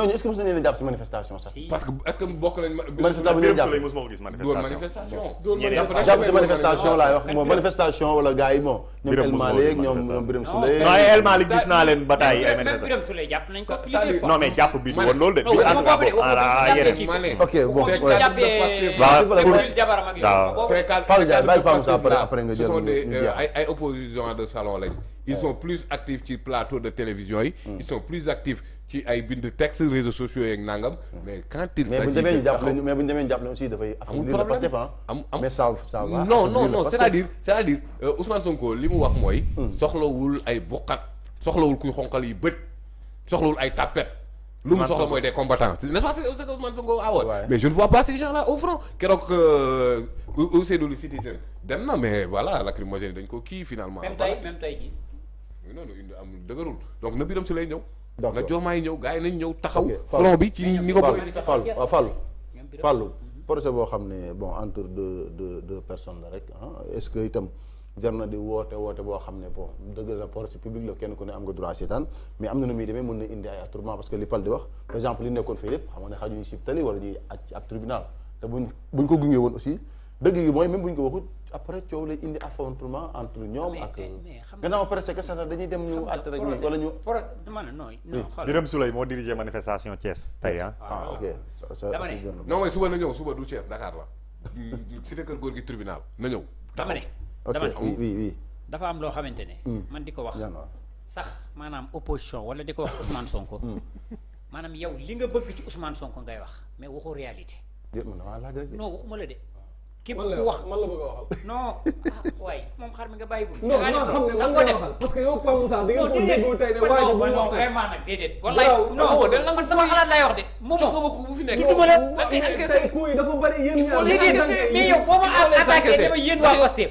est-ce que vous avez des manifestations manifestation parce que est-ce que manifestation manifestations. Des salon ils sont plus actifs plateau de télévision ils sont plus ci ay bind texte réseaux sociaux nangam. mais quand il mais hein. vous euh, hmm. cest dire dire mais je ne vois pas ces gens-là au front Où euh, c'est mais voilà finalement. même même non non donc nga la Diomaye ñëw gars nañ ñew taxaw. front bi ci ni ko bëgg. Fallou waaw Fallou Fallou projet bo xamné bon entre deux deux deux personnes rek ah est-ce que itam. jarna di wote wote bo xamné bon deug la force publique la kenn ku ne am nga droit sétane mais amna na nu muy demee mën na indi ay attroupement parce que li pal di wax par exemple li nekkoon fii lépp xam nga ne tali wala di ak tribunal te buñ buñ ko gungé won aussi deug yi moy même buñ ko waxut après coow lay indi affrontement entre ñoom ak. gannaaw presque que sax dañuy dem ñu. àtte rek ñu wala ñu. dama ne nooy. non xoolal Birame Souleye moo dirigé manifestation Thiès tey ah. ah ok dama ne. non mooy suba na ñëw suba du Thiès Dakar la. cité kër góor gi tribunal na ñëw. dama ne dafa am loo xamante ne. Hmm. man di ko wax. sax maanaam opposition wala di ko wax Ousmane Sonko. Hmm. maanaam yow li nga bëgg ci Ousmane Sonko ngay wax mais waxu réalité. non waxuma la de. képp ku wax man la bëgg a waxal. non ah, waaye moom xar mi nga bàyyi bu. non non xam ne man ngay waxal parce que yow Pape Moussa di ngeen ko déglu tey de waaye de bu mu wax tey vraiment nag déedéet. wallaay non oh, man sama xalaat laay wax de. moom moom bu fi nekk. tudduma la tey kuy dafa bëri yéen ñaar mais yow boo ma attaqué dama yéen waa Pastef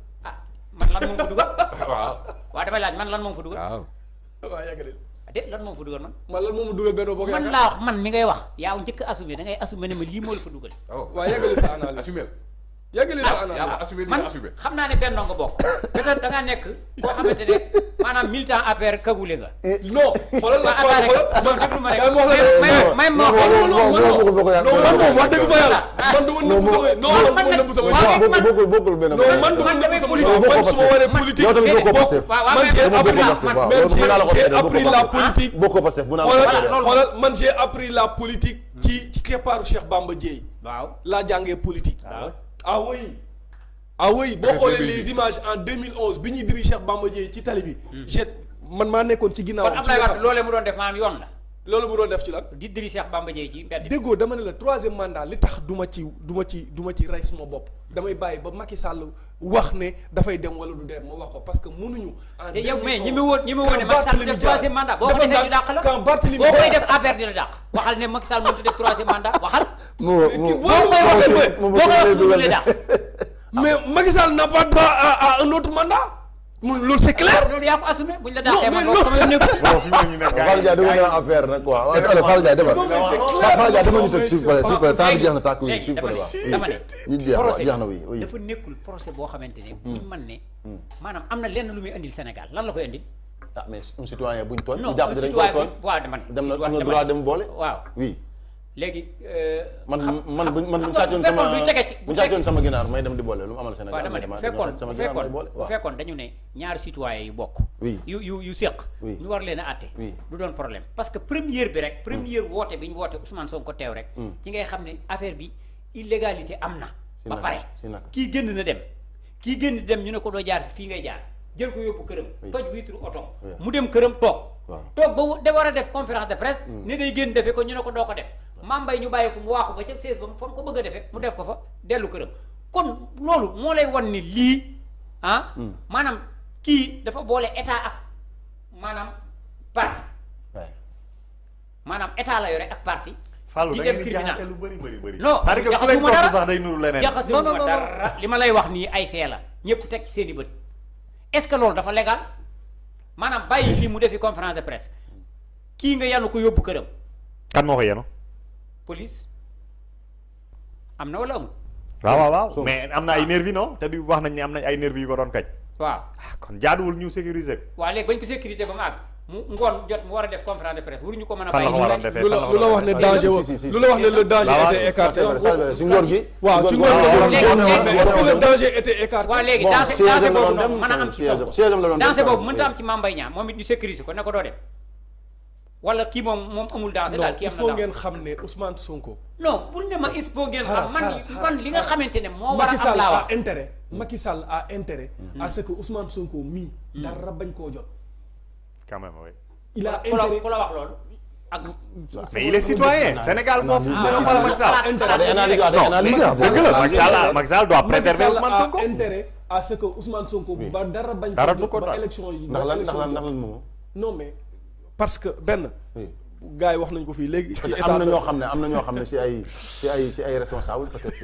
man lan moom fa dugal. waaw waaw damay laaj man lan moom fa dugal. waaw waaw yàgg ah, de lan moom fa dugal man. man lan moom dugal benn bokk man laa wax man mi ngay wax. yaaw njëkk a assumé da ngay ne ma lii moo la fa dugal. Oh. waaw yàgg sa yàggali la ah, ana yàlla assumé man xam naa ne benn nga bokk peut-être da ngaa nekk koo xamante ne maanaam militant APR kagule nga. Eh, non xoolal la xoolal xoolal ah, déglu ma rek may ma wax dëgg man moom wax dëgg fa yàlla man du ma nëbbu sama non man du ma nëbbu sama bokkul bokkul benn non man du ma nëbbu sama man su ma waree politique man j'ai appris man j'ai appris la politique xoolal man j'ai appris la politique ci ci keppaaru Cheikh Bamba Dièye waaw laa jàngee politique ah oui ah oui Bon, les images en 2011 Bini diri Cheikh Bamba Dièye ci tali hmm. loolu mu doon def ci lan. di diri Cheikh Bamba Dièye ci mbedd. déggoo dama ne la troisième mandat li tax du ma ci du ci du ci rey suma bopp damay bàyyi ba Macky Sall wax ne dafay dem wala du dem ma wax ko parce que mënuñu. en déglu mais ñi mu woon ñi mu woon ne Macky Sall def troisième mandat boo ko defee ñu dàq la def affaire ne mandat waxal. mais Macky Sall n'a pas droit à à un autre mandat. loolu c'est clair. loolu yaa ko assumé buñ la daaxee ma sama yoon nekk. waaw fi mu ne ñu ne gars yi gars yi affaire nag quoi. waaw Fall Ndiaye demal Fall Ndiaye dama ñu tëj s'il vous plaît s'il vous plaît temps bi jeex na tàkk wi s'il vous plaît waaw. dama ne procès jeex na oui dafa nekkul procès boo xamante ne. Hmm. buñ mën ne. maanaam am na lenn lu muy indil Sénégal lan la koy indil. ah mais un citoyen buñ tooñ. non un citoyen waaw dama ne. na am na droit dem boole waaw oui. léegi. Euh, man man man sàccoon sama bu sàccoon sama ginaar may dem di boole lu mu amal Sénégal. waaw dama fekkoon fekkoon bu fekkoon dañu ne ñaari citoyen yu bokk. yu yu yu séq. ñu war leen a àtte. du doon problème parce que première bi rek. première mm. woote bi ñu woote Ousmane Sonko teew rek. Mm. ci ngay xam ne affaire bi illégalité am na. ba pare kii génn na dem. kii génn dem ñu ne ko doo jaar fii ngay jaar jël ko yóbbu këram. toj vitre oto mu dem këram toog. toog ba da war a def conférence de presse. Mm. ne day génn defee ko ñu ne ko doo ko def mambay ñu bàyyi ko mu waaxu ba ca sees ba fa mu ko bëgg a defee mu def ko fa dellu këram kon loolu moo lay won ni lii ah hmm. maanaam kii dafa boole état ak maanaam parti maanaam état la yore ak parti Fallou da ngeen di jaxase lu bëri bëri bëri non jaxasuma dara sax day nuru leneen jaxasuma dara li ma lay wax nii ay fee la ñëpp teg ci seen i bët est-ce que loolu dafa legal maanaam bàyyi lii mu defi conférence de presse kii nga yanu ko yóbbu këram kan moo ko yenu police am na wala amul. waaw waaw mais am na ay nervi ko doon kaj waaw ah, kon jaaduwul ñu sécuriser ko. waaw léegi bañ ko sécuriser a def ko mën a. fan a defee fan la ko war a am ci. siège am la boobu mënta am ci Mame Mbaye Niang moom it ñu sécuriser ko ne doo dem wala kii moom moom amul danger daal kii am na non il faut ngeen xam ne Ousmane Sonko. non bul ne ma il faut ngeen xamante ne moo war a am laa wax mm. Macky a intérêt mm. Macky Sall Sonko mii. Mm. bañ koo jot. quand même oui. il a intérêt ku la wax loolu. ak mais il est citoyen ah, Sénégal moo fi. ah Macky a intérêt Macky Sall doit préserver Ousmane Sonko intérêt à ce dara bañ. dara ko yi. ndax lan ndax lan ndax lan non mais. parce que benn. gars yi wax nañ ko fii léegi. ci état am na ñoo xam ne am na ñoo xam ne si ay si ay si ay responsable peut-être.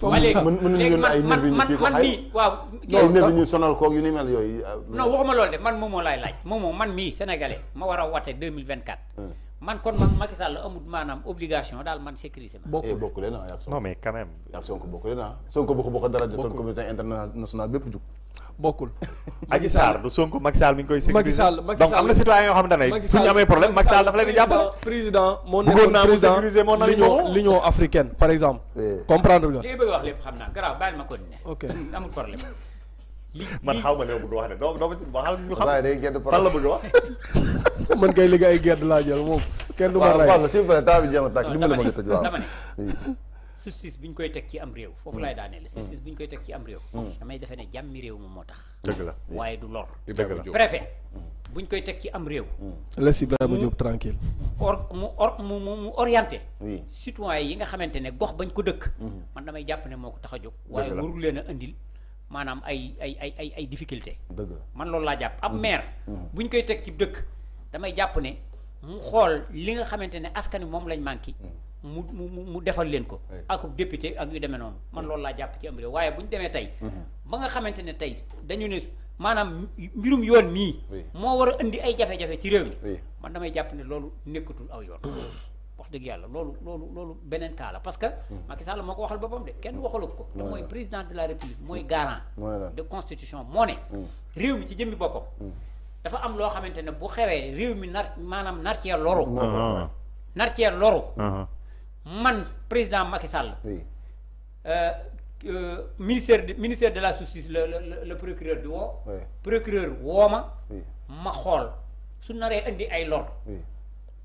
waa euh, léegi léegi man man man man mii waaw. yow nervi ñu sonal koog yu ni mel yooyu. Euh, non waxuma loolu de man moomoo laay laaj. moomoo man mii sénégalais ma war a wate deux mille vingt quatre. Hmm. man kon man Macky Sall amul maanaam obligation daal man sécuriser ma. bokkul eh, bokkule ah, na Sonko bokkule ah. bokk bokk dara jotoon communauté internationale bépp jug. bokkul. Macky Sall du Sonko Macky Sall mi ngi koy. sécuriser donc am na citoyen yoo xamante ne suñu amee problème Macky Sall dafa leen di jàppale. président moo nekkoon président l'union l'union africaine par exemple. Eh. comprendre nga. ko ne. man xaw ma li ma bëgg wax ne doo doo waxal ñu xam. waaye day gedd par fan la bëgg wax. man kay léegi ay laa moom. kenn du a tàkk li mu la mën a tëj waaw dama ne justice bi ñu koy teg ci am réew. foofu laay daaneel mm. justice bi ñu koy teg ci am réew. Mm. damay defe ne jàmmi réew moom moo tax. dëgg la waaye du lor. dëgg la préfet mm. bu ñu koy teg ci am réew. la laisse ma Diop tranquille or mu or mu mu orienté. citoyen yi nga xamante ne gox bañ ko dëkk. man damay jàpp ne moo ko tax a jóg. waaye warul leen a indil. maanaam ay ay ay ay ay difficulté man loolu laa jàpp ab maire bu ñu koy teg ci dëkk damay jàpp ne mu xool li nga xamante ne askan wi moom lañ manqué mu mu mu defal leen ko ak député ak ñu demee noonu man loolu laa jàpp ci am réew waaye bu ñu demee tey ba nga xamante ne tey dañu ne maanaam mbirum yoon mii moo war a indi ay jafe-jafe ci réew mi man damay jàpp ne loolu nekkatul aw yoon wax parce que. Hmm. Macky Sall mako waxal de président de la république moy hmm. garant. de constitution moné ne. Hmm. mi ci dafa am bu mi nar nar uh-huh. nar uh-huh. président euh, euh, ministère de de la justice le la procureur le procureur Woma, ma. xol su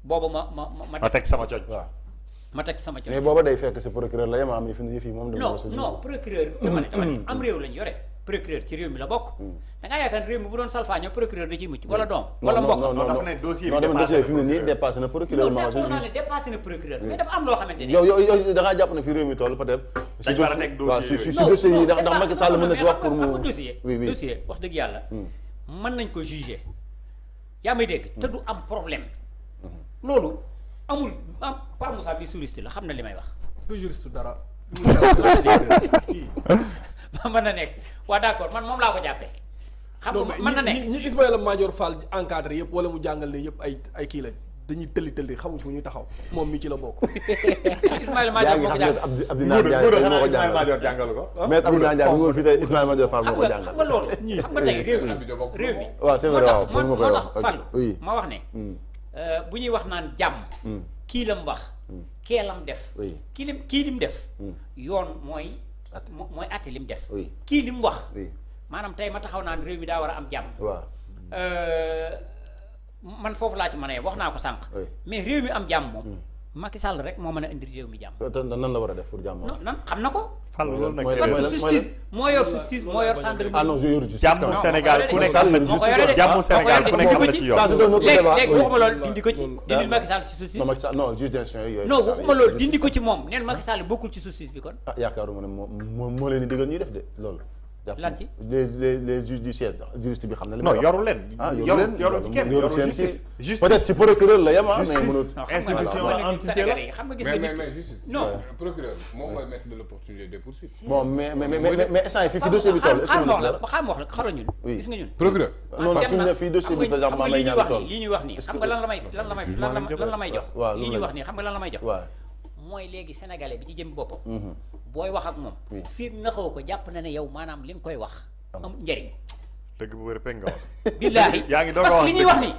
booba ma ma ma. ma teg sama coj waaw. ma booba day fekk si procureur la yem ah mais fi ne fii moom. non non procureur. dama ne dama ne mm. am réew lañ yore. procureur mm. wala mm. doom. wala mbokk non non non dafa ne dossier bi dépassé na nii dépassé na am loo xamante ni. yow jàpp ne fi réew mi toll peut-être. dañu war a nekk dossier yooyu si na wax dëgg yàlla. mën nañ ko juger. yaa may dégg te du am problème. loolu amul ah Pape Moussa bi juriste la xam na li may wax. du juriste dara. mën na nekk waaw d'accord man moom laa ko jàppee. xam nga mën na nekk ñi ñi Ismaïla Madior Fall encadré yëpp mu jàngal ne yëpp ay ay kii lañ dañuy tëlli tëlli xamuñ fu ñuy taxaw moom mi ci la bokk. Ismaïla Madior moo ko jàngal Abdi Naar ko jàngal ko. ah mais Abdi Naar Ndiaye mu ngi fii tey Ismaïla Madior Fall moo ko jàngal. xam nga loolu xam nga tey réew mi réew mi. waaw c'est vrai waaw pour ma koy wax moo tax Fall ma wax ne. Hmm. Euh, bu ñuy wax naan jàmm. Hmm. kii la mu wax. Hmm. kee la mu def. kii lim kii lim def. Hmm. yoon mooy. mooy li mu def. kii li mu wax. maanaam tey ma taxaw naan réew mi daa war a am jàmm. Euh, man foofu laa ci man a wax naa ko sànq. mais réew mi am jàmm moom. Macky Sall rek moo mën a indi réew mi jàmm. nan la war a def pour jàmm. non nan xam na ko. fal loolu nag parce que justice moo yor justice moo yor centre. ah non yor justice jàmmu Sénégal na ci yoon jàmmu Sénégal ku nekk am na ci yoon. léegi léegi waxuma loolu dindi ko ci dindi Macky Sall ci justice. non Macky Sall non juge d'instruction yooyu. non waxuma loolu dindi ko ci moom neen Macky Sall ci justice bi kon. ah yaakaaruma ne moo moo leen digal ñuy def de loolu. L'anti les les les juges du non ah, yoru leen. yoru peut-être procureur la yem ah. institution ah, mais mais non procureur mettre de l'opportunité de poursuivre. bon mais mais mais mais Il a dossier toll. est procureur non dossier mooy léegi sénégalais bi ci jëm boppam. Mhm. booy wax ak moom. fii naxoo ko jàpp na ne yow maanaam li nga koy wax. amul njëriñ. dëgg bu wër pegg nga wax. billaahi yaa ngi doog a li ñuy wax ni.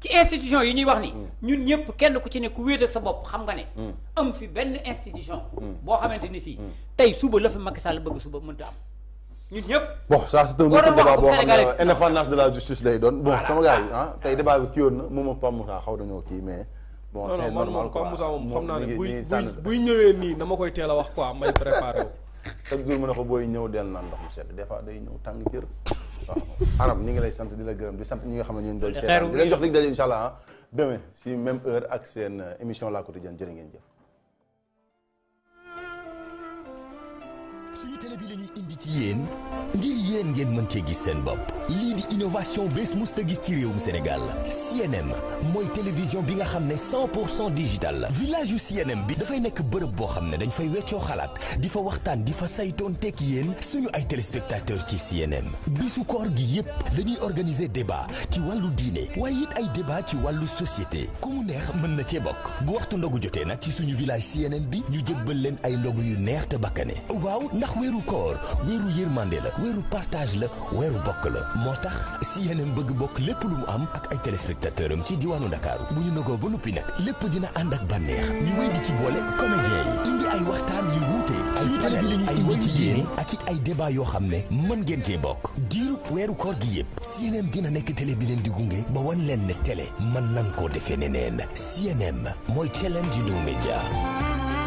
ci institution yi ñuy wax ni. Mm. ñun ñëpp kenn ku ci ne ku wéet ak sa bopp xam nga ne. Mm. am fi benn institution. Mm. boo xamante ni si. tey suba la fi Macky Sall bëgg suba mënta am. ñun ñëpp. bon ça c'est un autre débat boo xam ne indépendance de la justice lay doon. bon sama gars yi ah tey débat bi kii woon na moom ak Pape Moussa xaw bon non non man moom Pape Moussa moom xam naa ne buy buy ñëwee nii dama koy teel a wax quoi may préparé wu. chaque jour mu ne ko booy ñëw del naan ndox mu sedd des fois day ñëw tàng jër waaw Aram ñu ngi lay sant di la gërëm di sant ñi nga xam ne ñoo ñu doon seetaan di leen jox dig daje incha allah ah, demain si même heure ak seen euh, émission la quotidienne jërë ngeen jëf suñu télé bi la indi ci yeen ngir yeen ngeen mën cee gis seen bopp lii di innovation bés musta ta gis ci réewum Sénégal CNM mooy télévision bi nga xam ne 100 digital la village CNM bi dafay nekk bërëb boo xam ne dañ fay weccoo xalaat di fa waxtaan di fa saytoon tekk yéen suñu ay téléspectateurs ci CNM bisu koor gi yépp dañuy organiser débat ci wàllu diine waaye it ay débat ci wàllu société ku mu neex mën na cee bokk bu waxtu ndogu jotee nag ci suñu village CNM bi ñu jëbbal leen ay ndogu yu neex te bakkane waaw ndax weeru koor weeru yërmande la weeru partage la weeru bokk la moo tax CNN bëgg bokk lépp lu mu am ak ay téléspectateur am ci diwaanu Ndakaaru bu ñu nogoo ba nuppi nag lépp dina ànd ak bànneex ñu wéy di ci boole comédien yi indi ay waxtaan yu wuute ay panel ay nit yi yéene ak it ay débat yoo xam ne mën ngeen cee bokk diirub weeru koor gi yëpp CNN dina nekk tele bi leen di gunge ba wan leen ne télé mën nan koo defee neneen CNN mooy challenge du média